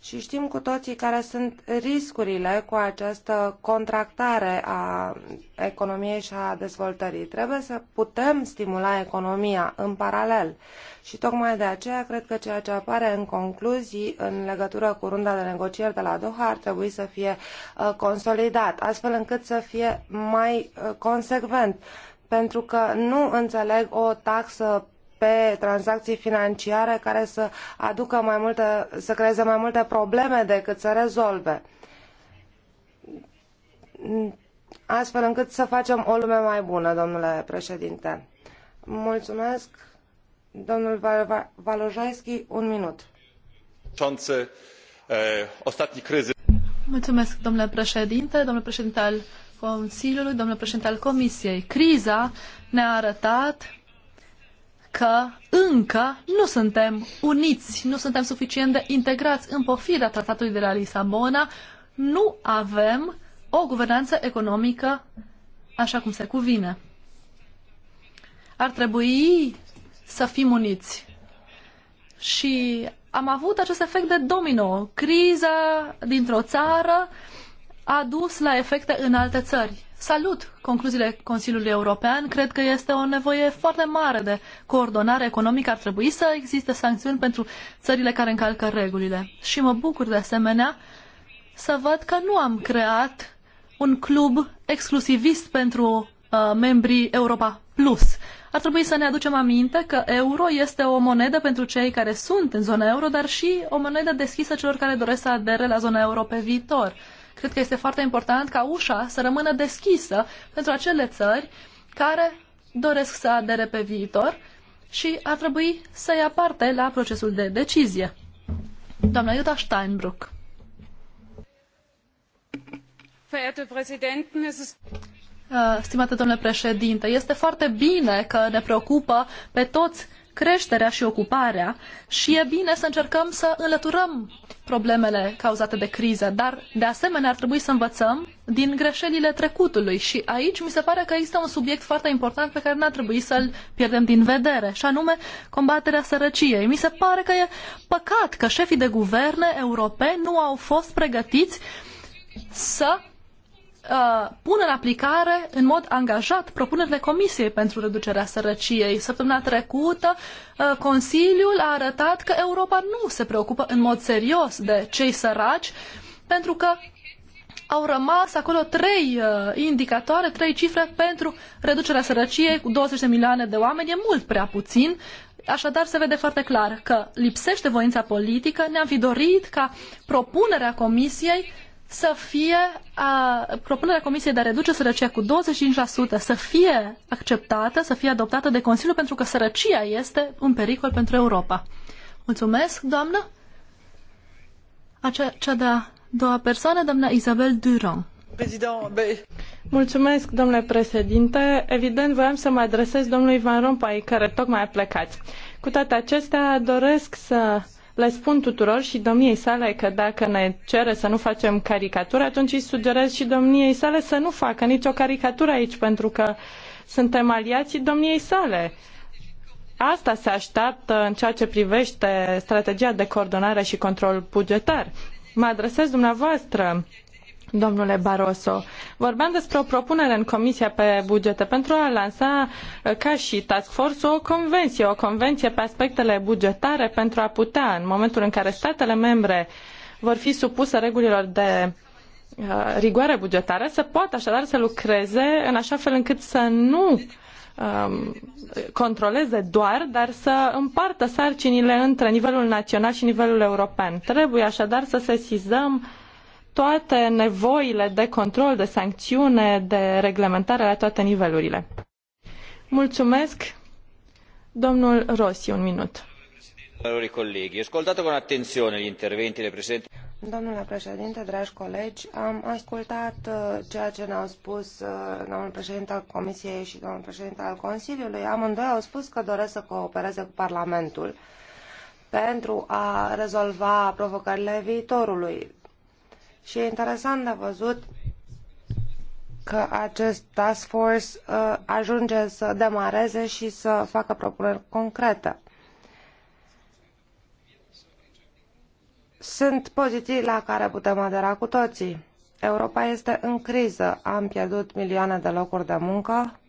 și știm cu toții care sunt riscurile cu această contractare a economiei și a dezvoltării. Trebuie să putem stimula economia în paralel și tocmai de aceea cred că ceea ce apare în concluzii în legătură cu runda de negocieri de la Doha ar trebui să fie uh, consolidat, astfel încât să fie mai uh, consecvent pentru că nu înțeleg o taxă pe tranzacții financiare care să aducă mai multe, să creeze mai multe probleme decât să rezolve. Astfel încât să facem o lume mai bună, domnule președinte. Mulțumesc. Domnul Walojajski, un minut. Eh, crize. Mulțumesc, domnule președinte, domnule președinte al Consiliului, domnule președinte al Comisiei. Criza ne-a arătat că încă nu suntem uniți, nu suntem suficient de integrați în pofida tratatului de la Lisabona, nu avem o guvernanță economică așa cum se cuvine. Ar trebui să fim uniți. Și am avut acest efect de domino. Criza dintr-o țară a dus la efecte în alte țări. Salut concluziile Consiliului European. Cred că este o nevoie foarte mare de coordonare economică. Ar trebui să existe sancțiuni pentru țările care încalcă regulile. Și mă bucur de asemenea să văd că nu am creat un club exclusivist pentru uh, membrii Europa Plus. Ar trebui să ne aducem aminte că euro este o monedă pentru cei care sunt în zona euro, dar și o monedă deschisă celor care doresc să adere la zona euro pe viitor. Cred că este foarte important ca ușa să rămână deschisă pentru acele țări care doresc să adere pe viitor și ar trebui să ia parte la procesul de decizie. Doamna Iuta Steinbrück. Uh, stimate domnule președinte, este foarte bine că ne preocupă pe toți creșterea și ocuparea și e bine să încercăm să înlăturăm problemele cauzate de criză, dar de asemenea ar trebui să învățăm din greșelile trecutului și aici mi se pare că există un subiect foarte important pe care n-ar trebui să-l pierdem din vedere și anume combaterea sărăciei. Mi se pare că e păcat că șefii de guverne europeni nu au fost pregătiți să Uh, pun în aplicare în mod angajat propunerile Comisiei pentru reducerea sărăciei. Săptămâna trecută, uh, Consiliul a arătat că Europa nu se preocupă în mod serios de cei săraci, pentru că au rămas acolo trei uh, indicatoare, trei cifre pentru reducerea sărăciei cu 20 de milioane de oameni. E mult prea puțin. Așadar, se vede foarte clar că lipsește voința politică. Ne-am fi dorit ca propunerea Comisiei să fie a, propunerea Comisiei de a reduce sărăcia cu 25% să fie acceptată, să fie adoptată de Consiliu, pentru că sărăcia este un pericol pentru Europa. Mulțumesc, doamnă. Acea, cea de-a doua persoană, doamna Isabel Durand. Mulțumesc, domnule președinte. Evident, voiam să mă adresez domnului Van Rompuy, care tocmai a plecat. Cu toate acestea, doresc să le spun tuturor și domniei sale că dacă ne cere să nu facem caricatură, atunci îi sugerez și domniei sale să nu facă nicio caricatură aici, pentru că suntem aliații domniei sale. Asta se așteaptă în ceea ce privește strategia de coordonare și control bugetar. Mă adresez dumneavoastră Domnule Barroso, vorbeam despre o propunere în Comisia pe bugete pentru a lansa eh, ca și task force o convenție, o convenție pe aspectele bugetare pentru a putea, în momentul în care statele membre vor fi supuse regulilor de uh, rigoare bugetară, să poată așadar să lucreze în așa fel încât să nu ehm, controleze doar, dar să împartă sarcinile între nivelul național și nivelul european. Trebuie așadar să sesizăm uh, toate nevoile de control, de sancțiune, de reglementare la toate nivelurile. Mulțumesc. Domnul Rossi, un minut. Onorevoli colegi, ho ascoltato con attenzione gli Domnule președinte, dragi colegi, am ascultat uh, ceea ce ne-au spus uh, domnul președinte al Comisiei și domnul președinte al Consiliului. Amândoi au spus că doresc să coopereze cu Parlamentul pentru a rezolva provocările viitorului și e interesant de văzut că acest task force uh, ajunge să demareze și să facă propuneri concrete. Sunt poziții la care putem adera cu toții. Europa este în criză, am pierdut milioane de locuri de muncă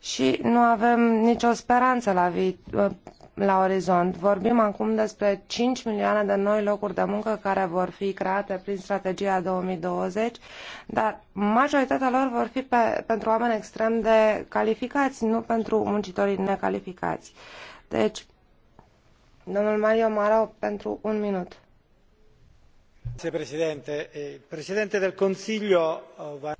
și nu avem nicio speranță la viitor la orizont. Vorbim acum despre 5 milioane de noi locuri de muncă care vor fi create prin strategia 2020, dar majoritatea lor vor fi pe, pentru oameni extrem de calificați, nu pentru muncitorii necalificați. Deci, domnul Mario Marau, pentru un minut. Eh, eh,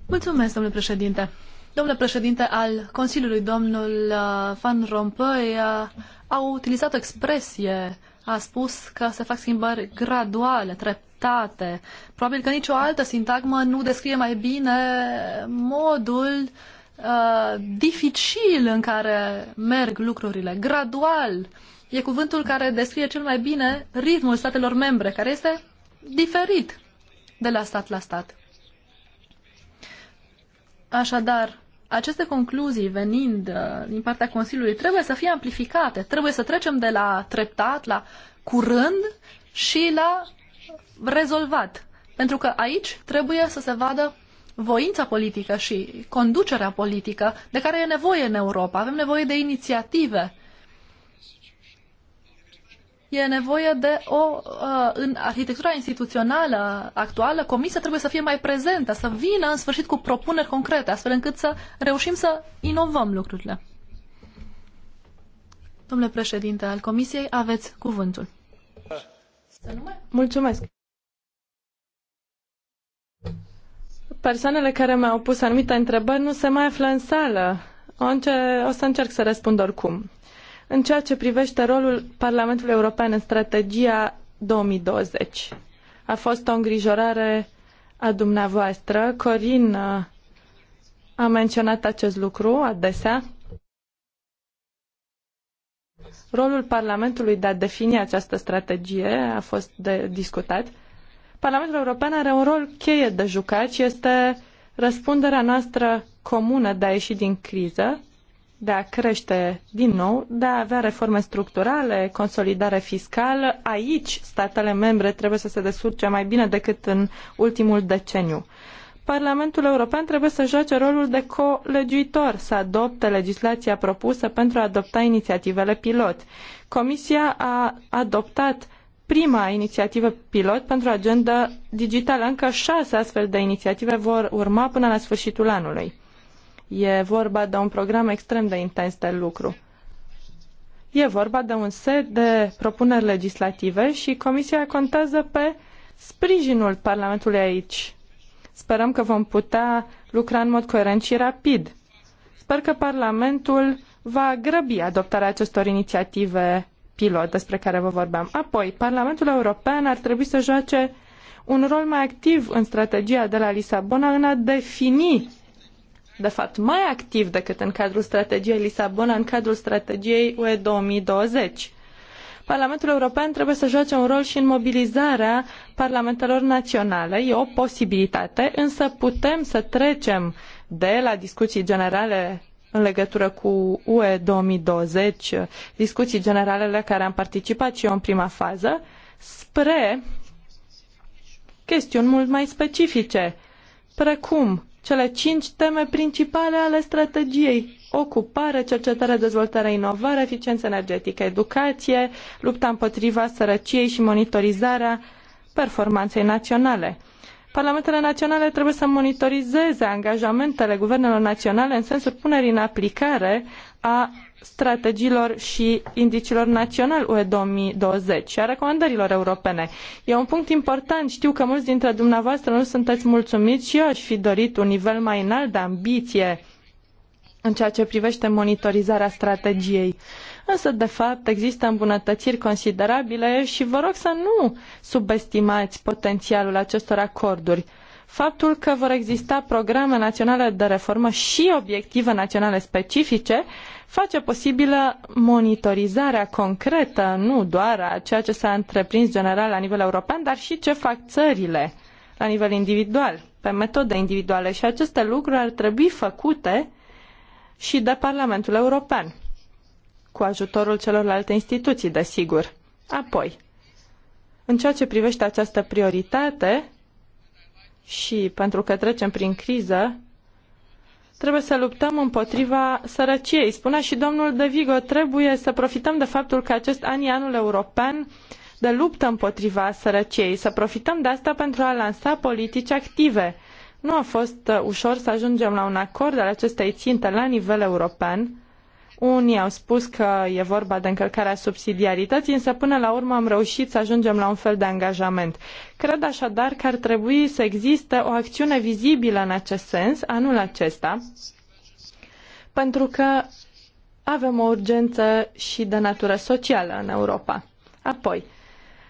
Mulțumesc, domnule președinte domnule președinte al Consiliului, domnul uh, Van Rompuy, uh, a utilizat o expresie, a spus că se fac schimbări graduale, treptate. Probabil că nicio altă sintagmă nu descrie mai bine modul uh, dificil în care merg lucrurile. Gradual e cuvântul care descrie cel mai bine ritmul statelor membre, care este diferit de la stat la stat. Așadar, aceste concluzii venind uh, din partea Consiliului trebuie să fie amplificate, trebuie să trecem de la treptat, la curând și la rezolvat. Pentru că aici trebuie să se vadă voința politică și conducerea politică de care e nevoie în Europa. Avem nevoie de inițiative e nevoie de o, uh, în arhitectura instituțională actuală, comisia trebuie să fie mai prezentă, să vină în sfârșit cu propuneri concrete, astfel încât să reușim să inovăm lucrurile. Domnule președinte al comisiei, aveți cuvântul. Mulțumesc. Persoanele care mi-au pus anumite întrebări nu se mai află în sală. O, înce- o să încerc să răspund oricum în ceea ce privește rolul Parlamentului European în strategia 2020. A fost o îngrijorare a dumneavoastră. Corin uh, a menționat acest lucru adesea. Rolul Parlamentului de a defini această strategie a fost de discutat. Parlamentul European are un rol cheie de jucat și este răspunderea noastră comună de a ieși din criză de a crește din nou, de a avea reforme structurale, consolidare fiscală. Aici statele membre trebuie să se descurce mai bine decât în ultimul deceniu. Parlamentul European trebuie să joace rolul de colegiuitor, să adopte legislația propusă pentru a adopta inițiativele pilot. Comisia a adoptat prima inițiativă pilot pentru agenda digitală. Încă șase astfel de inițiative vor urma până la sfârșitul anului. E vorba de un program extrem de intens de lucru. E vorba de un set de propuneri legislative și Comisia contează pe sprijinul Parlamentului aici. Sperăm că vom putea lucra în mod coerent și rapid. Sper că Parlamentul va grăbi adoptarea acestor inițiative pilot despre care vă vorbeam. Apoi, Parlamentul European ar trebui să joace un rol mai activ în strategia de la Lisabona în a defini de fapt mai activ decât în cadrul strategiei Lisabona, în cadrul strategiei UE 2020. Parlamentul European trebuie să joace un rol și în mobilizarea parlamentelor naționale. E o posibilitate, însă putem să trecem de la discuții generale în legătură cu UE 2020, discuții generale la care am participat și eu în prima fază, spre chestiuni mult mai specifice, precum cele cinci teme principale ale strategiei. Ocupare, cercetare, dezvoltare, inovare, eficiență energetică, educație, lupta împotriva sărăciei și monitorizarea performanței naționale. Parlamentele naționale trebuie să monitorizeze angajamentele guvernelor naționale în sensul punerii în aplicare a strategiilor și indicilor național UE 2020 și a recomandărilor europene. E un punct important. Știu că mulți dintre dumneavoastră nu sunteți mulțumiți și eu aș fi dorit un nivel mai înalt de ambiție în ceea ce privește monitorizarea strategiei. Însă, de fapt, există îmbunătățiri considerabile și vă rog să nu subestimați potențialul acestor acorduri faptul că vor exista programe naționale de reformă și obiective naționale specifice face posibilă monitorizarea concretă, nu doar a ceea ce s-a întreprins general la nivel european, dar și ce fac țările la nivel individual, pe metode individuale și aceste lucruri ar trebui făcute și de Parlamentul European, cu ajutorul celorlalte instituții, desigur. Apoi, în ceea ce privește această prioritate, și pentru că trecem prin criză, trebuie să luptăm împotriva sărăciei. Spunea și domnul De Vigo, trebuie să profităm de faptul că acest an e anul european de luptă împotriva sărăciei, să profităm de asta pentru a lansa politici active. Nu a fost uh, ușor să ajungem la un acord al acestei ținte la nivel european, unii au spus că e vorba de încălcarea subsidiarității, însă până la urmă am reușit să ajungem la un fel de angajament. Cred așadar că ar trebui să existe o acțiune vizibilă în acest sens anul acesta, pentru că avem o urgență și de natură socială în Europa. Apoi,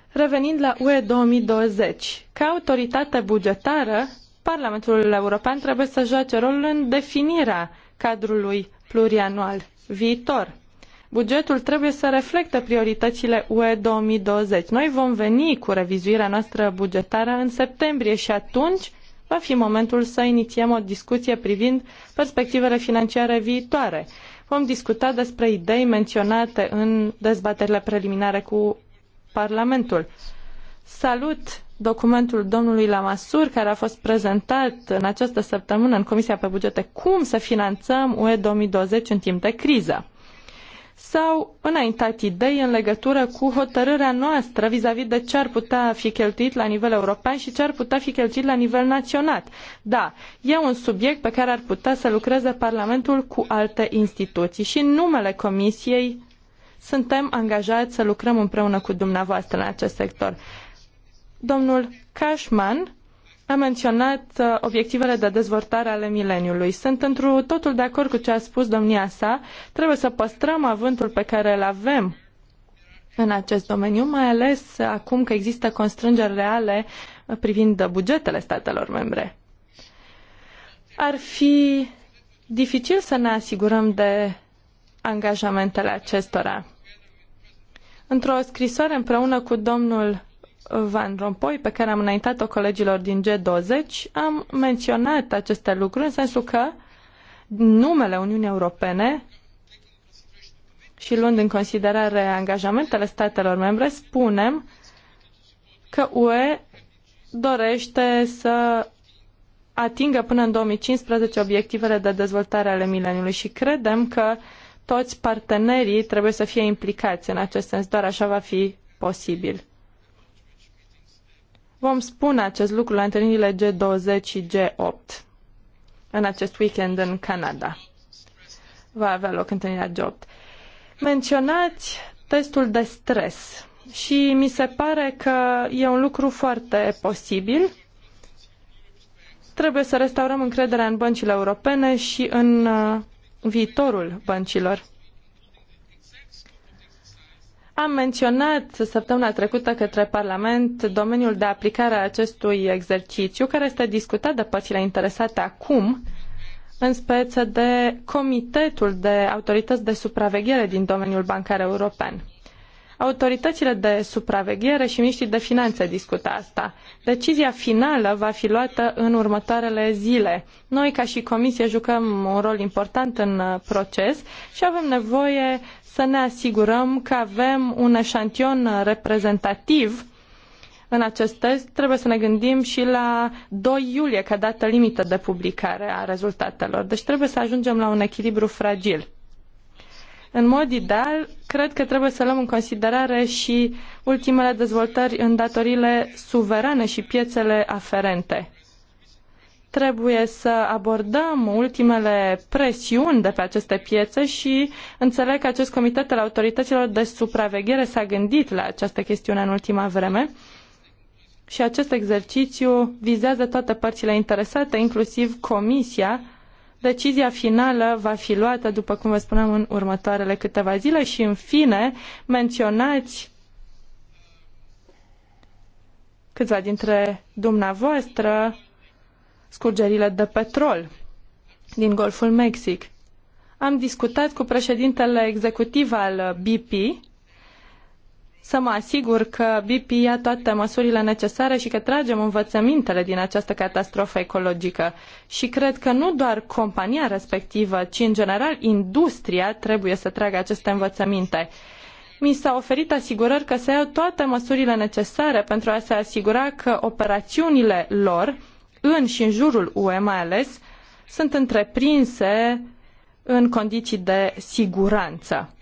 revenind la UE 2020, ca autoritate bugetară, Parlamentul European trebuie să joace rolul în definirea cadrului plurianual viitor. Bugetul trebuie să reflecte prioritățile UE 2020. Noi vom veni cu revizuirea noastră bugetară în septembrie și atunci va fi momentul să inițiem o discuție privind perspectivele financiare viitoare. Vom discuta despre idei menționate în dezbaterile preliminare cu Parlamentul. Salut documentul domnului Lamasur, care a fost prezentat în această săptămână în Comisia pe Bugete, cum să finanțăm UE 2020 în timp de criză. S-au înaintat idei în legătură cu hotărârea noastră vis-a-vis de ce ar putea fi cheltuit la nivel european și ce ar putea fi cheltuit la nivel național. Da, e un subiect pe care ar putea să lucreze Parlamentul cu alte instituții și în numele Comisiei suntem angajați să lucrăm împreună cu dumneavoastră în acest sector. Domnul Cashman a menționat uh, obiectivele de dezvoltare ale mileniului. Sunt întru totul de acord cu ce a spus domnia sa. Trebuie să păstrăm avântul pe care îl avem în acest domeniu, mai ales acum că există constrângeri reale uh, privind bugetele statelor membre. Ar fi dificil să ne asigurăm de angajamentele acestora. Într-o scrisoare împreună cu domnul Van Rompuy, pe care am înaintat-o colegilor din G20, am menționat aceste lucruri în sensul că numele Uniunii Europene și luând în considerare angajamentele statelor membre, spunem că UE dorește să atingă până în 2015 obiectivele de dezvoltare ale mileniului și credem că toți partenerii trebuie să fie implicați în acest sens, doar așa va fi posibil. Vom spune acest lucru la întâlnirile G20 și G8 în acest weekend în Canada. Va avea loc întâlnirea G8. Menționați testul de stres și mi se pare că e un lucru foarte posibil. Trebuie să restaurăm încrederea în băncile europene și în uh, viitorul băncilor. Am menționat săptămâna trecută către Parlament domeniul de aplicare a acestui exercițiu, care este discutat de părțile interesate acum, în speță de Comitetul de Autorități de Supraveghere din domeniul bancar european. Autoritățile de supraveghere și miștii de finanțe discută asta. Decizia finală va fi luată în următoarele zile. Noi, ca și Comisie, jucăm un rol important în proces și avem nevoie să ne asigurăm că avem un eșantion reprezentativ în acest test, trebuie să ne gândim și la 2 iulie ca dată limită de publicare a rezultatelor. Deci trebuie să ajungem la un echilibru fragil. În mod ideal, cred că trebuie să luăm în considerare și ultimele dezvoltări în datorile suverane și piețele aferente. Trebuie să abordăm ultimele presiuni de pe aceste piețe și înțeleg că acest comitet al autorităților de supraveghere s-a gândit la această chestiune în ultima vreme și acest exercițiu vizează toate părțile interesate, inclusiv Comisia. Decizia finală va fi luată, după cum vă spuneam, în următoarele câteva zile și, în fine, menționați câțiva dintre dumneavoastră scurgerile de petrol din Golful Mexic. Am discutat cu președintele executiv al BP să mă asigur că BP ia toate măsurile necesare și că tragem învățămintele din această catastrofă ecologică. Și cred că nu doar compania respectivă, ci în general industria trebuie să tragă aceste învățăminte mi s-a oferit asigurări că se iau toate măsurile necesare pentru a se asigura că operațiunile lor în și în jurul UE mai ales, sunt întreprinse în condiții de siguranță.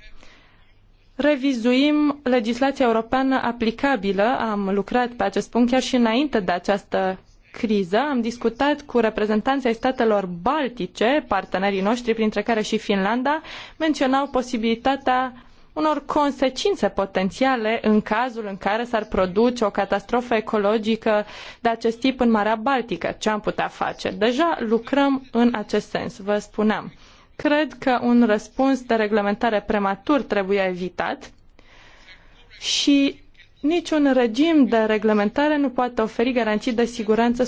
Revizuim legislația europeană aplicabilă, am lucrat pe acest punct chiar și înainte de această criză, am discutat cu reprezentanții statelor baltice, partenerii noștri, printre care și Finlanda, menționau posibilitatea unor consecințe potențiale în cazul în care s-ar produce o catastrofă ecologică de acest tip în Marea Baltică. Ce am putea face? Deja lucrăm în acest sens, vă spuneam. Cred că un răspuns de reglementare prematur trebuie evitat și Niciun regim de reglementare nu poate oferi garanții de siguranță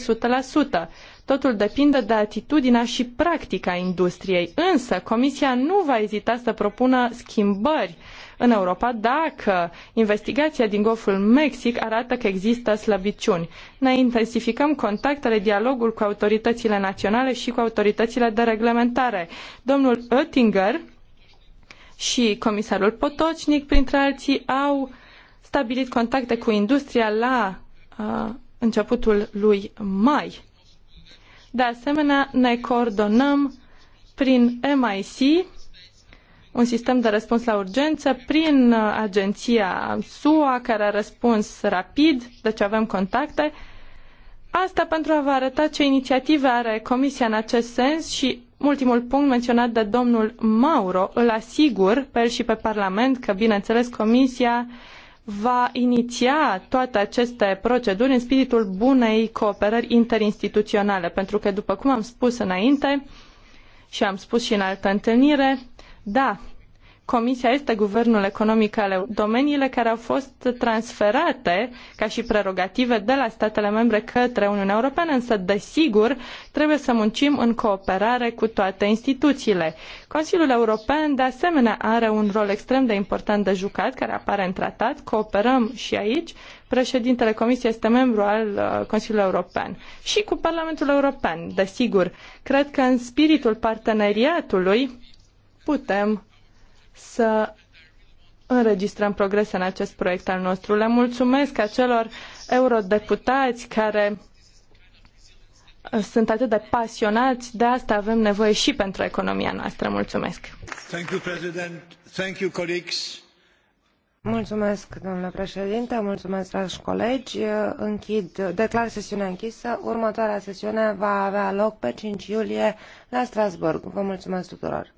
100%. Totul depinde de atitudinea și practica industriei. Însă, Comisia nu va ezita să propună schimbări în Europa dacă investigația din Golful Mexic arată că există slăbiciuni. Ne intensificăm contactele, dialogul cu autoritățile naționale și cu autoritățile de reglementare. Domnul Oettinger și comisarul Potocnic, printre alții, au stabilit contacte cu industria la uh, începutul lui mai. De asemenea, ne coordonăm prin MIC un sistem de răspuns la urgență prin uh, agenția SUA, care a răspuns rapid, deci avem contacte. Asta pentru a vă arăta ce inițiative are Comisia în acest sens și ultimul punct menționat de domnul Mauro, îl asigur pe el și pe Parlament că, bineînțeles, Comisia va iniția toate aceste proceduri în spiritul bunei cooperări interinstituționale, pentru că, după cum am spus înainte și am spus și în altă întâlnire, da, Comisia este guvernul economic al domeniile care au fost transferate ca și prerogative de la statele membre către Uniunea Europeană, însă, desigur, trebuie să muncim în cooperare cu toate instituțiile. Consiliul European, de asemenea, are un rol extrem de important de jucat, care apare în tratat, cooperăm și aici, președintele Comisiei este membru al uh, Consiliului European și cu Parlamentul European, desigur. Cred că în spiritul parteneriatului, putem să înregistrăm progrese în acest proiect al nostru. Le mulțumesc acelor eurodeputați care sunt atât de pasionați, de asta avem nevoie și pentru economia noastră. Mulțumesc! Thank you, President. Thank you, colleagues. Mulțumesc, domnule președinte, mulțumesc, dragi colegi. Închid, declar sesiunea închisă. Următoarea sesiune va avea loc pe 5 iulie la Strasbourg. Vă mulțumesc tuturor!